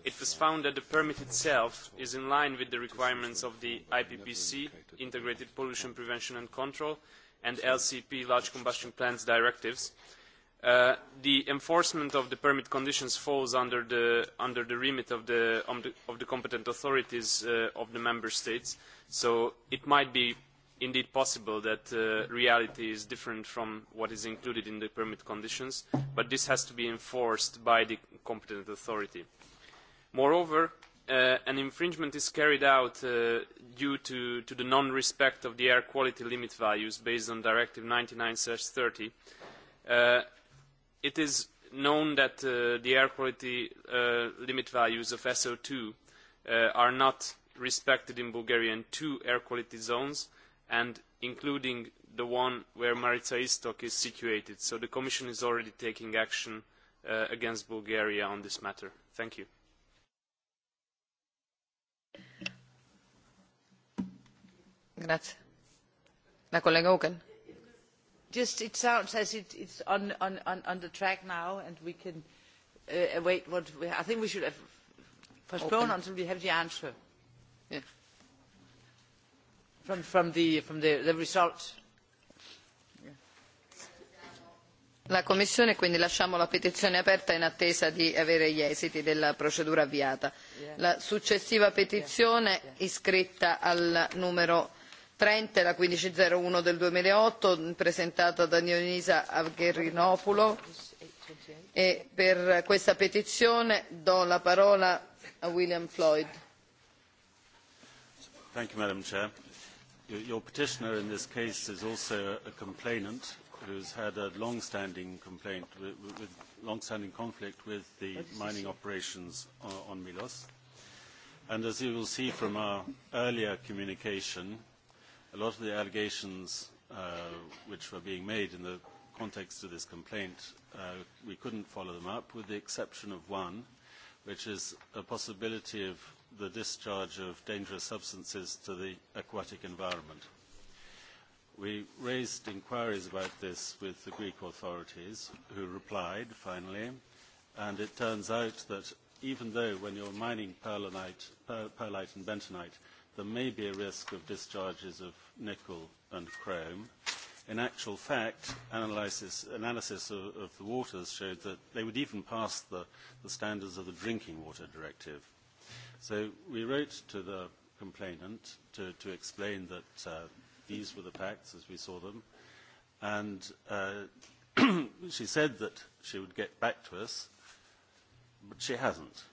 it was found that the permit itself is in line with the requirements of the IPPC, Integrated Pollution Prevention and Control, and LCP, Large Combustion Plants Directives. Uh, the enforcement of the permit conditions falls under the, under the remit of the, the, of the competent authorities uh, of the member states, so it might be indeed possible that uh, reality is different from what is included in the permit conditions, but this has to be enforced by the competent authority moreover uh, an infringement is carried out uh, due to, the non respect of the air quality limit values based on directive ninety nine thirty uh, it is known that the air quality limit values of so two are not respected in bulgarian two air quality zones and including the one where marica istok is situated so the commission is already taking action against bulgaria on this matter. thank you. Just, it sounds as it, it's on, on, on, the track now, and we can uh, await what I think we should postpone until we have the answer from, from, the, from the, the result. La Commissione quindi lasciamo la petizione aperta in attesa di avere gli esiti della procedura avviata. La successiva petizione iscritta al numero trenta e la millecinquecentouno del duemilaotto presentata da dionisa avgerinopoulos e per questa petizione do la parola a william floyd. madam president your petitioner in this case is also a complainant who has had a long standing complaint with, with long standing conflict with the mining operations on milos and as you will see from our earlier communication a lot of the allegations uh, which were being made in the context of this complaint, uh, we couldn't follow them up, with the exception of one, which is a possibility of the discharge of dangerous substances to the aquatic environment. We raised inquiries about this with the Greek authorities, who replied finally, and it turns out that even though when you're mining per, perlite and bentonite, there may be a risk of discharges of nickel and chrome. In actual fact, analysis, analysis of, of the waters showed that they would even pass the, the standards of the Drinking Water Directive. So we wrote to the complainant to, to explain that uh, these were the facts as we saw them. And uh, she said that she would get back to us, but she hasn't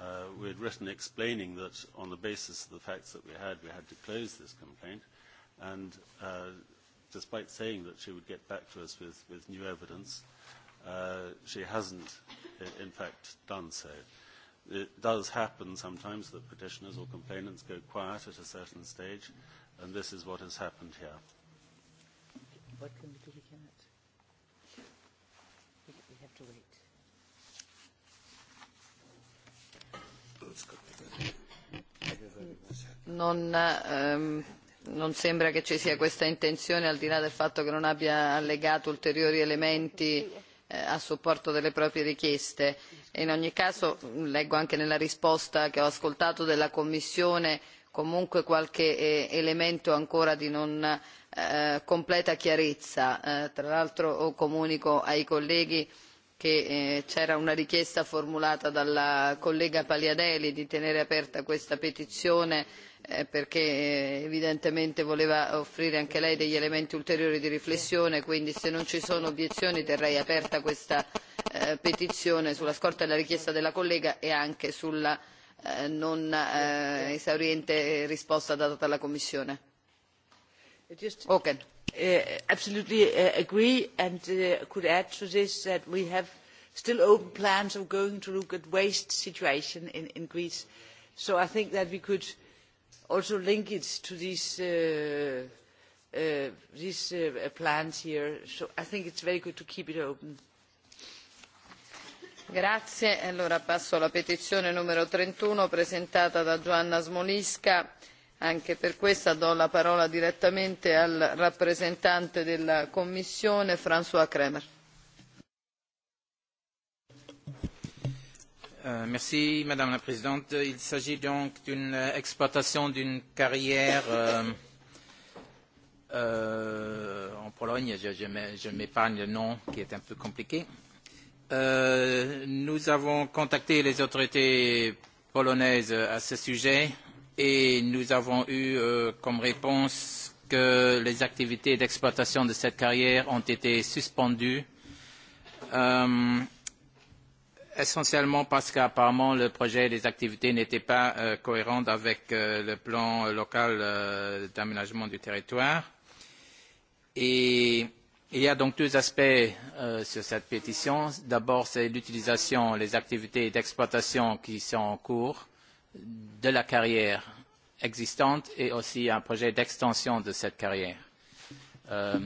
uh, we had written explaining that on the basis of the facts that we had, we had to close this complaint. And uh, despite saying that she would get back to us with, with new evidence, uh, she hasn't, in fact, done so. It does happen sometimes that petitioners or complainants go quiet at a certain stage, and this is what has happened here. What can we do? non, ehm, non sembra che ci sia questa intenzione al di là del fatto che non abbia allegato ulteriori elementi eh, a supporto delle proprie richieste. in ogni caso leggo anche nella risposta che ho ascoltato della commissione comunque qualche eh, elemento ancora di non eh, completa chiarezza. Eh, tra l'altro comunico ai colleghi che eh, c'era una richiesta formulata dalla collega Paliadeli di tenere aperta questa petizione eh, perché eh, evidentemente voleva offrire anche lei degli elementi ulteriori di riflessione, quindi se non ci sono obiezioni terrei aperta questa petizione sulla scorta della richiesta della collega e anche sulla non esauriente risposta data dalla Commissione. Okay Uh, absolutely uh, agree and uh, could add to this that we have still open plans of going to look at the waste situation in, Greece. So I think that we could also link it to these, plans here. So I think it is very good to keep it open anche per questa do la parola direttamente al rappresentante della commissione franois kremer. Euh, madame la présidente il s'agit donc d'une exploitation d'une carrière euh, euh, en pologne je, je m'épargne le nom qui est un peu compliqué. Euh, nous avons contacté les autorités polonaises à ce sujet et nous avons eu euh, comme réponse que les activités d'exploitation de cette carrière ont été suspendues, euh, essentiellement parce qu'apparemment le projet des activités n'était pas euh, cohérent avec euh, le plan local euh, d'aménagement du territoire. Et il y a donc deux aspects euh, sur cette pétition. D'abord, c'est l'utilisation, les activités d'exploitation qui sont en cours de la carrière existante et aussi un projet d'extension de cette carrière. Euh,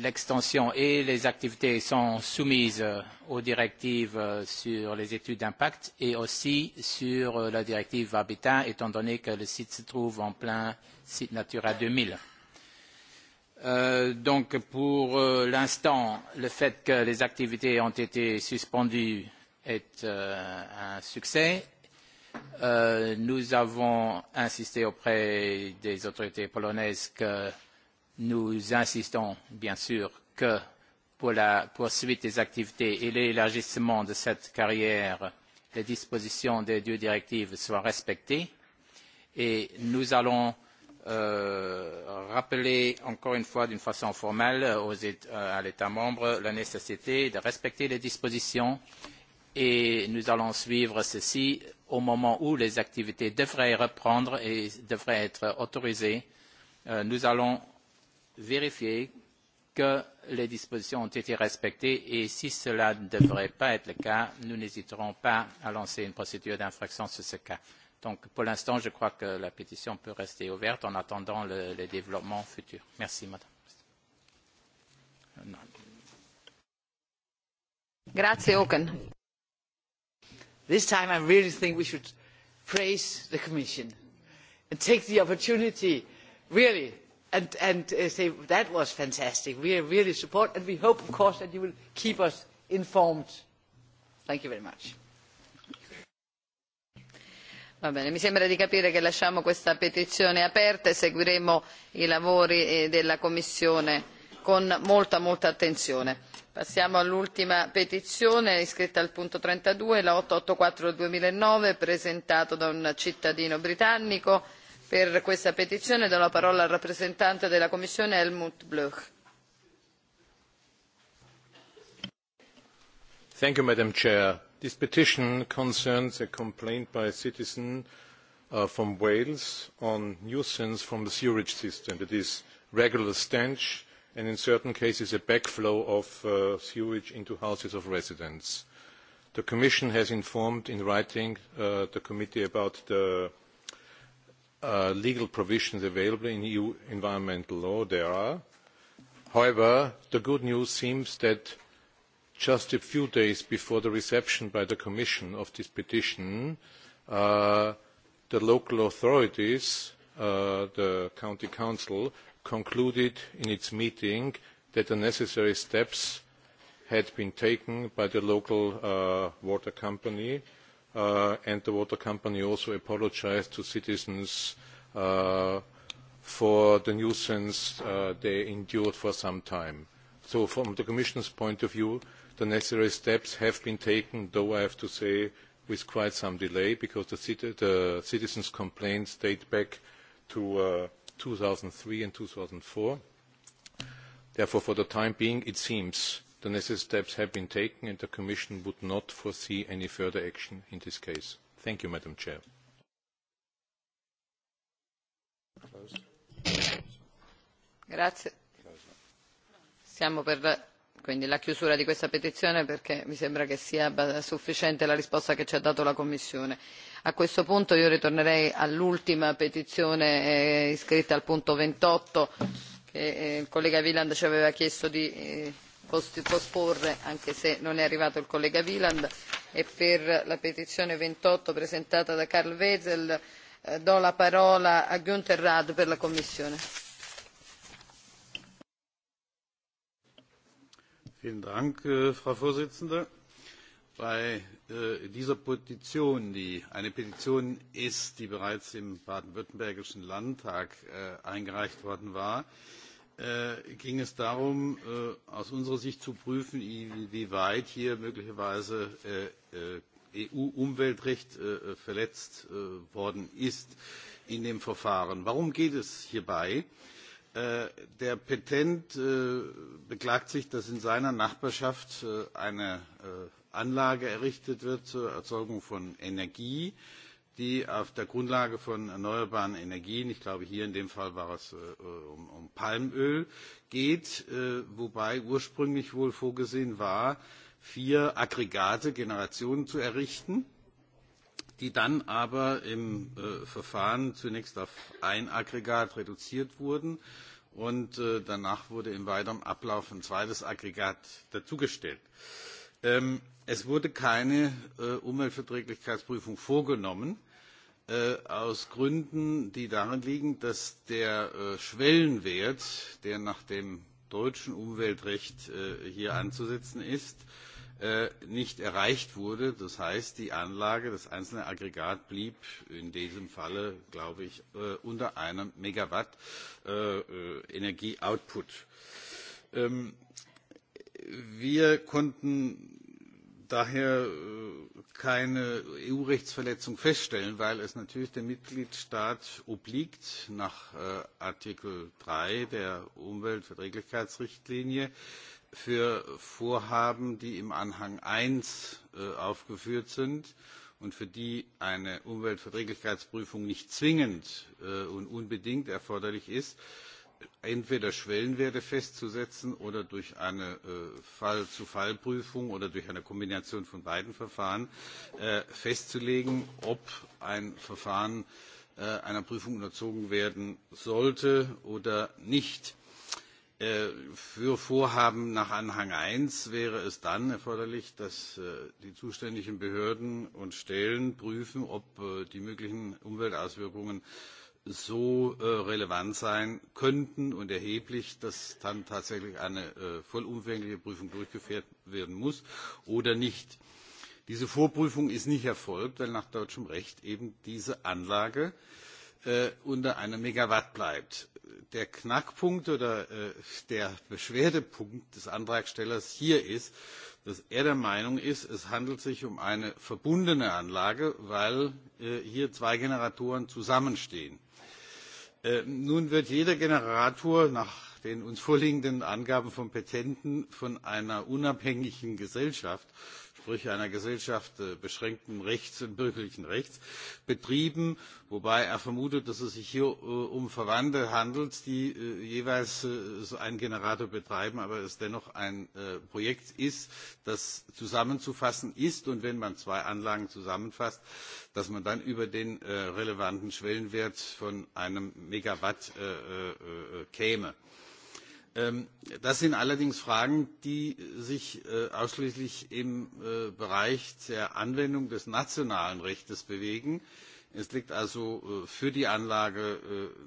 L'extension et les activités sont soumises euh, aux directives euh, sur les études d'impact et aussi sur euh, la directive Habitat, étant donné que le site se trouve en plein site Natura 2000. Euh, donc pour euh, l'instant, le fait que les activités ont été suspendues est euh, un succès Euh, nous avons insisté auprès des autorités polonaises que nous insistons bien sûr que pour la poursuite des activités et l'élargissement de cette carrière, les dispositions des deux directives soient respectées. Et nous allons euh, rappeler encore une fois d'une façon formelle aux, euh, à l'État membre la nécessité de respecter les dispositions et nous allons suivre ceci au moment où les activités devraient reprendre et devraient être autorisées, euh, nous allons vérifier que les dispositions ont été respectées et si cela ne devrait pas être le cas, nous n'hésiterons pas à lancer une procédure d'infraction sur ce cas. Donc pour l'instant, je crois que la pétition peut rester ouverte en attendant le, les développements futurs. Merci, madame. Non. Grazie, Oken. This time I really think we should praise the Commission and take the opportunity, really, and, and uh, say that was fantastic. We really support, and we hope, of course, that you will keep us informed. Thank you very much. Va bene, mi sembra di capire che lasciamo questa petizione aperta e seguiremo i lavori eh, della Commissione con molta molta attenzione. passiamo all'ultima petizione iscritta al punto trentadue la ottocentoottantaquattro duemilanove presentata da un cittadino britannico. per questa petizione do la parola al rappresentante della commissione helmut bloch. madam president this petition concerns a complaint by a citizen uh, from wales on nuisance from the sewerage system that is regular stench and in certain cases a backflow of uh, sewage into houses of residents. The Commission has informed in writing uh, the committee about the uh, legal provisions available in EU environmental law. There are. However, the good news seems that just a few days before the reception by the Commission of this petition, uh, the local authorities, uh, the County Council, concluded in its meeting that the necessary steps had been taken by the local uh, water company uh, and the water company also apologised to citizens uh, for the nuisance they endured for some time. so from the commission's point of view the necessary steps have been taken though i have to say with quite some delay because the, citizens' complaints date back to two thousand and three and two thousand and four therefore for the time being it seems the necessary steps have been taken and the commission would not foresee any further action in this case. thank you madam chair. Grazie. Siamo per la quindi la chiusura di questa petizione perché mi sembra che sia sufficiente la risposta che ci ha dato la commissione. a questo punto io ritornerei all'ultima petizione eh, iscritta al punto ventotto che eh, il collega wieland ci aveva chiesto di eh, posporre anche se non è arrivato il collega wieland e per la petizione ventotto presentata da karl wesel do la parola a günther rath per la commissione. Äh, Frau präsidentin! Bei äh, dieser Petition, die eine Petition ist, die bereits im baden-württembergischen Landtag äh, eingereicht worden war, ging es darum, aus unserer Sicht zu prüfen, inwieweit hier möglicherweise EU-Umweltrecht verletzt worden ist in dem Verfahren. worum geht es hierbei? Äh, der Petent äh, beklagt sich, dass in seiner Nachbarschaft äh, eine Anlage errichtet wird zur Erzeugung von Energie, die auf der Grundlage von erneuerbaren Energien, ich glaube hier in dem Fall war es um, um Palmöl, geht, wobei ursprünglich wohl vorgesehen war, vier Aggregate, Generationen zu errichten die dann aber im äh, Verfahren zunächst auf ein Aggregat reduziert wurden und äh, danach wurde im weiteren Ablauf ein zweites Aggregat dazugestellt. Ähm, es wurde keine äh, Umweltverträglichkeitsprüfung vorgenommen, äh, aus Gründen, die darin liegen, dass der Schwellenwert, der nach dem deutschen Umweltrecht hier anzusetzen ist, Äh, nicht erreicht wurde. Das heißt, die Anlage, das einzelne Aggregat blieb in diesem Falle, glaube ich, äh, unter einem Megawatt äh, Energieoutput. Ähm, wir konnten daher keine EU-Rechtsverletzung feststellen, weil es natürlich dem Mitgliedstaat obliegt, nach Artikel 3 der Umweltverträglichkeitsrichtlinie für Vorhaben, die im Anhang 1 äh, aufgeführt sind und für die eine Umweltverträglichkeitsprüfung nicht zwingend äh, und unbedingt erforderlich ist, entweder Schwellenwerte festzusetzen oder durch eine äh, Fall-zu-Fall-Prüfung oder durch eine Kombination von beiden Verfahren festzulegen, ob ein Verfahren einer Prüfung unterzogen werden sollte oder nicht Äh, für Vorhaben nach Anhang 1 wäre es dann erforderlich, dass äh, die zuständigen Behörden und Stellen prüfen, ob äh, die möglichen Umweltauswirkungen so relevant sein könnten und erheblich, dass dann tatsächlich eine vollumfängliche Prüfung durchgeführt werden muss oder nicht. Diese Vorprüfung ist nicht erfolgt, weil nach deutschem Recht eben diese Anlage unter einem Megawatt bleibt der Knackpunkt oder äh, der Beschwerdepunkt des Antragstellers hier ist, dass er der Meinung ist, es handelt sich um eine verbundene Anlage, weil äh, hier zwei Generatoren zusammenstehen. Äh, nun wird jeder Generator nach den uns vorliegenden Angaben vom Petenten von einer unabhängigen Gesellschaft sprich einer gesellschaft äh, beschränkten rechts und bürgerlichen rechts betrieben wobei er vermutet dass es sich hier äh, um verwandte handelt die äh, jeweils so einen generator betreiben aber es dennoch ein projekt ist das zusammenzufassen ist und wenn man zwei anlagen zusammenfasst dass man dann über den relevanten schwellenwert von einem megawatt käme. Ähm, das sind allerdings Fragen, die sich äh, ausschließlich im äh, Bereich der Anwendung des nationalen Rechts bewegen. Es liegt also äh, für die Anlage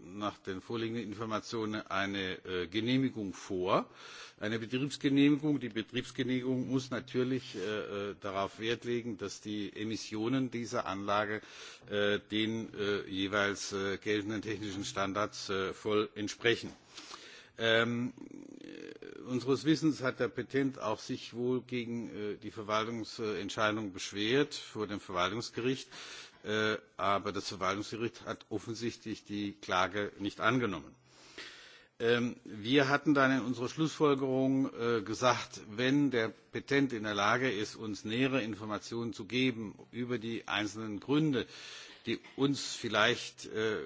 nach den vorliegenden Informationen eine Genehmigung vor, eine Betriebsgenehmigung. Die Betriebsgenehmigung muss natürlich darauf Wert legen, dass die Emissionen dieser Anlage den jeweils geltenden technischen Standards voll entsprechen Ähm, äh, unseres Wissens hat der Petent auch sich wohl gegen äh, die Verwaltungsentscheidung beschwert vor dem Verwaltungsgericht. Äh, aber das Verwaltungsgericht hat offensichtlich die Klage nicht angenommen. Ähm, wir hatten dann in unserer Schlussfolgerung äh, gesagt, wenn der Petent in der Lage ist, uns nähere Informationen zu geben über die einzelnen Gründe, die uns vielleicht äh,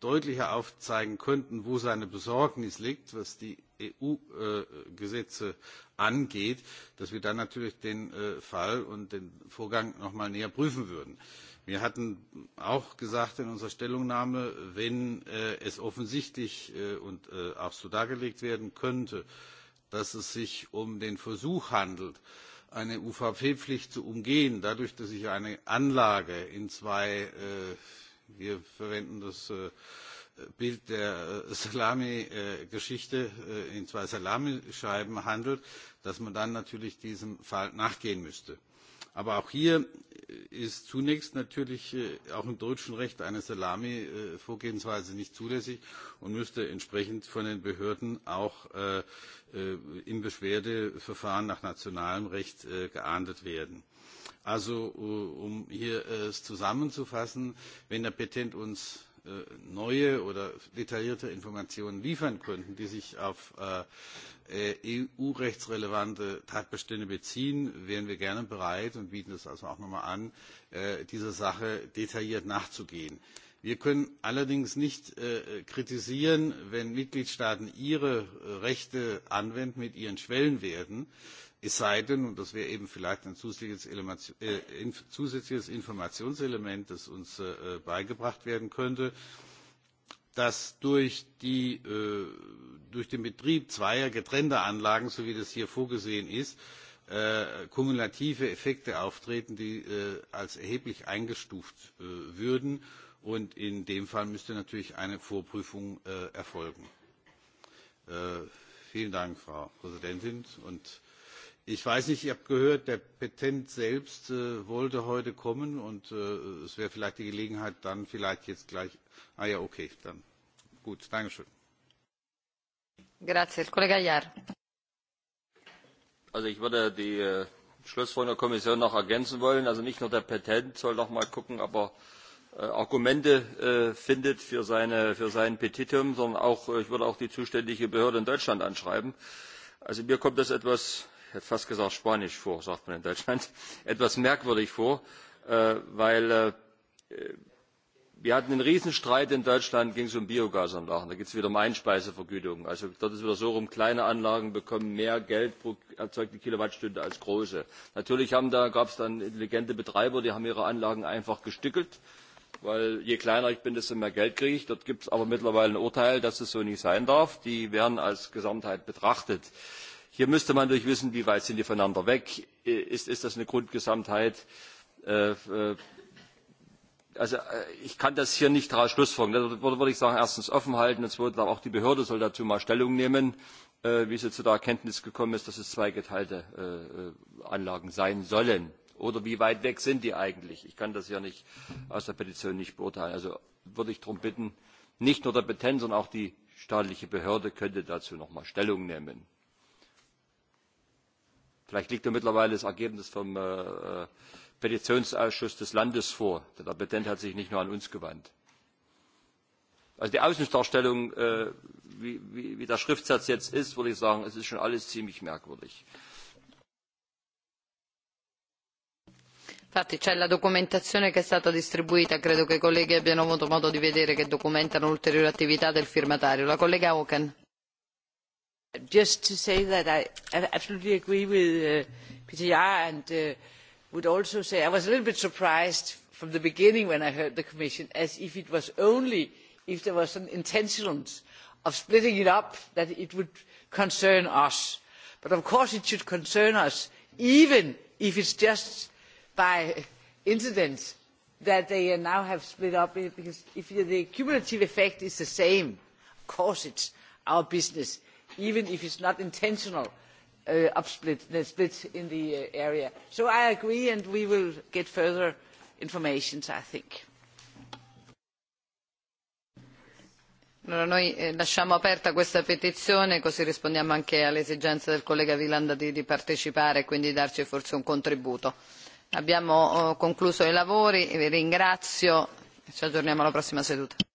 deutlicher aufzeigen könnten, wo seine Besorgnis liegt, was die EU-Gesetze äh, angeht, dass wir dann natürlich den äh, Fall und den Vorgang noch mal näher prüfen würden. Wir hatten auch gesagt in unserer Stellungnahme, wenn äh, es offensichtlich äh, und äh, auch so dargelegt werden könnte, dass es sich um den Versuch handelt, äh, eine UVP-Pflicht zu umgehen, dadurch, dass ich eine Anlage in zwei, äh, wir verwenden das äh, Bild der äh, Salami-Geschichte, in zwei Salamischeiben handelt, dass man dann natürlich diesem Fall nachgehen müsste. Aber auch hier äh, ist zunächst natürlich äh, auch im deutschen Recht eine Salami-Vorgehensweise nicht zulässig und müsste entsprechend von den Behörden auch äh, im Beschwerdeverfahren nach nationalem Recht geahndet werden. Also um hier es zusammenzufassen, wenn der Petent uns Äh, neue oder detaillierte Informationen liefern könnten, die sich auf äh, äh, EU-rechtsrelevante Tatbestände beziehen, wären wir gerne bereit und bieten das also auch nochmal an, dieser Sache detailliert nachzugehen. Wir können allerdings nicht äh, kritisieren, wenn Mitgliedstaaten ihre Rechte anwenden mit ihren Schwellenwerten. Äh, Es sei denn, und das wäre eben vielleicht ein zusätzliches, Element, äh, zusätzliches Informationselement, das uns äh, beigebracht werden könnte, dass durch, die, äh, durch den Betrieb zweier getrennter Anlagen, so wie das hier vorgesehen ist, äh, kumulative Effekte auftreten, die äh, als erheblich eingestuft äh, würden. Und in dem Fall müsste natürlich eine Vorprüfung äh, erfolgen. Äh, vielen Dank, Frau Präsidentin. Und Ich weiß nicht, ich habe gehört, der Petent selbst äh, wollte heute kommen und äh, es wäre vielleicht die Gelegenheit, dann vielleicht jetzt gleich. Ah ja, okay, dann gut, danke schön Also ich würde die äh, Schlussfolgerung der Kommission noch ergänzen wollen. Also nicht nur der Petent soll noch mal gucken, ob er äh, Argumente äh, findet für, seine, für sein Petitum, sondern auch, ich würde auch die zuständige Behörde in Deutschland anschreiben. Also mir kommt das etwas hätte fast gesagt Spanisch vor, sagt man in Deutschland, etwas merkwürdig vor, äh, weil äh, wir hatten einen Riesenstreit in Deutschland, da ging es um Biogasanlagen. Da geht es wieder um Einspeisevergütung. Also dort ist wieder so rum, kleine Anlagen bekommen mehr Geld pro erzeugte Kilowattstunde als große. Natürlich gab es dann intelligente Betreiber, die haben ihre Anlagen einfach gestückelt weil je kleiner ich bin, desto mehr Geld kriege ich. Dort gibt es aber mittlerweile ein Urteil, dass es so nicht sein darf. Die werden als Gesamtheit betrachtet hier müsste man natürlich wissen wie weit sind die voneinander weg ist, das eine grundgesamtheit? Äh, äh, äh, ich kann das hier nicht daraus schlussfolgern. da würde ich sagen erstens offen halten und zweitens auch die behörde soll dazu mal stellung nehmen wie sie zu der erkenntnis gekommen ist dass es zweigeteilte anlagen sein sollen oder wie weit weg sind die eigentlich? ich kann das ja nicht, aus der petition nicht beurteilen. also würde ich darum bitten nicht nur der petent sondern auch die staatliche behörde könnte dazu noch mal stellung nehmen. Vielleicht liegt ja mittlerweile das Ergebnis vom äh, äh, Petitionsausschuss des Landes vor. Der Petent hat sich nicht nur an uns gewandt. Also die Außendarstellung, äh, wie, wie, wie der Schriftsatz jetzt ist, würde ich sagen, es ist schon alles ziemlich merkwürdig. infatti c'è la documentazione che è stata distribuita e credo che i colleghi abbiano avuto modo di vedere che documentano un'ulteriore attività del firmatario. la collega auken Just to say that I absolutely agree with uh, PTR and uh, would also say I was a little bit surprised from the beginning when I heard the Commission as if it was only if there was an intention of splitting it up that it would concern us. But of course it should concern us even if it's just by incident that they now have split up because if the cumulative effect is the same, of course it's our business even if is not intentional uh, uh, split in the uh, area. So I agree, and we will get further information, I think. noi eh, lasciamo aperta questa petizione così rispondiamo anche del collega di, di partecipare e quindi darci forse un contributo. Abbiamo oh, concluso i lavori, vi ringrazio e ci aggiorniamo alla prossima seduta.